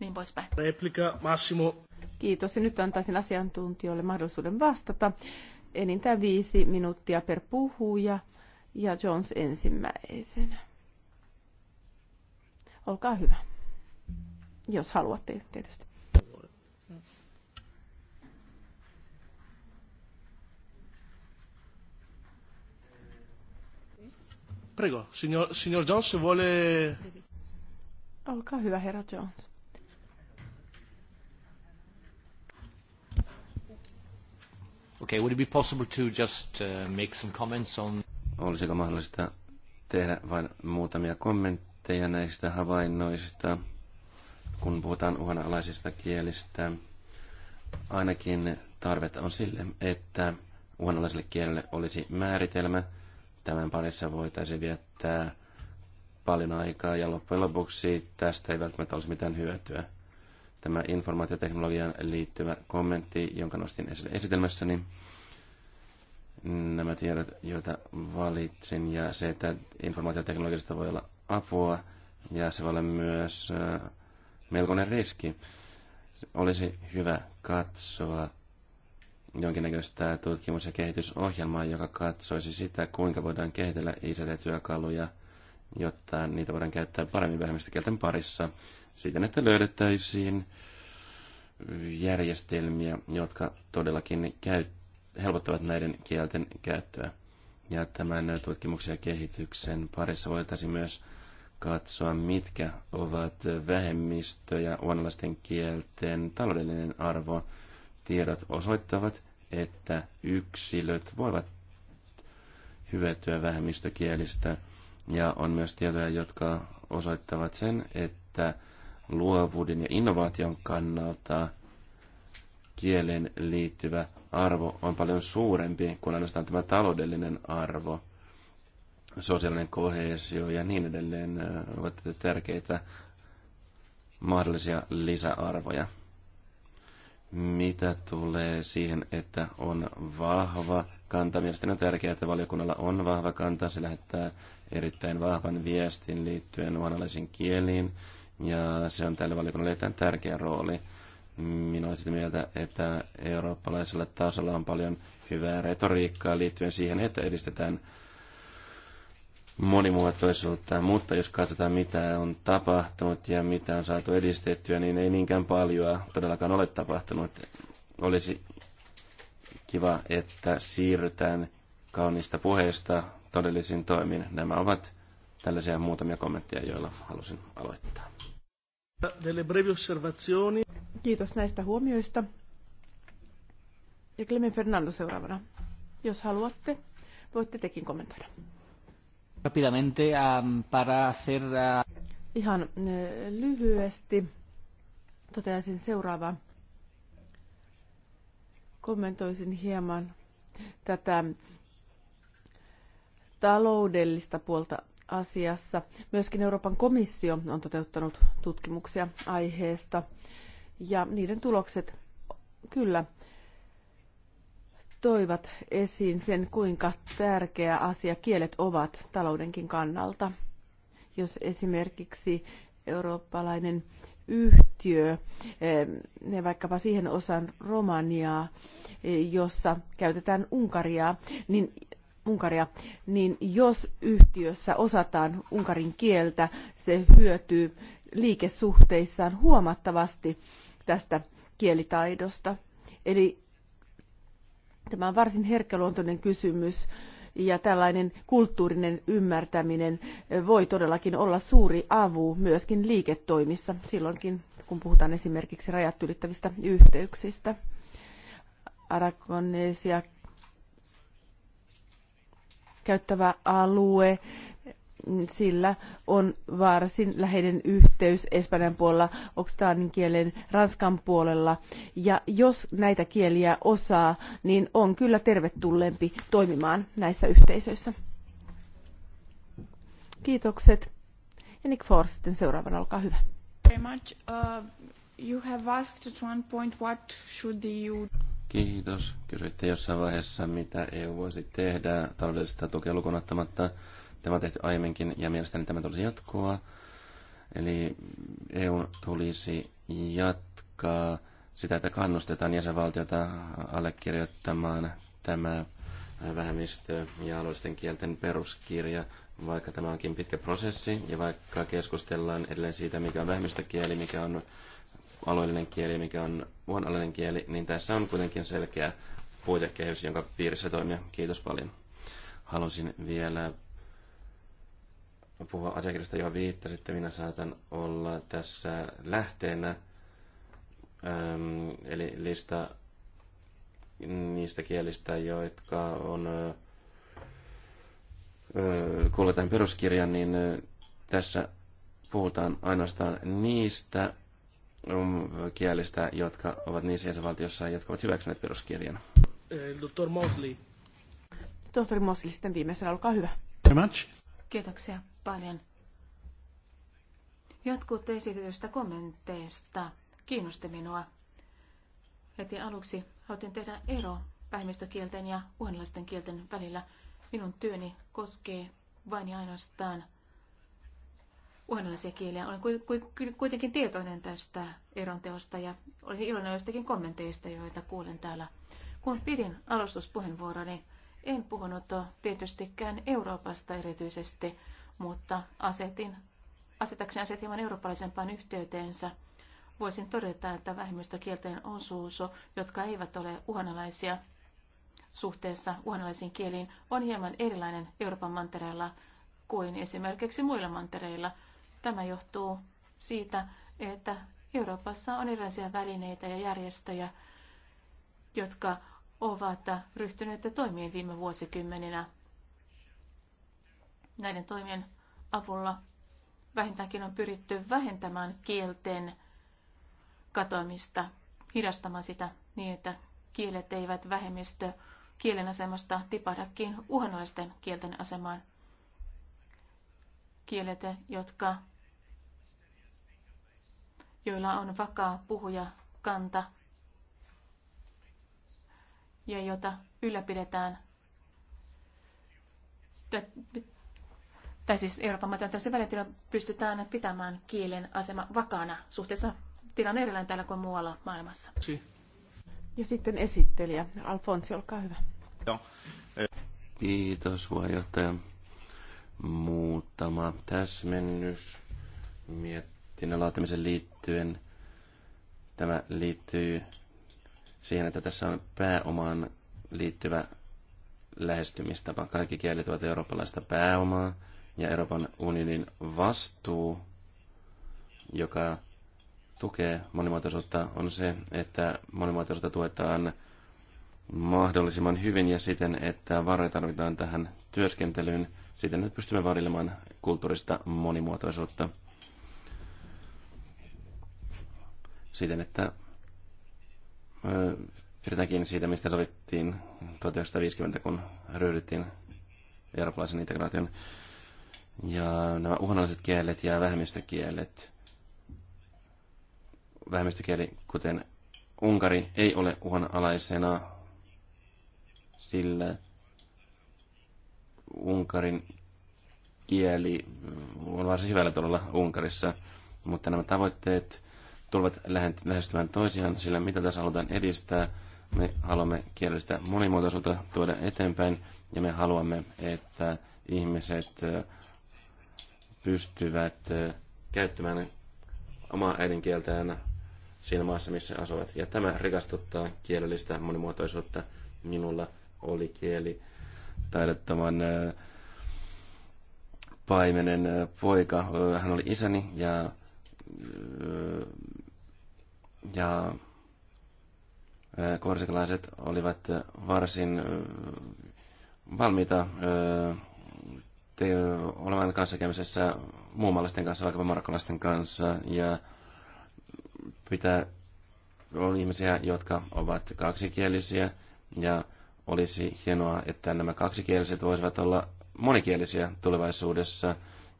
niin poispäin. Replika Massimo. Kiitos ja nyt antaisin asiantuntijoille mahdollisuuden vastata. Enintään viisi minuuttia per puhuja ja Jones ensimmäisenä. Olkaa hyvä, jos haluatte tietysti. Prego, signor, signor Jones, vuole... Olkaa hyvä, herra Jones. Okay, would it be possible to just uh, make some comments on... Olisiko mahdollista tehdä vain muutamia kommentteja näistä havainnoista, kun puhutaan uhanalaisista kielistä? Ainakin tarvetta on sille, että uhanalaiselle kielelle olisi määritelmä. Tämän parissa voitaisiin viettää paljon aikaa ja loppujen lopuksi tästä ei välttämättä olisi mitään hyötyä tämä informaatioteknologiaan liittyvä kommentti, jonka nostin esille esitelmässäni, nämä tiedot, joita valitsin, ja se, että informaatioteknologiasta voi olla apua, ja se voi olla myös äh, melkoinen riski. Olisi hyvä katsoa jonkinnäköistä tutkimus- ja kehitysohjelmaa, joka katsoisi sitä, kuinka voidaan kehitellä ICT-työkaluja, jotta niitä voidaan käyttää paremmin vähemmistökielten parissa siten, että löydettäisiin järjestelmiä, jotka todellakin käy, helpottavat näiden kielten käyttöä. Ja tämän tutkimuksen ja kehityksen parissa voitaisiin myös katsoa, mitkä ovat vähemmistö- ja uonalaisten kielten taloudellinen arvo. Tiedot osoittavat, että yksilöt voivat hyötyä vähemmistökielistä, ja on myös tietoja, jotka osoittavat sen, että luovuuden ja innovaation kannalta kielen liittyvä arvo on paljon suurempi kuin ainoastaan tämä taloudellinen arvo. Sosiaalinen kohesio ja niin edelleen ovat tärkeitä mahdollisia lisäarvoja. Mitä tulee siihen, että on vahva kanta? Mielestäni on tärkeää, että valiokunnalla on vahva kanta. Se lähettää erittäin vahvan viestin liittyen uhanalaisiin kieliin ja se on tälle valiokunnalle erittäin tärkeä rooli. Minä olen sitä mieltä, että eurooppalaisella tasolla on paljon hyvää retoriikkaa liittyen siihen, että edistetään monimuotoisuutta, mutta jos katsotaan mitä on tapahtunut ja mitä on saatu edistettyä, niin ei niinkään paljon todellakaan ole tapahtunut. Olisi kiva, että siirrytään kaunista puheesta todellisiin toimiin. Nämä ovat tällaisia muutamia kommentteja, joilla halusin aloittaa. Delle brevi osservazioni. Kiitos näistä huomioista. Ja Clemen Fernando seuraavana. Jos haluatte, voitte tekin kommentoida. Rapidamente um, para hacer... Uh... Ihan uh, lyhyesti toteaisin seuraavaa. Kommentoisin hieman tätä taloudellista puolta asiassa. Myöskin Euroopan komissio on toteuttanut tutkimuksia aiheesta ja niiden tulokset kyllä toivat esiin sen, kuinka tärkeä asia kielet ovat taloudenkin kannalta. Jos esimerkiksi eurooppalainen yhtiö, ne vaikkapa siihen osaan Romaniaa, jossa käytetään Unkaria, niin Unkaria, niin jos yhtiössä osataan unkarin kieltä, se hyötyy liikesuhteissaan huomattavasti tästä kielitaidosta. Eli tämä on varsin herkkäluontoinen kysymys ja tällainen kulttuurinen ymmärtäminen voi todellakin olla suuri avu myöskin liiketoimissa, silloinkin kun puhutaan esimerkiksi rajat ylittävistä yhteyksistä. Aragonesia käyttävä alue. Sillä on varsin läheinen yhteys Espanjan puolella, okstaanin kielen, ranskan puolella. Ja jos näitä kieliä osaa, niin on kyllä tervetulleempi toimimaan näissä yhteisöissä. Kiitokset. Ja Nick Force sitten seuraavana, olkaa hyvä. Very much. Uh, you have asked at one point what should the EU... Kiitos. Kysyitte jossain vaiheessa, mitä EU voisi tehdä taloudellista tukea lukunottamatta. Tämä on tehty aiemminkin ja mielestäni tämä tulisi jatkoa. Eli EU tulisi jatkaa sitä, että kannustetaan jäsenvaltiota allekirjoittamaan tämä vähemmistö- ja alueisten kielten peruskirja, vaikka tämä onkin pitkä prosessi ja vaikka keskustellaan edelleen siitä, mikä on vähemmistökieli, mikä on alueellinen kieli, mikä on uhanalainen kieli, niin tässä on kuitenkin selkeä puitekehys, jonka piirissä toimia. Kiitos paljon. Halusin vielä puhua asiakirjasta, johon viittasitte. Minä saatan olla tässä lähteenä, eli lista niistä kielistä, jotka on kuulla tämän peruskirjan, niin tässä puhutaan ainoastaan niistä Um, kielistä, jotka ovat niissä jäsenvaltioissa, jotka ovat hyväksyneet peruskirjan. Eh, Dr. Mosley. Tohtori Mosley sitten viimeisenä, olkaa hyvä. Much. Kiitoksia paljon. Jotkut esitetyistä kommenteista kiinnosti minua. Heti aluksi halutin tehdä ero vähemmistökielten ja uhanalaisten kielten välillä. Minun työni koskee vain ja ainoastaan – uhanalaisia kieliä. Olen kuitenkin tietoinen tästä eronteosta ja olin iloinen joistakin kommenteista, joita kuulen täällä. Kun pidin alustuspuheenvuoroni, niin en puhunut tietystikään Euroopasta erityisesti, mutta asetin, asetakseni asiat hieman eurooppalaisempaan yhteyteensä. Voisin todeta, että vähemmistökielten osuus, jotka eivät ole uhanalaisia suhteessa uhanalaisiin kieliin, on hieman erilainen Euroopan mantereella kuin esimerkiksi muilla mantereilla. Tämä johtuu siitä, että Euroopassa on erilaisia välineitä ja järjestöjä, jotka ovat ryhtyneet toimiin viime vuosikymmeninä. Näiden toimien avulla vähintäänkin on pyritty vähentämään kielten katoamista, hidastamaan sitä niin, että kielet eivät vähemmistö kielen asemasta tipahdakin uhanalaisten kielten asemaan kielet, jotka, joilla on vakaa puhuja kanta ja jota ylläpidetään. Tai siis Euroopan tässä välillä pystytään pitämään kielen asema vakaana suhteessa tilanne erilainen täällä kuin muualla maailmassa. Ja sitten esittelijä. Alfonsi, olkaa hyvä. Kiitos puheenjohtaja muutama täsmennys mietinnön laatimisen liittyen. Tämä liittyy siihen, että tässä on pääomaan liittyvä lähestymistapa. Kaikki kielet ovat eurooppalaista pääomaa ja Euroopan unionin vastuu, joka tukee monimuotoisuutta, on se, että monimuotoisuutta tuetaan mahdollisimman hyvin ja siten, että varoja tarvitaan tähän työskentelyyn. Siten, että pystymme varjelemaan kulttuurista monimuotoisuutta. Siten, että pidetäänkin siitä, mistä sovittiin 1950, kun ryhdyttiin eurooppalaisen integraation. Ja nämä uhanalaiset kielet ja vähemmistökielet. Vähemmistökieli, kuten Unkari, ei ole uhanalaisena sillä Unkarin kieli on varsin hyvällä tavalla Unkarissa, mutta nämä tavoitteet tulevat lähestymään toisiaan, sillä mitä tässä halutaan edistää, me haluamme kielellistä monimuotoisuutta tuoda eteenpäin ja me haluamme, että ihmiset pystyvät käyttämään omaa äidinkieltään siinä maassa, missä asuvat. Ja tämä rikastuttaa kielellistä monimuotoisuutta minulla – oli kieli taidettoman paimenen poika. Hän oli isäni ja, ja korsikalaiset olivat varsin valmiita te, olemaan kanssakäymisessä muumalaisten kanssa, vaikkapa marokkalaisten kanssa. Ja pitää, on ihmisiä, jotka ovat kaksikielisiä ja olisi hienoa, että nämä kaksikieliset voisivat olla monikielisiä tulevaisuudessa.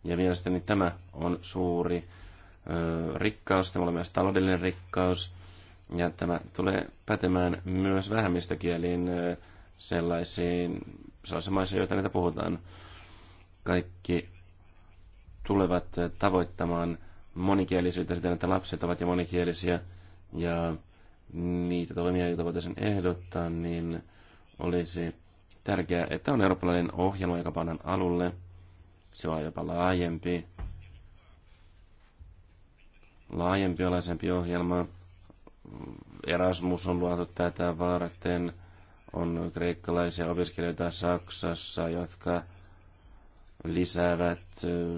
Ja mielestäni tämä on suuri ö, rikkaus, tämä on myös taloudellinen rikkaus. Ja tämä tulee pätemään myös vähemmistökieliin ö, sellaisiin maissa, joita niitä puhutaan. Kaikki tulevat tavoittamaan monikielisyyttä siten, että lapset ovat jo monikielisiä ja niitä toimia, joita voitaisiin ehdottaa, niin olisi tärkeää, että on eurooppalainen ohjelma, joka pannaan alulle. Se on jopa laajempi, laajempi alaisempi ohjelma. Erasmus on luotu tätä varten. On kreikkalaisia opiskelijoita Saksassa, jotka lisäävät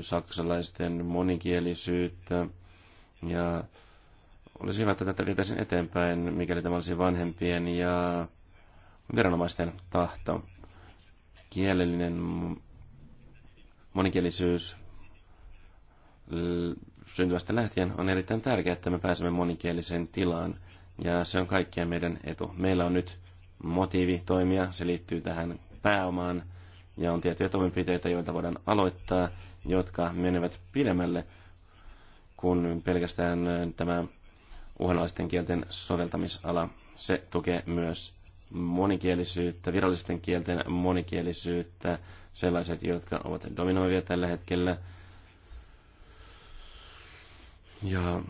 saksalaisten monikielisyyttä. Ja olisi hyvä, että tätä vietäisiin eteenpäin, mikäli tämä olisi vanhempien ja viranomaisten tahto. Kielellinen monikielisyys syntyvästä lähtien on erittäin tärkeää, että me pääsemme monikieliseen tilaan, ja se on kaikkien meidän etu. Meillä on nyt motiivi toimia, se liittyy tähän pääomaan, ja on tiettyjä toimenpiteitä, joita voidaan aloittaa, jotka menevät pidemmälle kuin pelkästään äh, tämä uhanalaisten kielten soveltamisala. Se tukee myös monikielisyyttä, virallisten kielten monikielisyyttä, sellaiset, jotka ovat dominoivia tällä hetkellä. Ja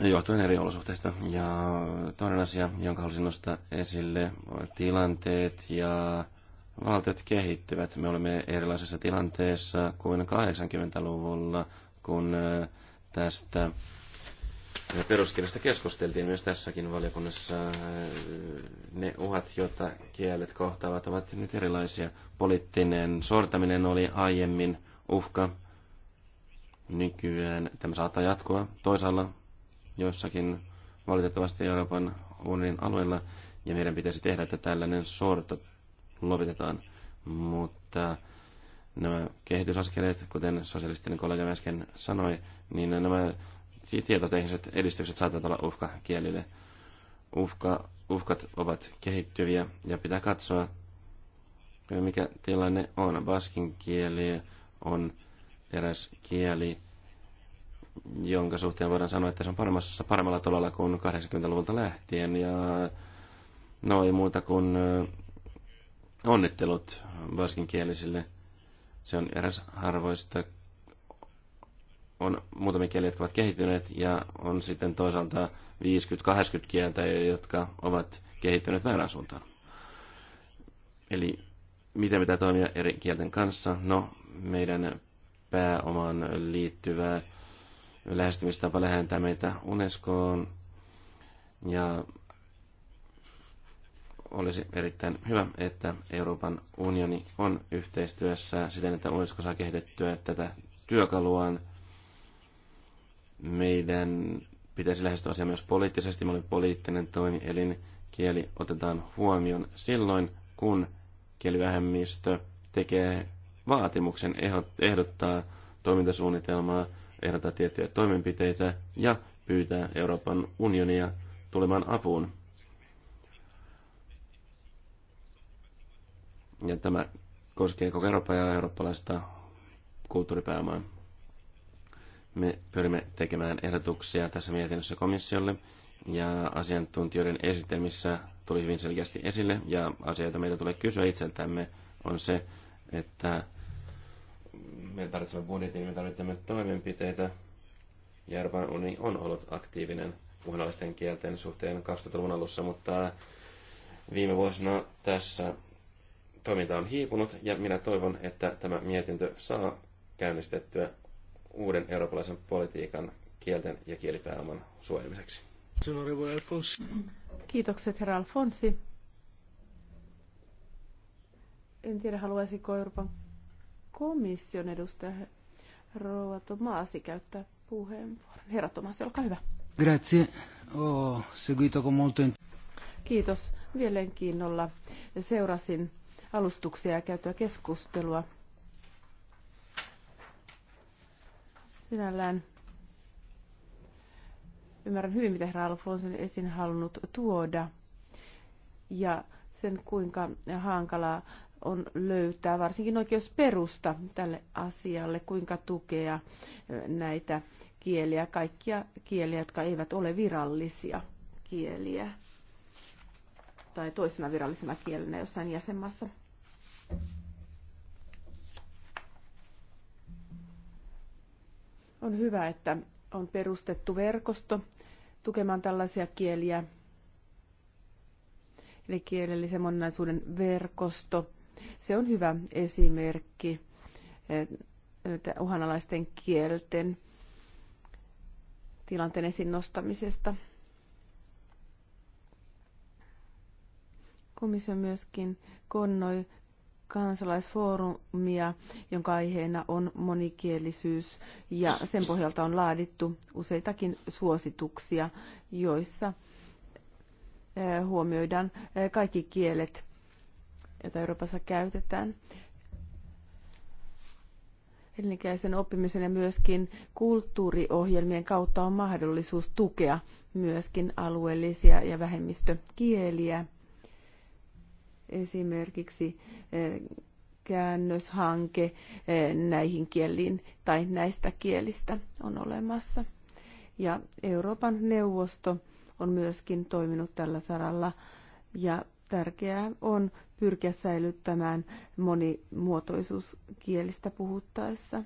johtuen eri olosuhteista. Ja toinen asia, jonka halusin nostaa esille, on tilanteet ja valtiot kehittyvät. Me olemme erilaisessa tilanteessa kuin 80-luvulla, kun äh, tästä peruskielestä keskusteltiin myös tässäkin valiokunnassa. Ne uhat, joita kielet kohtaavat, ovat nyt erilaisia. Poliittinen sortaminen oli aiemmin uhka. Nykyään tämä saattaa jatkua toisaalla joissakin valitettavasti Euroopan unionin alueella. Ja meidän pitäisi tehdä, että tällainen sorto lopetetaan. Mutta nämä kehitysaskeleet, kuten sosialistinen kollega äsken sanoi, niin nämä tietotekniset edistykset saattavat olla uhka kielille. Uhka, uhkat ovat kehittyviä ja pitää katsoa, mikä tilanne on. Baskin kieli on eräs kieli, jonka suhteen voidaan sanoa, että se on paremmassa, paremmalla tolalla kuin 80-luvulta lähtien. Ja no ei muuta kuin onnittelut baskinkielisille. Se on eräs harvoista on muutamia kieliä, jotka ovat kehittyneet, ja on sitten toisaalta 50-80 kieltä, jotka ovat kehittyneet väärään suuntaan. Eli miten pitää toimia eri kielten kanssa? No, meidän pääomaan liittyvä lähestymistapa lähentää meitä Unescoon, ja olisi erittäin hyvä, että Euroopan unioni on yhteistyössä siten, että Unesco saa kehitettyä tätä työkaluaan – meidän pitäisi lähestyä asiaa myös poliittisesti. Mä olen poliittinen eli Kieli otetaan huomioon silloin, kun kielivähemmistö tekee vaatimuksen, ehdottaa toimintasuunnitelmaa, ehdottaa tiettyjä toimenpiteitä ja pyytää Euroopan unionia tulemaan apuun. Ja tämä koskee koko Eurooppaa ja eurooppalaista kulttuuripääomaa. Me pyrimme tekemään ehdotuksia tässä mietinnössä komissiolle ja asiantuntijoiden esitelmissä tuli hyvin selkeästi esille ja asia, jota meitä tulee kysyä itseltämme on se, että me tarvitsemme budjetin, me tarvitsemme toimenpiteitä. Ja Euroopan unioni on ollut aktiivinen uhanalaisten kielten suhteen 2000-luvun alussa, mutta viime vuosina tässä toiminta on hiipunut ja minä toivon, että tämä mietintö saa käynnistettyä uuden eurooppalaisen politiikan kielten ja kielipääoman suojelemiseksi. Kiitokset, herra Alfonsi. En tiedä, haluaisiko Euroopan komission edustaja Rouva Tomasi käyttää puheenvuoron. Herra Tomasi, olkaa hyvä. Grazie. Ho seguito con molto Kiitos. Mielenkiinnolla seurasin alustuksia ja käytyä keskustelua. sinällään ymmärrän hyvin, mitä herra Alfons on esiin halunnut tuoda ja sen, kuinka hankalaa on löytää varsinkin oikeusperusta tälle asialle, kuinka tukea näitä kieliä, kaikkia kieliä, jotka eivät ole virallisia kieliä tai toisena virallisena kielenä jossain jäsenmaassa. On hyvä, että on perustettu verkosto tukemaan tällaisia kieliä, eli kielellisen moninaisuuden verkosto. Se on hyvä esimerkki eh, uhanalaisten kielten tilanteen esiin nostamisesta. Komissio myöskin konnoi kansalaisfoorumia, jonka aiheena on monikielisyys ja sen pohjalta on laadittu useitakin suosituksia, joissa eh, huomioidaan eh, kaikki kielet, joita Euroopassa käytetään. Elinikäisen oppimisen ja myöskin kulttuuriohjelmien kautta on mahdollisuus tukea myöskin alueellisia ja vähemmistökieliä esimerkiksi eh, käännöshanke eh, näihin kieliin tai näistä kielistä on olemassa. Ja Euroopan neuvosto on myöskin toiminut tällä saralla ja tärkeää on pyrkiä säilyttämään monimuotoisuus kielistä puhuttaessa.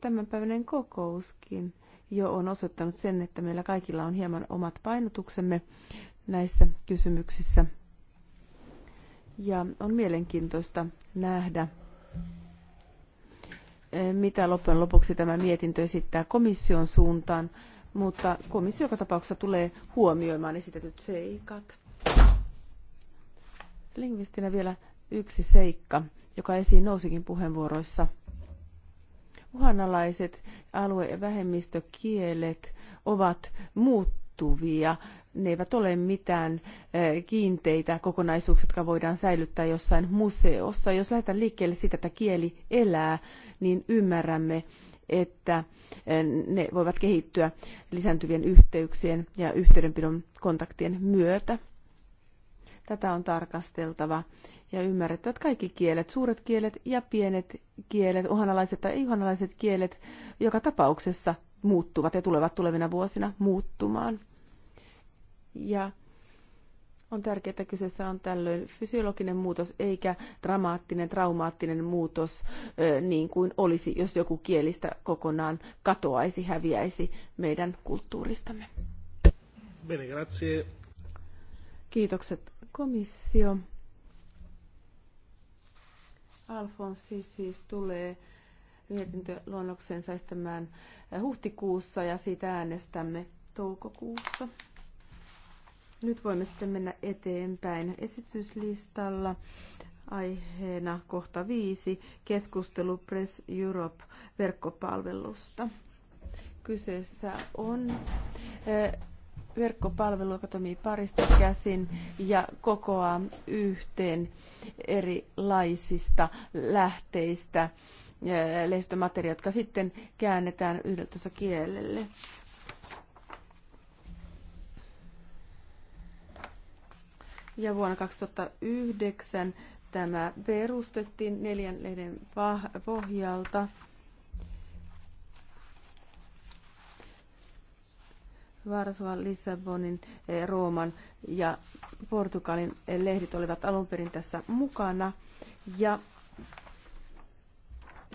Tämänpäiväinen kokouskin jo on osoittanut sen, että meillä kaikilla on hieman omat painotuksemme näissä kysymyksissä – ja on mielenkiintoista nähdä, eh, mitä loppujen lopuksi tämä mietintö esittää komission suuntaan, mutta komissio joka tapauksessa tulee huomioimaan esitetyt seikat. Lingvistinä vielä yksi seikka, joka esiin nousikin puheenvuoroissa. Uhanalaiset alue- ja vähemmistökielet ovat muuttuvia ne eivät ole mitään eh, kiinteitä kokonaisuuksia, jotka voidaan säilyttää jossain museossa. Jos lähdetään liikkeelle siitä, että kieli elää, niin ymmärrämme, että eh, ne voivat kehittyä lisääntyvien yhteyksien ja yhteydenpidon kontaktien myötä. Tätä on tarkasteltava ja ymmärrettävät kaikki kielet, suuret kielet ja pienet kielet, uhanalaiset tai ei uhanalaiset kielet, joka tapauksessa muuttuvat ja tulevat tulevina vuosina muuttumaan. Ja on tärkeää, että kyseessä on tällöin fysiologinen muutos eikä dramaattinen, traumaattinen muutos, niin kuin olisi, jos joku kielistä kokonaan katoaisi, häviäisi meidän kulttuuristamme. Bene, grazie. Kiitokset komissio. Alfonsi siis tulee mietintöluonnoksensa estämään huhtikuussa ja siitä äänestämme toukokuussa. Nyt voimme sitten mennä eteenpäin esityslistalla. Aiheena kohta viisi, keskustelu Press Europe-verkkopalvelusta. Kyseessä on verkkopalvelu, joka toimii parista käsin ja kokoaa yhteen erilaisista lähteistä lehtomateriaalia, jotka sitten käännetään yhdeltä kielelle. Ja vuonna 2009 tämä perustettiin neljän lehden pohjalta. Varsovan, Lissabonin, eh, Rooman ja Portugalin lehdit olivat alun perin tässä mukana. Ja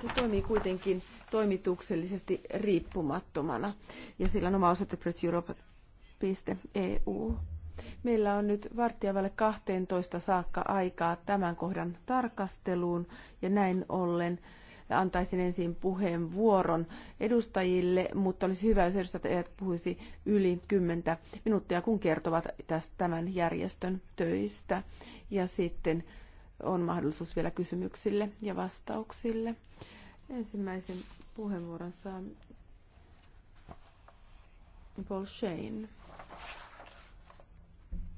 se toimii kuitenkin toimituksellisesti riippumattomana ja sillä on oma osoite presseurope.eu. Meillä on nyt varttia välle 12 saakka aikaa tämän kohdan tarkasteluun ja näin ollen antaisin ensin puheenvuoron edustajille, mutta olisi hyvä, jos edustajat puhuisi yli 10 minuuttia, kun kertovat tästä tämän järjestön töistä. Ja sitten on mahdollisuus vielä kysymyksille ja vastauksille. Ensimmäisen puheenvuoron saa Paul Shane.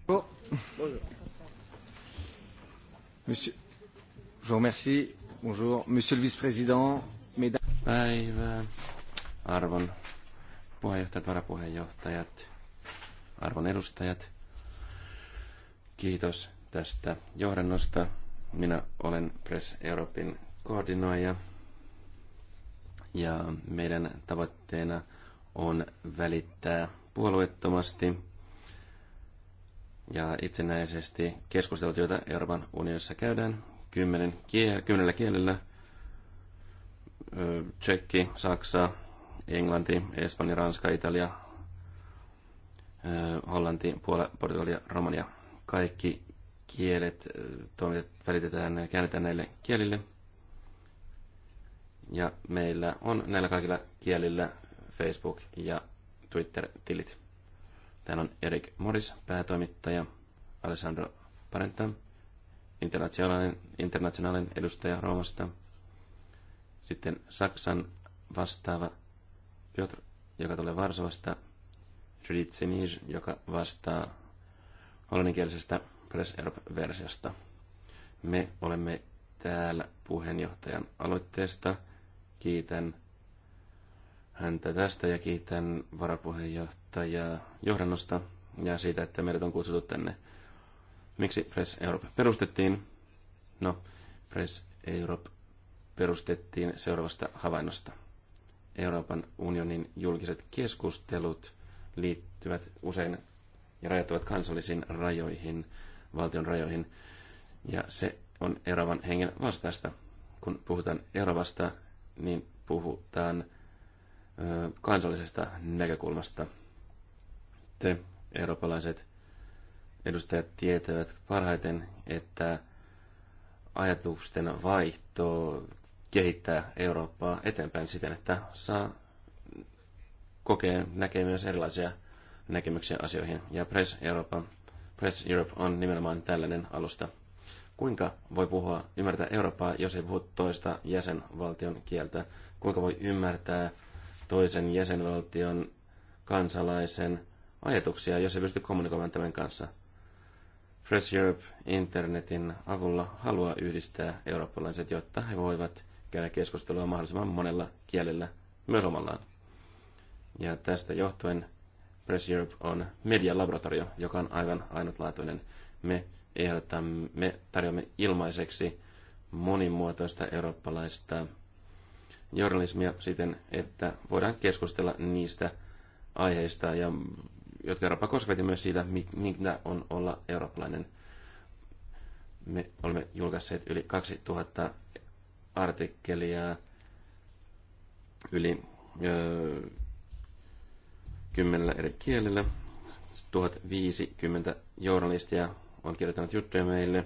Bonjour. Bonjour. Monsieur, je vous remercie. Bonjour. Monsieur le vice-président, mesdames... Arvon puheenjohtajat, varapuheenjohtajat, arvon edustajat. Kiitos tästä johdannosta. Minä olen Press Europein koordinoija ja meidän tavoitteena on välittää puolueettomasti ja itsenäisesti keskustelut, joita Euroopan unionissa käydään kymmenen kiel- kymmenellä kielellä. Tsekki, Saksa, Englanti, Espanja, Ranska, Italia, Hollanti, Puola, Portugalia, Romania. Kaikki kielet välitetään, käännetään näille kielille. Ja meillä on näillä kaikilla kielillä Facebook ja Twitter-tilit. Täällä on Erik Moris, päätoimittaja, Alessandro Parenta, internationaalinen, internationaalinen edustaja Roomasta, sitten Saksan vastaava Piotr, joka tulee Varsovasta, Judith Sinij, joka vastaa hollanninkielisestä Press Europe-versiosta. Me olemme täällä puheenjohtajan aloitteesta. Kiitän häntä tästä ja kiitän varapuheenjohtajaa johdannosta ja siitä, että meidät on kutsuttu tänne. Miksi Press Europe perustettiin? No, Press Europe perustettiin seuraavasta havainnosta. Euroopan unionin julkiset keskustelut liittyvät usein ja rajoittuvat kansallisiin rajoihin, valtion rajoihin. Ja se on Euroopan hengen vastaista. Kun puhutaan Euroopasta, niin puhutaan – kansallisesta näkökulmasta. Te, eurooppalaiset edustajat, tietävät parhaiten, että ajatusten vaihto kehittää Eurooppaa eteenpäin siten, että saa kokea, näkee myös erilaisia näkemyksiä asioihin. Ja Press Europe, Press Europe on nimenomaan tällainen alusta. Kuinka voi puhua, ymmärtää Eurooppaa, jos ei puhu toista jäsenvaltion kieltä? Kuinka voi ymmärtää toisen jäsenvaltion kansalaisen ajatuksia, jos ei pysty kommunikoimaan tämän kanssa. Fresh Europe internetin avulla haluaa yhdistää eurooppalaiset, jotta he voivat käydä keskustelua mahdollisimman monella kielellä, myös omallaan. Ja tästä johtuen Press Europe on medialaboratorio, joka on aivan ainutlaatuinen. Me, ehdotamme, me tarjoamme ilmaiseksi monimuotoista eurooppalaista journalismia siten, että voidaan keskustella niistä aiheista, ja, jotka Eurooppa koskevat, ja myös siitä, mitä on olla eurooppalainen. Me olemme julkaisseet yli 2000 artikkelia, yli ö, kymmenellä eri kielellä. 1050 journalistia on kirjoittanut juttuja meille,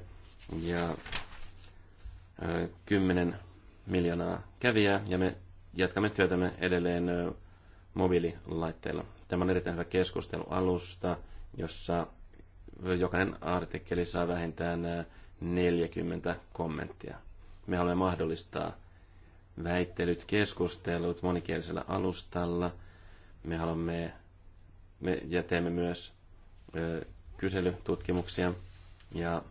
ja ö, 10 miljoonaa kävijää ja me jatkamme työtämme edelleen mobiililaitteilla. Tämä on erittäin hyvä keskustelualusta, jossa jokainen artikkeli saa vähintään 40 kommenttia. Me haluamme mahdollistaa väittelyt, keskustelut monikielisellä alustalla. Me haluamme me, ja teemme myös ö, kyselytutkimuksia. Ja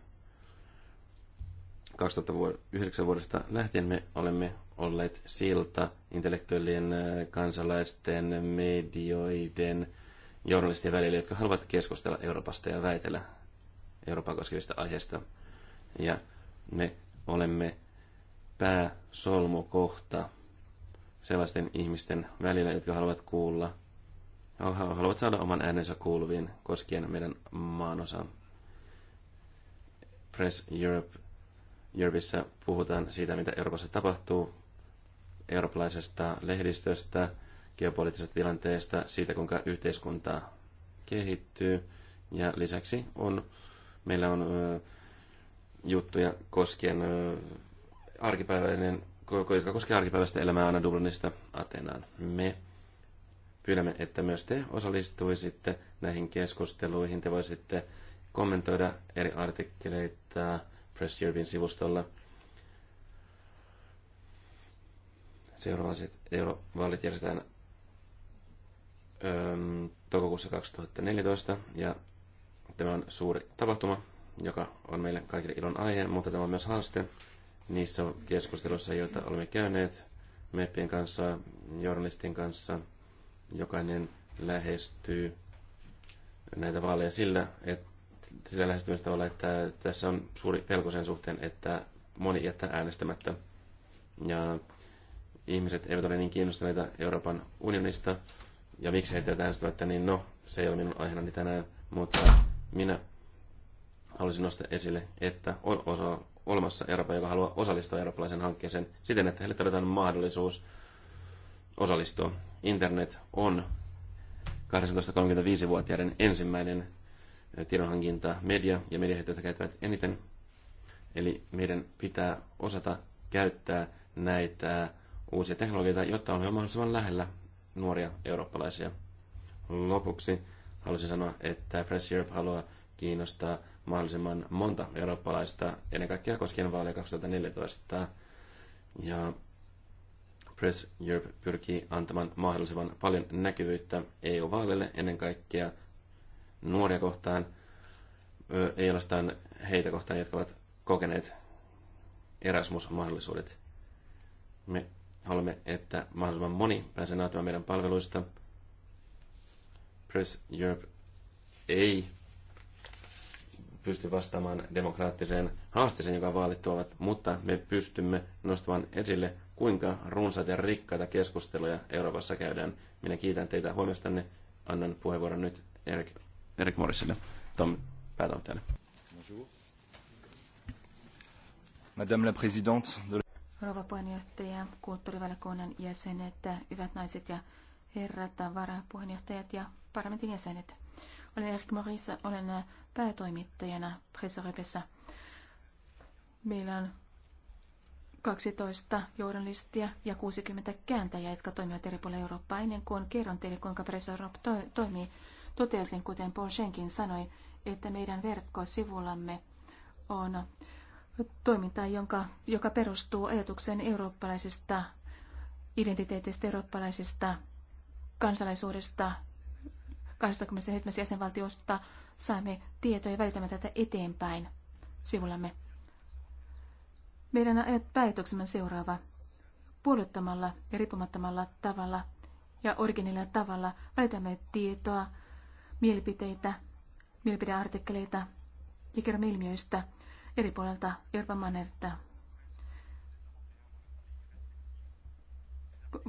2009 vuodesta lähtien me olemme olleet silta intellektuellien, äh, kansalaisten, medioiden, journalistien välillä, jotka haluavat keskustella Euroopasta ja väitellä Euroopan koskevista aiheista. Ja me olemme pääsolmukohta sellaisten ihmisten välillä, jotka haluavat kuulla, haluavat saada oman äänensä kuuluviin koskien meidän maanosaa. Press Europe, Europeissa puhutaan siitä, mitä Euroopassa tapahtuu, eurooppalaisesta lehdistöstä, geopoliittisesta tilanteesta, siitä kuinka yhteiskunta kehittyy. Ja lisäksi on, meillä on ö, juttuja koskien ö, arkipäiväinen, jotka koskevat arkipäiväistä elämää aina Dublinista Atenaan. Me pyydämme, että myös te osallistuisitte näihin keskusteluihin. Te voisitte kommentoida eri artikkeleita Press Europein sivustolla – Seuraavat eurovaalit järjestetään öö, toukokuussa 2014 ja tämä on suuri tapahtuma, joka on meille kaikille ilon aihe, mutta tämä on myös haaste niissä keskusteluissa, joita olemme käyneet meppien kanssa, journalistin kanssa. Jokainen lähestyy näitä vaaleja sillä, että sillä lähestymistavalla, että tässä on suuri pelko sen suhteen, että moni jättää äänestämättä. Ja ihmiset eivät ole niin kiinnostuneita Euroopan unionista, ja miksi heitä tätä äänestävät, että niin no, se ei ole minun aiheenani tänään, mutta minä haluaisin nostaa esille, että on osa, olemassa Eurooppa, joka haluaa osallistua eurooppalaisen hankkeeseen siten, että heille tarjotaan mahdollisuus osallistua. Internet on 18-35-vuotiaiden ensimmäinen eh, tiedonhankinta media ja mediahyötyjä käyttävät eniten. Eli meidän pitää osata käyttää näitä uusia teknologioita, jotta on mahdollisimman lähellä nuoria eurooppalaisia. Lopuksi haluaisin sanoa, että Press Europe haluaa kiinnostaa mahdollisimman monta eurooppalaista, ennen kaikkea koskien vaaleja 2014. Ja Press Europe pyrkii antamaan mahdollisimman paljon näkyvyyttä EU-vaaleille, ennen kaikkea nuoria kohtaan, ei ainoastaan heitä kohtaan, jotka ovat kokeneet Erasmus-mahdollisuudet. Me Haluamme, että mahdollisimman moni pääsee nauttimaan meidän palveluista. Press Europe ei pysty vastaamaan demokraattiseen haasteeseen, joka vaalit tuovat, mutta me pystymme nostamaan esille, kuinka runsaat ja rikkaita keskusteluja Euroopassa käydään. Minä kiitän teitä huomestanne. Annan puheenvuoron nyt Erik, Erik Morrisille, Tom päätoimittajalle. Madame la présidente de rouva puheenjohtaja, kulttuurivaliokunnan jäsenet, hyvät naiset ja herrat, varapuheenjohtajat ja parlamentin jäsenet. Olen Erik Morissa, olen päätoimittajana Presorepessa. Meillä on 12 journalistia ja 60 kääntäjää, jotka toimivat eri puolilla Eurooppaa. Ennen kuin kerron teille, kuinka Presorep to- toimii, toteaisin, kuten Paul Schenkin sanoi, että meidän verkkosivullamme on toimintaa, jonka, joka perustuu ajatukseen eurooppalaisesta identiteetistä, eurooppalaisesta kansalaisuudesta, 27 jäsenvaltiosta saamme tietoja välitämme tätä eteenpäin sivullamme. Meidän päätöksemme seuraava. Puolettomalla ja riippumattomalla tavalla ja originilla tavalla välitämme tietoa, mielipiteitä, mielipideartikkeleita ja kerromme ilmiöistä, eri puolelta Euroopan mannerta.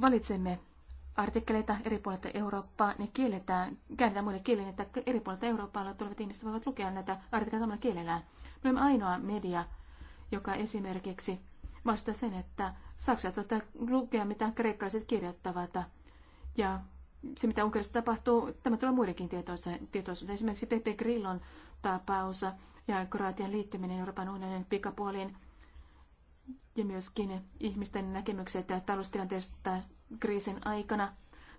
Valitsemme artikkeleita eri puolilta Eurooppaa, niin kielletään, käännetään muille kielille, että eri puolilta Eurooppaa tulevat ihmiset voivat lukea näitä artikkeleita omalla kielellään. Me olemme ainoa media, joka esimerkiksi vastaa sen, että saksalaiset ottaa lukea, mitä kreikkalaiset kirjoittavat. Ja se, mitä Unkarissa tapahtuu, tämä tulee muidenkin tietoisuuteen. Esimerkiksi Pepe Grillon tapaus ja Kroatian liittyminen Euroopan unionin pikapuoliin ja myöskin ihmisten näkemykset taloustilanteesta kriisin aikana.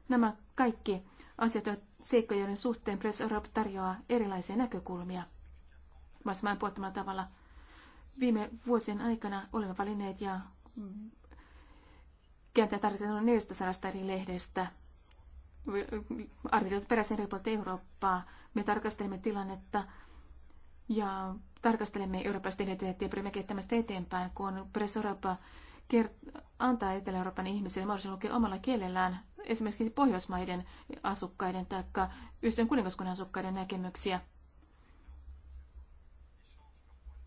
Nämä kaikki asiat ovat seikkoja, joiden suhteen Press Europe tarjoaa erilaisia näkökulmia vain puolittamalla tavalla. Viime vuosien aikana olemme valinneet ja kääntää tarkoitettu 400 eri lehdestä arvioitu peräisin riippumatta Eurooppaa. Me tarkastelemme tilannetta ja tarkastelemme eurooppalaista identiteettiä pyrimme kehittämästä eteenpäin, kun Press Europa kert- antaa Etelä-Euroopan ihmisille mahdollisuuden lukea omalla kielellään esimerkiksi Pohjoismaiden asukkaiden tai yhden kuningaskunnan asukkaiden näkemyksiä.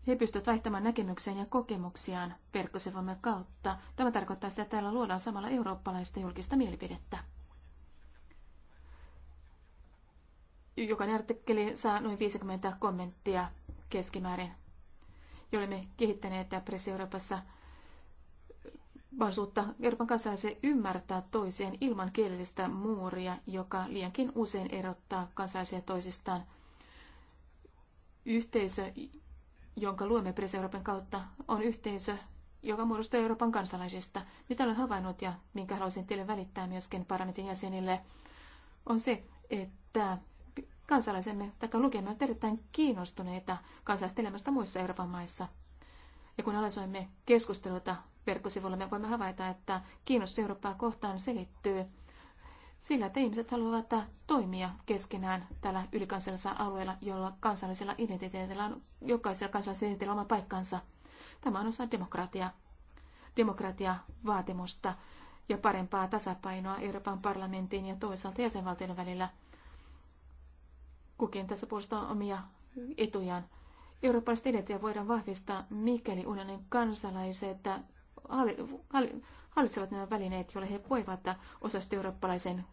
He pystyvät vaihtamaan näkemyksiään ja kokemuksiaan verkkosivumme kautta. Tämä tarkoittaa sitä, että täällä luodaan samalla eurooppalaista julkista mielipidettä. Jokainen artikkeli saa noin 50 kommenttia keskimäärin, jolle me kehittäneet Presse Euroopassa mahdollisuutta Euroopan kansalaisen ymmärtää toiseen ilman kielellistä muuria, joka liiankin usein erottaa kansalaisia toisistaan. Yhteisö, jonka luomme Presse Euroopan kautta, on yhteisö, joka muodostuu Euroopan kansalaisista. Mitä olen havainnut ja minkä haluaisin teille välittää myöskin parlamentin jäsenille, on se, että Kansalaisemme tai lukemme ovat erittäin kiinnostuneita kansalaistelemasta muissa Euroopan maissa. Ja kun alasoimme keskusteluta verkkosivuilla, me voimme havaita, että kiinnostus Eurooppaa kohtaan selittyy sillä, että ihmiset haluavat toimia keskenään tällä ylikansallisella alueella, jolla kansallisella identiteetillä on jokaisella kansallisella identiteetillä oma paikkansa. Tämä on osa demokratiaa. vaatimusta ja parempaa tasapainoa Euroopan parlamentin ja toisaalta jäsenvaltioiden välillä – Kukin tässä puolustaa omia etujaan. Eurooppalaiset identiteettiä voidaan vahvistaa, mikäli unionin kansalaiset äh, hallitsevat nämä välineet, joilla he voivat äh, osasta eurooppalaisen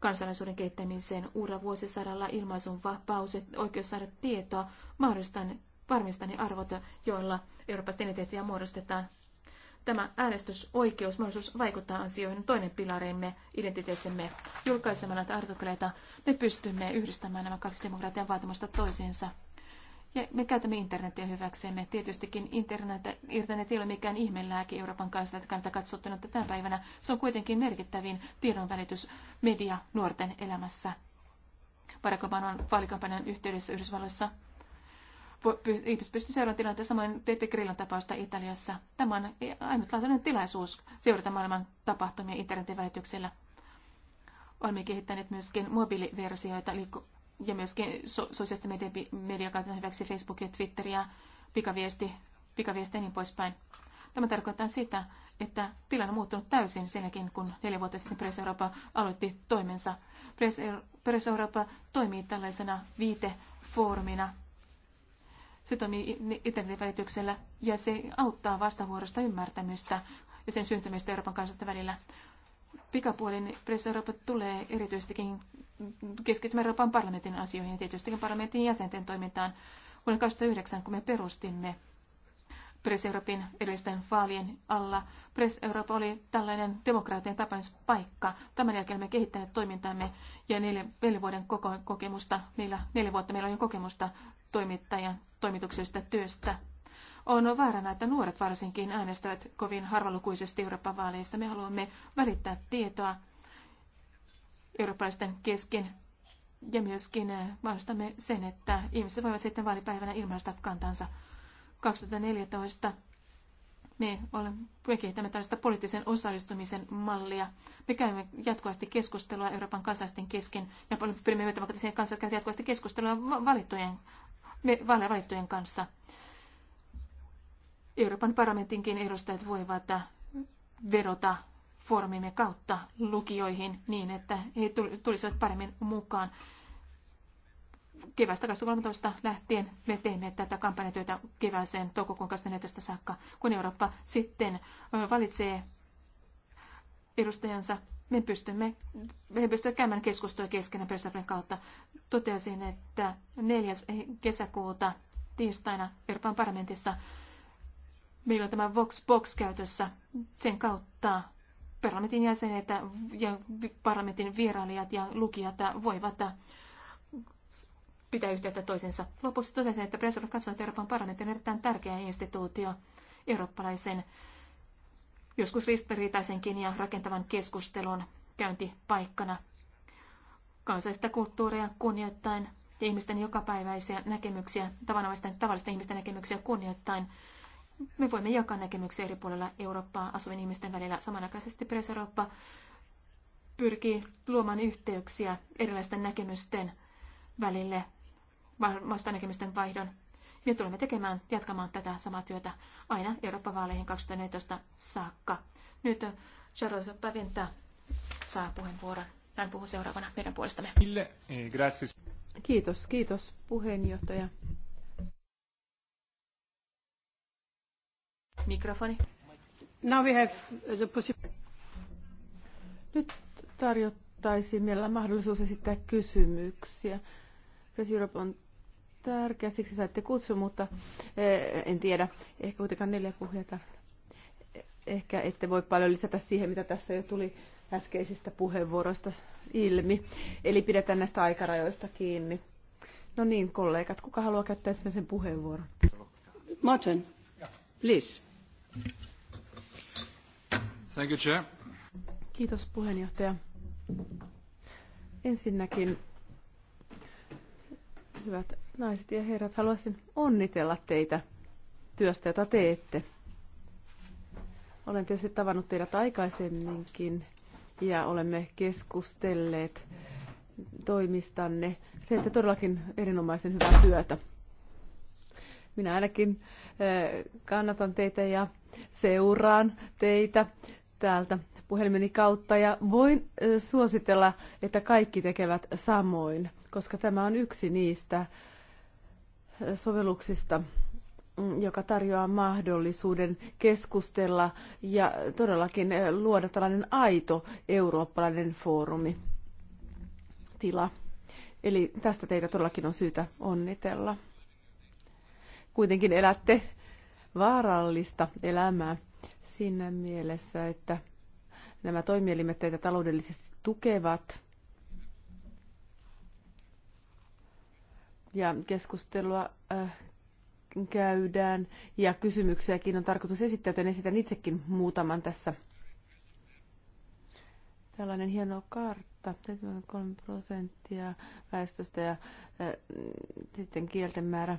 kansalaisuuden kehittämiseen uuden vuosisadalla ilmaisun vapaus ja oikeus saada tietoa mahdollistaa varmistaa ne arvot, joilla Euroopan identiteettiä muodostetaan tämä äänestysoikeus, mahdollisuus vaikuttaa asioihin, toinen pilarimme, identiteettimme Julkaisemana näitä artikkeleita, me pystymme yhdistämään nämä kaksi demokratian vaatimusta toisiinsa. Ja me käytämme internetiä hyväksemme. Tietystikin internet, internet ei ole mikään ihmelääke Euroopan kanssa, että kannattaa katsottuna tänä päivänä. Se on kuitenkin merkittävin tiedonvälitysmedia nuorten elämässä. Barack on vaalikampanjan yhteydessä Yhdysvalloissa ihmiset pystyvät seuraamaan tilannetta, samoin Pepe Grillan tapausta Italiassa. Tämä on e- ainutlaatuinen tilaisuus seurata maailman tapahtumia internetin välityksellä. Olemme kehittäneet myöskin mobiiliversioita ja myöskin so- sosiaalista media- mediakautta hyväksi Facebookia, ja pikaviesti, pikaviesti ja niin poispäin. Tämä tarkoittaa sitä, että tilanne on muuttunut täysin senkin, kun neljä vuotta sitten Press Europa aloitti toimensa. Press Europa toimii tällaisena viitefoorumina se toimii internetin välityksellä ja se auttaa vastavuorosta ymmärtämystä ja sen syntymistä Euroopan kansalta välillä. Pikapuolin Press Europe tulee erityisestikin keskittymään Euroopan parlamentin asioihin ja tietystikin parlamentin jäsenten toimintaan. Vuonna 2009, kun me perustimme Press Europein edellisten vaalien alla. Press Europe oli tällainen demokraattien tapaispaikka. Tämän jälkeen me kehittäneet toimintamme ja neljä, neljä vuoden koko, kokemusta, meillä, neljä vuotta meillä oli kokemusta toimittajan toimituksesta työstä. On vaarana, että nuoret varsinkin äänestävät kovin harvalukuisesti Euroopan vaaleissa. Me haluamme välittää tietoa eurooppalaisten kesken ja myöskin eh, mahdollistamme sen, että ihmiset voivat sitten vaalipäivänä ilmaista kantansa. 2014 me olemme kehittämme tällaista poliittisen osallistumisen mallia. Me käymme jatkuvasti keskustelua Euroopan kansalaisten kesken ja pyrimme myötä vaikka siihen kanssa jatkuvasti keskustelua valittujen valittujen kanssa. Euroopan parlamentinkin edustajat voivat vedota foorumimme kautta lukijoihin niin, että he tulisivat paremmin mukaan. Kevästä 2013 lähtien me teemme tätä kampanjatyötä kevääseen toukokuun 2014 saakka, kun Eurooppa sitten valitsee edustajansa me pystymme, me pystymme käymään keskustelua keskenään perustuslain kautta. Totesin, että 4. kesäkuuta tiistaina Euroopan parlamentissa meillä on tämä Vox Box käytössä. Sen kautta parlamentin jäsenet ja parlamentin vierailijat ja lukijat voivat pitää yhteyttä toisensa. Lopuksi totesin, että Bresolta katsoo, että Euroopan parlamentti on erittäin tärkeä instituutio eurooppalaisen joskus ristiriitaisenkin ja rakentavan keskustelun käyntipaikkana. Kansallista kulttuuria kunnioittain ja ihmisten jokapäiväisiä näkemyksiä, tavanomaisten tavallisten ihmisten näkemyksiä kunnioittain, me voimme jakaa näkemyksiä eri puolilla Eurooppaa asuvien ihmisten välillä. Samanaikaisesti Press Eurooppa pyrkii luomaan yhteyksiä erilaisten näkemysten välille, vasta näkemysten vaihdon me tulemme tekemään, jatkamaan tätä samaa työtä aina Eurooppa-vaaleihin 2014 saakka. Nyt Charles Pavinta saa puheenvuoron. Hän puhuu seuraavana meidän puolestamme. Eh, kiitos, kiitos puheenjohtaja. Mikrofoni. Now we have the possibility. Nyt tarjottaisiin meillä mahdollisuus esittää kysymyksiä. Press Europe on tärkeä, siksi saitte kutsu, mutta eh, en tiedä, ehkä kuitenkaan neljä puhujaa Ehkä ette voi paljon lisätä siihen, mitä tässä jo tuli äskeisistä puheenvuoroista ilmi. Eli pidetään näistä aikarajoista kiinni. No niin, kollegat, kuka haluaa käyttää ensimmäisen puheenvuoron? Martin, please. Thank you, Chair. Kiitos puheenjohtaja. Ensinnäkin, hyvät naiset ja herrat, haluaisin onnitella teitä työstä, jota teette. Olen tietysti tavannut teidät aikaisemminkin ja olemme keskustelleet toimistanne. Teette todellakin erinomaisen hyvää työtä. Minä ainakin eh, kannatan teitä ja seuraan teitä täältä puhelimeni kautta ja voin eh, suositella, että kaikki tekevät samoin, koska tämä on yksi niistä sovelluksista, mm, joka tarjoaa mahdollisuuden keskustella ja todellakin eh, luoda tällainen aito eurooppalainen foorumi tila. Eli tästä teitä todellakin on syytä onnitella. Kuitenkin elätte vaarallista elämää siinä mielessä, että nämä toimielimet teitä taloudellisesti tukevat – ja keskustelua äh, käydään ja kysymyksiäkin on tarkoitus esittää, joten esitän itsekin muutaman tässä. Tällainen hieno kartta, 73 prosenttia väestöstä ja äh, sitten kielten määrä.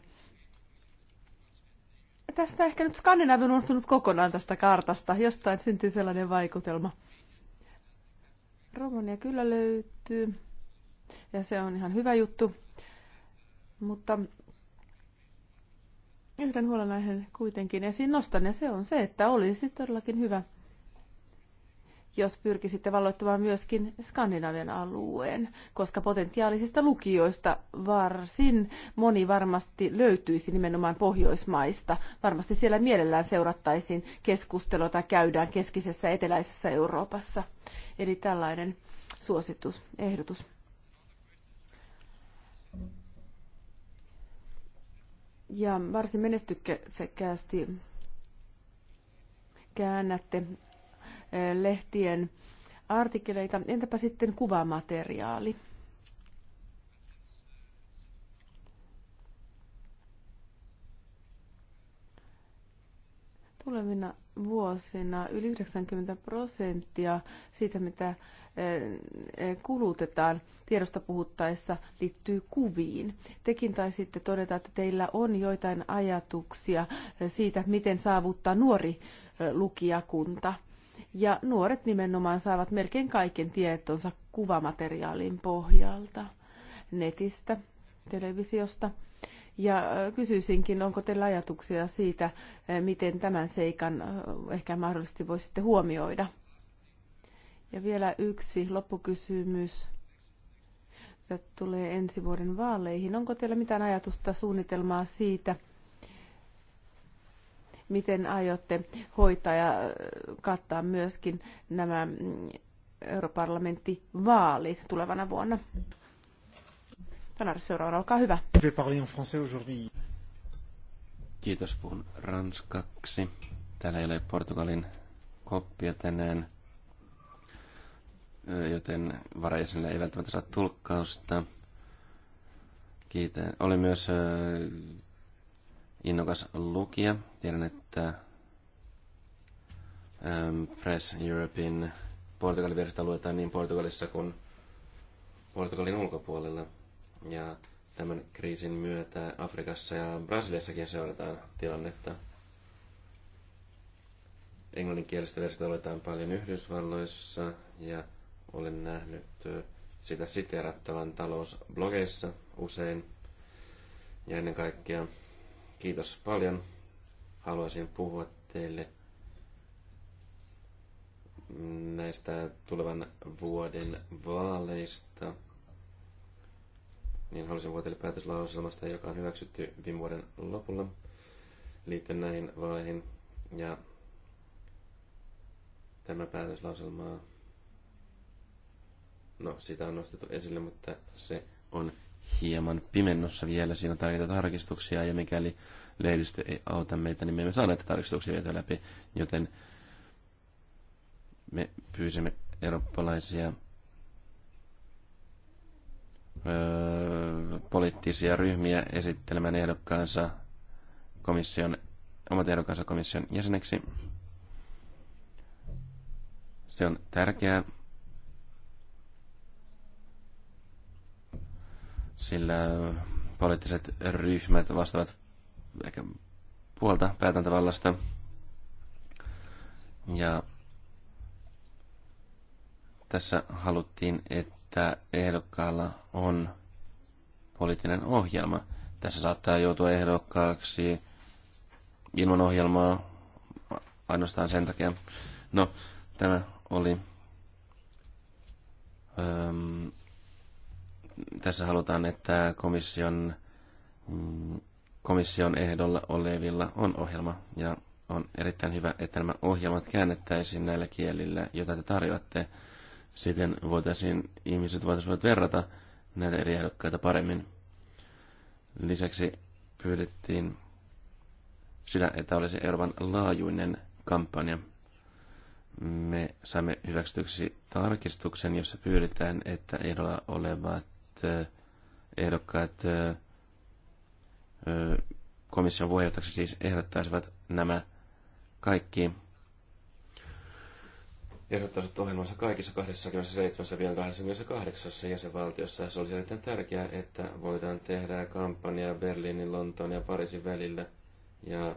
Tästä ehkä nyt Skandinavia on unohtunut kokonaan tästä kartasta. Jostain syntyy sellainen vaikutelma. Romania kyllä löytyy ja se on ihan hyvä juttu. Mutta yhden huolenaiheen kuitenkin esiin nostan, ja se on se, että olisi todellakin hyvä, jos pyrkisitte valloittamaan myöskin Skandinavian alueen, koska potentiaalisista lukijoista varsin moni varmasti löytyisi nimenomaan Pohjoismaista. Varmasti siellä mielellään seurattaisiin keskustelua tai käydään keskisessä eteläisessä Euroopassa. Eli tällainen suositus, ehdotus. ja varsin menestyksekkäästi käännätte eh, lehtien artikkeleita. Entäpä sitten kuvamateriaali? Tulevina vuosina yli 90 prosenttia siitä, mitä kulutetaan tiedosta puhuttaessa liittyy kuviin. Tekin taisitte todeta, että teillä on joitain ajatuksia siitä, miten saavuttaa nuori lukijakunta. Ja nuoret nimenomaan saavat melkein kaiken tietonsa kuvamateriaalin pohjalta netistä, televisiosta. Ja kysyisinkin, onko teillä ajatuksia siitä, miten tämän seikan ehkä mahdollisesti voisitte huomioida ja vielä yksi loppukysymys. Tätä tulee ensi vuoden vaaleihin. Onko teillä mitään ajatusta, suunnitelmaa siitä, miten aiotte hoitaa ja kattaa myöskin nämä mm, europarlamenttivaalit tulevana vuonna? Tänään seuraavana, olkaa hyvä. Kiitos, puhun ranskaksi. Täällä ei ole Portugalin koppia tänään joten varajäsenillä ei välttämättä saa tulkkausta. Kiitän. Oli myös innokas lukija. Tiedän, että Press Europein Portugalin virsta luetaan niin Portugalissa kuin Portugalin ulkopuolella. Ja tämän kriisin myötä Afrikassa ja Brasiliassakin seurataan tilannetta. Englanninkielistä versiota luetaan paljon Yhdysvalloissa ja olen nähnyt sitä siterattavan talousblogeissa usein. Ja ennen kaikkea kiitos paljon. Haluaisin puhua teille näistä tulevan vuoden vaaleista. Niin haluaisin puhua teille päätöslauselmasta, joka on hyväksytty viime vuoden lopulla liittyen näihin vaaleihin. Ja tämä päätöslauselma No, sitä on nostettu esille, mutta se on hieman pimennossa vielä. Siinä on tärkeitä tarkistuksia ja mikäli lehdistö ei auta meitä, niin me emme saa näitä tarkistuksia vietyä läpi, joten me pyysimme eurooppalaisia öö, poliittisia ryhmiä esittelemään ehdokkaansa komission, omat ehdokkaansa komission jäseneksi. Se on tärkeää sillä poliittiset ryhmät vastaavat ehkä puolta päätäntävallasta. Ja tässä haluttiin, että ehdokkaalla on poliittinen ohjelma. Tässä saattaa joutua ehdokkaaksi ilman ohjelmaa ainoastaan sen takia. No, tämä oli tässä halutaan, että komission, mm, komission ehdolla olevilla on ohjelma ja on erittäin hyvä, että nämä ohjelmat käännettäisiin näillä kielillä, joita te tarjoatte. Siten voitaisiin, ihmiset voitaisiin verrata näitä eri ehdokkaita paremmin. Lisäksi pyydettiin sitä, että olisi Euroopan laajuinen kampanja. Me saimme hyväksytyksi tarkistuksen, jossa pyydetään, että ehdolla olevat ehdokkaat komission puheenjohtajaksi siis ehdottaisivat nämä kaikki ehdottaisivat ohjelmansa kaikissa 27-28 jäsenvaltiossa. Se olisi erittäin tärkeää, että voidaan tehdä kampanja Berliinin, Lontoon ja Pariisin välillä. Ja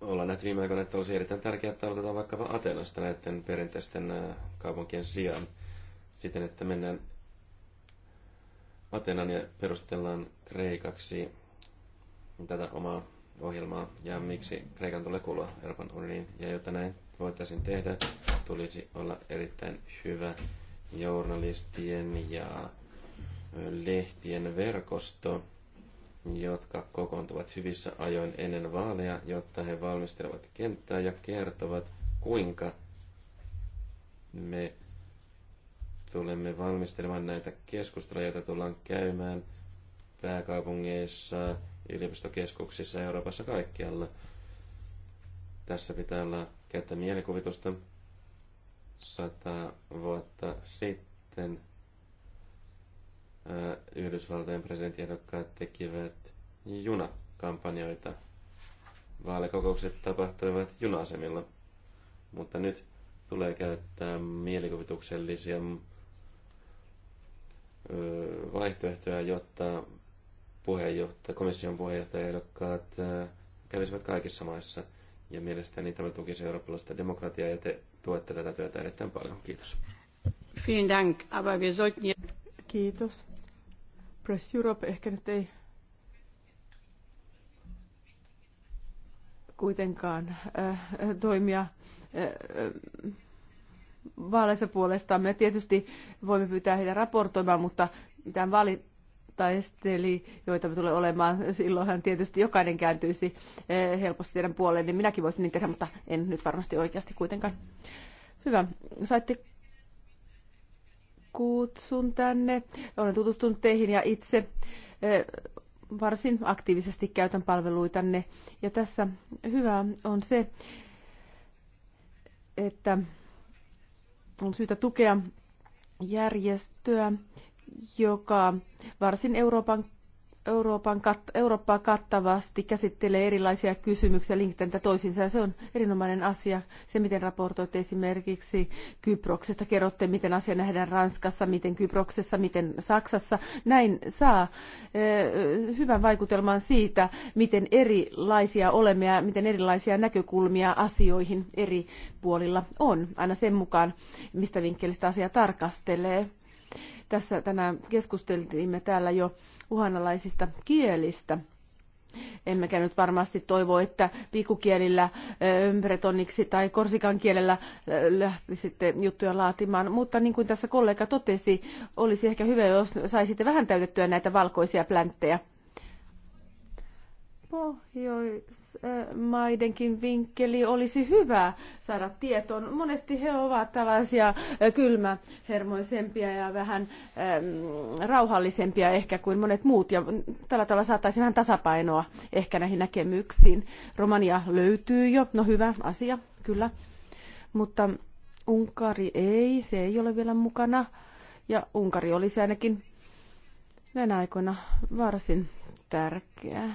ollaan näitä viime aikoina, että olisi erittäin tärkeää, että aloitetaan vaikkapa Atenasta näiden perinteisten kaupunkien sijaan siten, että mennään Atenan ja perustellaan Kreikaksi tätä omaa ohjelmaa ja miksi Kreikan tulee kuulua Euroopan unioniin. Ja jotta näin voitaisiin tehdä, tulisi olla erittäin hyvä journalistien ja lehtien verkosto, jotka kokoontuvat hyvissä ajoin ennen vaaleja, jotta he valmistelevat kenttää ja kertovat, kuinka me tulemme valmistelemaan näitä keskusteluja, joita tullaan käymään pääkaupungeissa, yliopistokeskuksissa, Euroopassa kaikkialla. Tässä pitää olla käyttää mielikuvitusta. Sata vuotta sitten äh, Yhdysvaltojen presidenttiehdokkaat tekivät junakampanjoita. Vaalikokoukset tapahtuivat juna-asemilla, mutta nyt tulee käyttää mielikuvituksellisia vaihtoehtoja, jotta puheenjohtaja, komission puheenjohtajaehdokkaat kävisivät kaikissa maissa. Ja mielestäni tämä tukisi eurooppalaista demokratiaa ja te tuette tätä työtä erittäin paljon. Kiitos. Vielen Dank, aber wir sollten... Kiitos. Press Europe ehkä nyt ei kuitenkaan äh, toimia äh, vaaleissa puolestaan me tietysti voimme pyytää heitä raportoimaan, mutta mitään vaali joita me tulee olemaan, silloinhan tietysti jokainen kääntyisi eh, helposti teidän puoleen, niin minäkin voisin niin tehdä, mutta en nyt varmasti oikeasti kuitenkaan. Hyvä. Saitte kutsun tänne. Olen tutustunut teihin ja itse eh, varsin aktiivisesti käytän palveluitanne. Ja tässä hyvä on se, että on syytä tukea järjestöä, joka varsin Euroopan Euroopan kat- Eurooppaa kattavasti käsittelee erilaisia kysymyksiä linkittämättä toisiinsa ja se on erinomainen asia. Se, miten raportoitte esimerkiksi Kyproksesta, kerrotte, miten asia nähdään Ranskassa, miten Kyproksessa, miten Saksassa. Näin saa hyvän vaikutelman siitä, miten erilaisia olemme ja miten erilaisia näkökulmia asioihin eri puolilla on, aina sen mukaan, mistä vinkkelistä asia tarkastelee tässä tänään keskusteltiimme täällä jo uhanalaisista kielistä. Emmekä nyt varmasti toivo, että pikukielillä, bretoniksi tai korsikan kielellä lähtisitte juttuja laatimaan, mutta niin kuin tässä kollega totesi, olisi ehkä hyvä, jos saisitte vähän täytettyä näitä valkoisia plänttejä Pohjoismaidenkin äh, vinkkeli olisi hyvä saada tietoon. Monesti he ovat tällaisia äh, kylmähermoisempia ja vähän ähm, rauhallisempia ehkä kuin monet muut. Ja tällä tavalla saataisiin vähän tasapainoa ehkä näihin näkemyksiin. Romania löytyy jo, no hyvä asia, kyllä. Mutta Unkari ei, se ei ole vielä mukana. Ja Unkari olisi ainakin näinä aikoina varsin tärkeää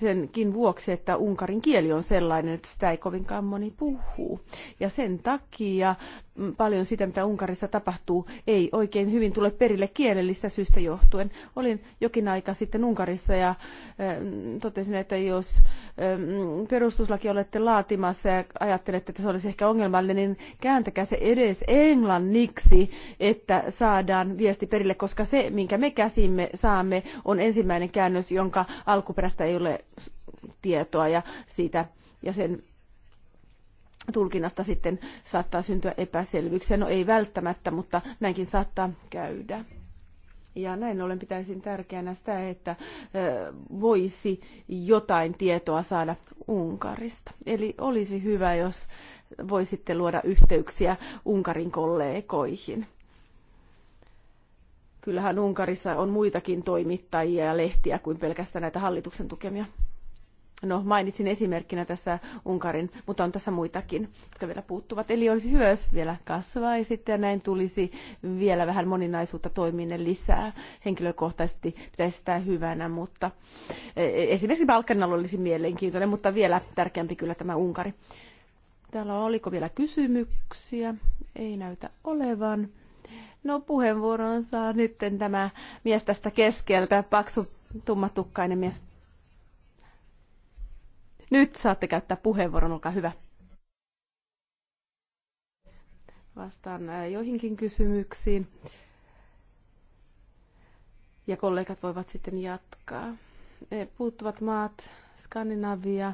senkin vuoksi, että unkarin kieli on sellainen, että sitä ei kovinkaan moni puhuu. Ja sen takia mm, paljon sitä, mitä Unkarissa tapahtuu, ei oikein hyvin tule perille kielellistä syystä johtuen. Olin jokin aika sitten Unkarissa ja ähm, totesin, että jos ähm, perustuslaki olette laatimassa ja ajattelette, että se olisi ehkä ongelmallinen, niin kääntäkää se edes englanniksi, että saadaan viesti perille, koska se, minkä me käsimme saamme, on ensimmäinen käännös, jonka alkuperästä ei ole tietoa ja, siitä, ja sen tulkinnasta sitten saattaa syntyä epäselvyyksiä. No ei välttämättä, mutta näinkin saattaa käydä. Ja näin ollen pitäisin tärkeänä sitä, että voisi jotain tietoa saada Unkarista. Eli olisi hyvä, jos voisitte luoda yhteyksiä Unkarin kollegoihin. Kyllähän Unkarissa on muitakin toimittajia ja lehtiä kuin pelkästään näitä hallituksen tukemia No, mainitsin esimerkkinä tässä Unkarin, mutta on tässä muitakin, jotka vielä puuttuvat. Eli olisi hyvä, jos vielä kasvaisi ja näin tulisi vielä vähän moninaisuutta toiminne lisää. Henkilökohtaisesti pitäisi sitä hyvänä, mutta e, e, esimerkiksi Balkan olisi mielenkiintoinen, mutta vielä tärkeämpi kyllä tämä Unkari. Täällä on, oliko vielä kysymyksiä? Ei näytä olevan. No puheenvuoron saa nyt tämä mies tästä keskeltä, paksu tummatukkainen mies. Nyt saatte käyttää puheenvuoron, olkaa hyvä. Vastaan äh, joihinkin kysymyksiin. Ja kollegat voivat sitten jatkaa. Puuttuvat maat, Skandinavia.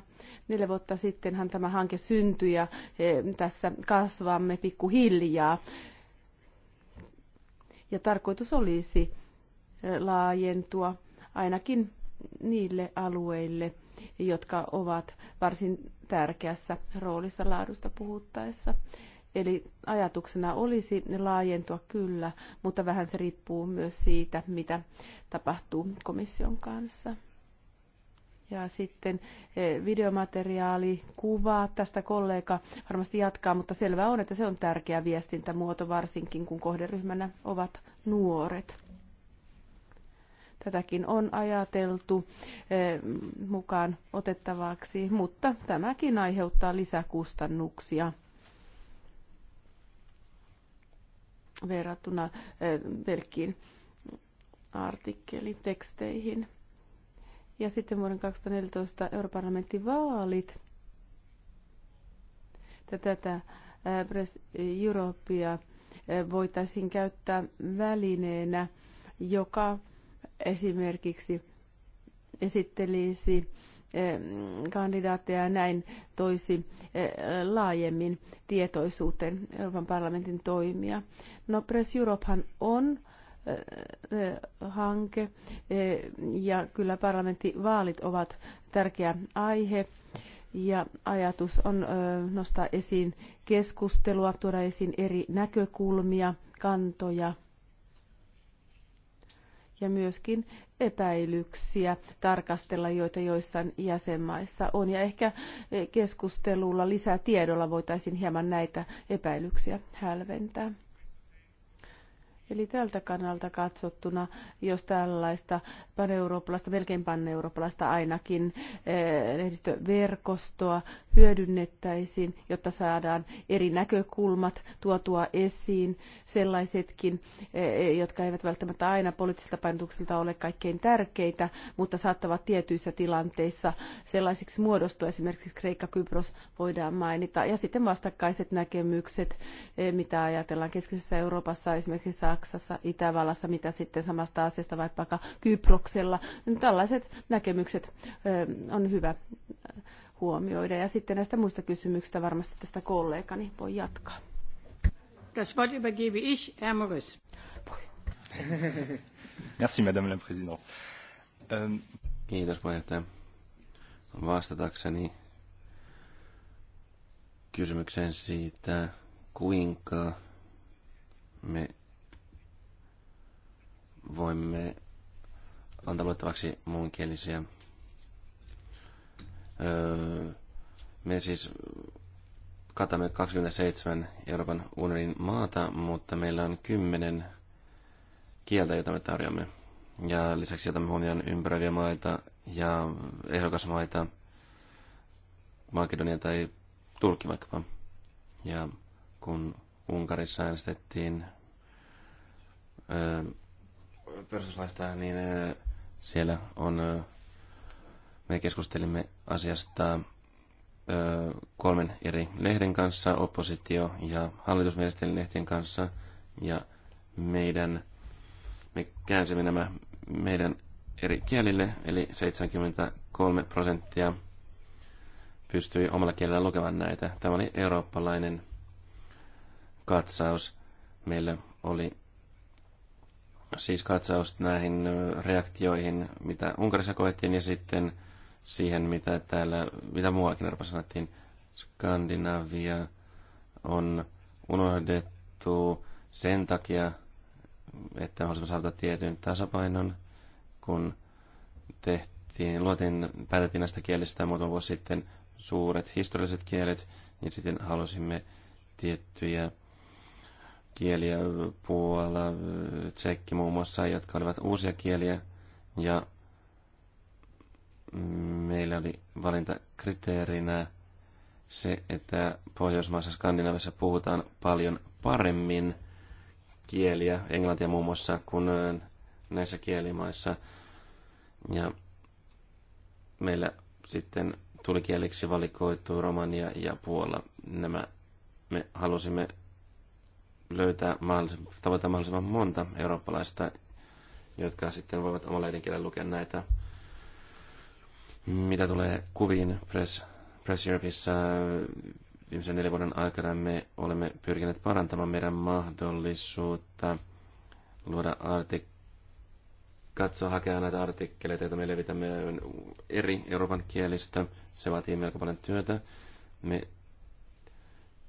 Neljä vuotta sittenhän tämä hanke syntyi ja e, tässä kasvamme pikkuhiljaa. Ja tarkoitus olisi e, laajentua ainakin niille alueille, jotka ovat varsin tärkeässä roolissa laadusta puhuttaessa. Eli ajatuksena olisi laajentua kyllä, mutta vähän se riippuu myös siitä, mitä tapahtuu komission kanssa. Ja sitten eh, videomateriaali, kuva, tästä kollega varmasti jatkaa, mutta selvää on, että se on tärkeä viestintämuoto, varsinkin kun kohderyhmänä ovat nuoret. Tätäkin on ajateltu eh, mukaan otettavaksi, mutta tämäkin aiheuttaa lisäkustannuksia verrattuna pelkkiin eh, artikkeliteksteihin. Ja sitten vuoden 2014 europarlamentin vaalit. Tätä eh, Press Europea voitaisiin käyttää välineenä, joka esimerkiksi esittelisi eh, kandidaatteja ja näin toisi eh, laajemmin tietoisuuteen Euroopan parlamentin toimia. No Press Europehan on eh, hanke ja kyllä parlamenttivaalit ovat tärkeä aihe ja ajatus on nostaa esiin keskustelua, tuoda esiin eri näkökulmia, kantoja – ja myöskin epäilyksiä tarkastella, joita joissain jäsenmaissa on. Ja ehkä eh, keskustelulla, lisätiedolla voitaisiin hieman näitä epäilyksiä hälventää. Eli tältä kannalta katsottuna, jos tällaista paneurooppalaista, melkein paneurooppalaista ainakin eh, lehdistöverkostoa hyödynnettäisiin, jotta saadaan eri näkökulmat tuotua esiin, sellaisetkin, eh, jotka eivät välttämättä aina poliittisilta painotuksilta ole kaikkein tärkeitä, mutta saattavat tietyissä tilanteissa sellaisiksi muodostua. Esimerkiksi Kreikka, Kypros voidaan mainita. Ja sitten vastakkaiset näkemykset, eh, mitä ajatellaan keskisessä Euroopassa esimerkiksi Saksassa, Itävallassa, mitä sitten samasta asiasta vaikka Kyproksella. Tällaiset näkemykset on hyvä huomioida. Ja sitten näistä muista kysymyksistä varmasti tästä kollegani voi jatkaa. Das Wort übergebe ich, Herr Morris. *laughs* Merci, Madame la Présidente. Euh, Kiitos, puheenjohtaja. Vastatakseni kysymykseen siitä, kuinka me voimme antaa luettavaksi muunkielisiä. Öö, me siis katamme 27 Euroopan unionin maata, mutta meillä on 10 kieltä, joita me tarjoamme. Ja lisäksi otamme huomioon ympäröiviä maita ja ehdokasmaita, Makedonia tai Turkki vaikkapa. Ja kun Unkarissa äänestettiin öö, perustuslaista, niin siellä on, me keskustelimme asiasta kolmen eri lehden kanssa, oppositio- ja hallitusmielisten lehtien kanssa, ja meidän, me käänsimme nämä meidän eri kielille, eli 73 prosenttia pystyi omalla kielellä lukemaan näitä. Tämä oli eurooppalainen katsaus. Meillä oli siis katsaus näihin reaktioihin, mitä Unkarissa koettiin, ja sitten siihen, mitä täällä, mitä muuakin Euroopassa sanottiin. Skandinavia on unohdettu sen takia, että halusimme saada tietyn tasapainon, kun tehtiin, luotiin, päätettiin näistä kielistä muutama vuosi sitten suuret historialliset kielet, niin sitten halusimme tiettyjä kieliä, Puola, Tsekki muun muassa, jotka olivat uusia kieliä, ja meillä oli valintakriteerinä se, että Pohjoismaissa Skandinavissa puhutaan paljon paremmin kieliä, englantia muun muassa, kuin näissä kielimaissa. Ja meillä sitten tuli kieliksi valikoitu Romania ja Puola. Nämä me halusimme löytää mahdollisimman, tavoittaa mahdollisimman monta eurooppalaista, jotka sitten voivat omalla äidinkielellä lukea näitä. Mitä tulee kuviin Press, Press Europeissa viimeisen neljän vuoden aikana me olemme pyrkineet parantamaan meidän mahdollisuutta luoda artik- katsoa, hakea näitä artikkeleita, joita me levitämme eri Euroopan kielistä. Se vaatii melko paljon työtä. Me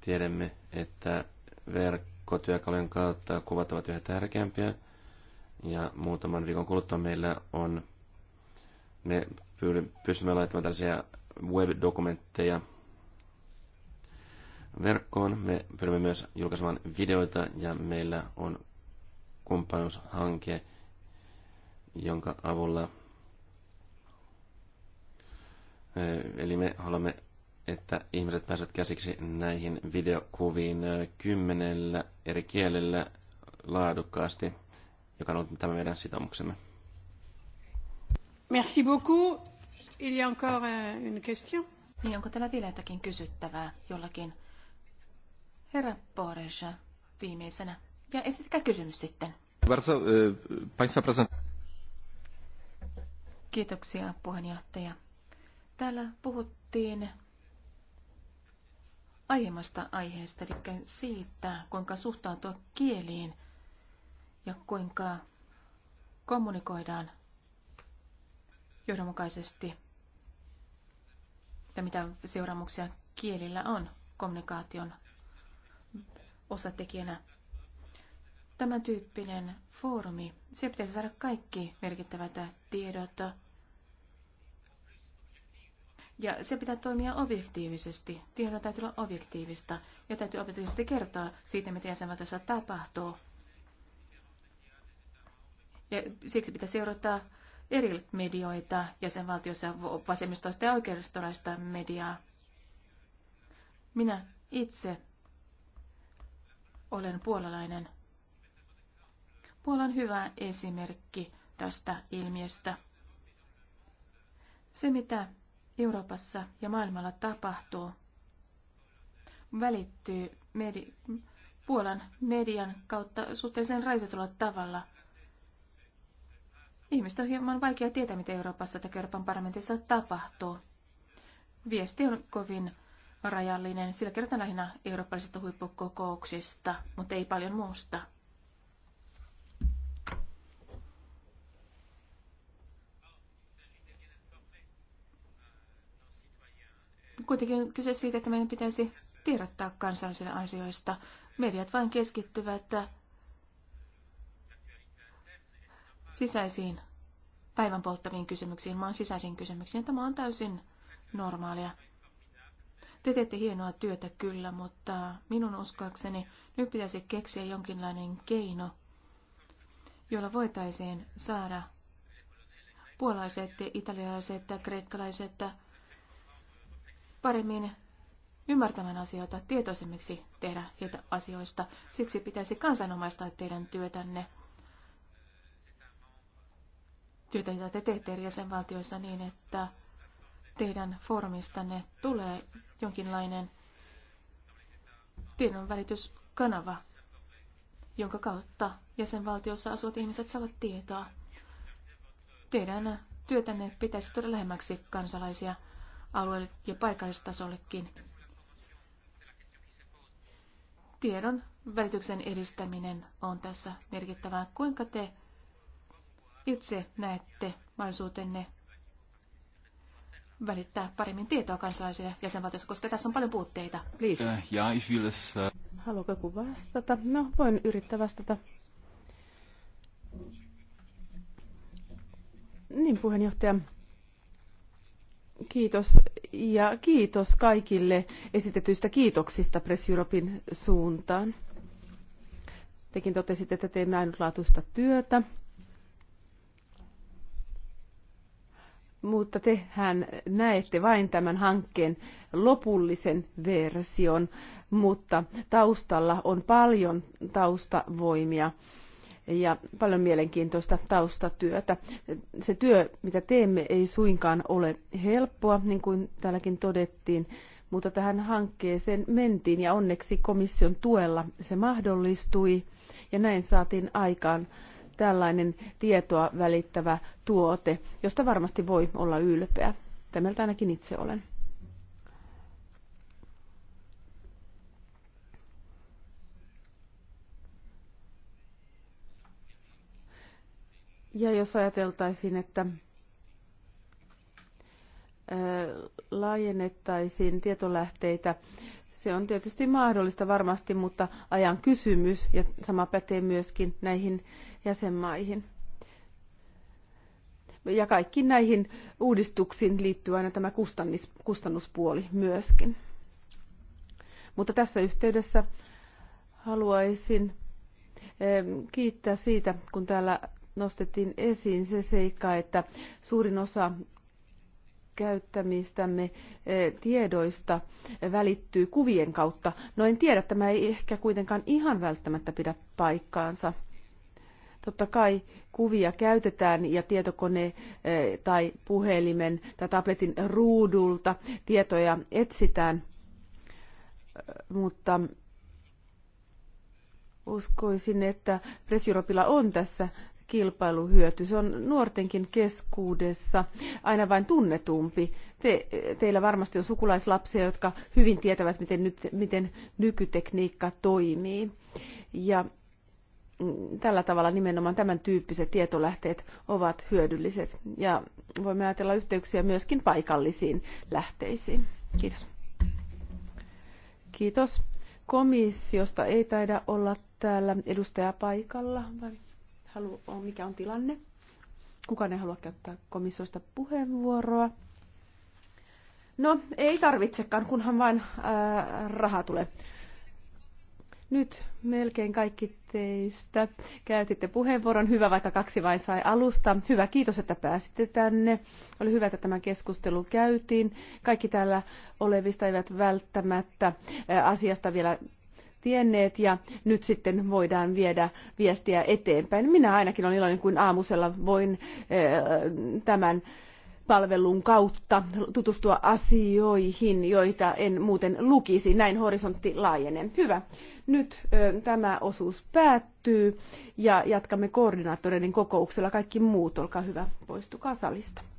tiedämme, että verk- verkkotyökalujen kautta kuvat ovat yhä tärkeämpiä. Ja muutaman viikon kuluttua meillä on, me pystymme laittamaan tällaisia web-dokumentteja verkkoon. Me pyrimme myös julkaisemaan videoita ja meillä on kumppanuushanke, jonka avulla eh, Eli me haluamme että ihmiset pääsevät käsiksi näihin videokuviin kymmenellä eri kielellä laadukkaasti, joka on tämä meidän sitoumuksemme. Merci beaucoup. Il y a encore euh, une question. Niin, onko täällä vielä jotakin kysyttävää jollakin? Herra Boresha viimeisenä. Ja esitkää kysymys sitten. Varso, państwa Kiitoksia puheenjohtaja. Täällä puhuttiin aiemmasta aiheesta, eli siitä, kuinka suhtautua kieliin ja kuinka kommunikoidaan johdonmukaisesti että mitä seuraamuksia kielillä on kommunikaation osatekijänä. Tämän tyyppinen foorumi, se pitäisi saada kaikki merkittävät tiedot ja se pitää toimia objektiivisesti. Tiedon täytyy olla objektiivista ja täytyy objektiivisesti kertoa siitä, mitä jäsenvaltiossa tapahtuu. Ja siksi pitää seurata eri medioita jäsenvaltiossa, vasemmistoista ja oikeistolaista mediaa. Minä itse olen puolalainen. Puolan hyvä esimerkki tästä ilmiöstä. Se, mitä Euroopassa ja maailmalla tapahtuu, välittyy medi- Puolan median kautta suhteellisen rajoitetulla tavalla. Ihmistä on hieman vaikea tietää, mitä Euroopassa tai Euroopan parlamentissa tapahtuu. Viesti on kovin rajallinen, sillä kerrotaan lähinnä eurooppalaisista huippukokouksista, mutta ei paljon muusta. Kuitenkin on kyse siitä, että meidän pitäisi tiedottaa kansallisille asioista. Mediat vain keskittyvät sisäisiin päivän polttaviin kysymyksiin, maan sisäisiin kysymyksiin. Tämä on täysin normaalia. Te teette hienoa työtä kyllä, mutta minun uskoakseni nyt pitäisi keksiä jonkinlainen keino, jolla voitaisiin saada puolalaiset, italialaiset, kreikkalaiset, paremmin ymmärtämään asioita, tietoisemmiksi tehdä heitä asioista. Siksi pitäisi kansanomaistaa teidän työtänne, työtä, jota te teette eri jäsenvaltioissa niin, että teidän foorumistanne tulee jonkinlainen tiedonvälityskanava, jonka kautta jäsenvaltiossa asuvat ihmiset saavat tietoa. Teidän työtänne pitäisi tuoda lähemmäksi kansalaisia – alueelle ja paikallistasollekin. Tiedon välityksen edistäminen on tässä merkittävää. Kuinka te itse näette mahdollisuutenne välittää paremmin tietoa kansalaisille jäsenvaltioissa, koska tässä on paljon puutteita. Please. Eh, ja, ich eh. Haluatko joku vastata? No, voin yrittää vastata. Niin, puheenjohtaja. Kiitos ja kiitos kaikille esitetyistä kiitoksista Press Europein suuntaan. Tekin totesitte, että teemme ainutlaatuista työtä. Mutta tehän näette vain tämän hankkeen lopullisen version, mutta taustalla on paljon taustavoimia ja paljon mielenkiintoista taustatyötä. Se työ, mitä teemme, ei suinkaan ole helppoa, niin kuin täälläkin todettiin, mutta tähän hankkeeseen mentiin ja onneksi komission tuella se mahdollistui ja näin saatiin aikaan tällainen tietoa välittävä tuote, josta varmasti voi olla ylpeä. Tämältä ainakin itse olen. Ja jos ajateltaisiin, että laajennettaisiin tietolähteitä, se on tietysti mahdollista varmasti, mutta ajan kysymys ja sama pätee myöskin näihin jäsenmaihin. Ja kaikki näihin uudistuksiin liittyy aina tämä kustannus, kustannuspuoli myöskin. Mutta tässä yhteydessä haluaisin kiittää siitä, kun täällä nostettiin esiin se seikka, että suurin osa käyttämistämme eh, tiedoista välittyy kuvien kautta. No en tiedä, tämä ei ehkä kuitenkaan ihan välttämättä pidä paikkaansa. Totta kai kuvia käytetään ja tietokone eh, tai puhelimen tai tabletin ruudulta tietoja etsitään, eh, mutta uskoisin, että Press on tässä kilpailuhyöty. Se on nuortenkin keskuudessa aina vain tunnetumpi. Te, teillä varmasti on sukulaislapsia, jotka hyvin tietävät, miten, nyt, miten nykytekniikka toimii. Ja mm, tällä tavalla nimenomaan tämän tyyppiset tietolähteet ovat hyödylliset. Ja voimme ajatella yhteyksiä myöskin paikallisiin lähteisiin. Kiitos. Kiitos. Komissiosta ei taida olla täällä edustaja paikalla. Vai? halu, on, mikä on tilanne. Kukaan ei halua käyttää komissiosta puheenvuoroa. No, ei tarvitsekaan, kunhan vain ää, äh, raha tulee. Nyt melkein kaikki teistä käytitte puheenvuoron. Hyvä, vaikka kaksi vain sai alusta. Hyvä, kiitos, että pääsitte tänne. Oli hyvä, että tämä keskustelu käytiin. Kaikki täällä olevista eivät välttämättä äh, asiasta vielä tienneet ja nyt sitten voidaan viedä viestiä eteenpäin. Minä ainakin olen iloinen, kun aamusella voin eh, tämän palvelun kautta tutustua asioihin, joita en muuten lukisi. Näin horisontti laajenee. Hyvä. Nyt ö, eh, tämä osuus päättyy ja jatkamme koordinaattoreiden kokouksella. Kaikki muut, olkaa hyvä, poistukaa salista.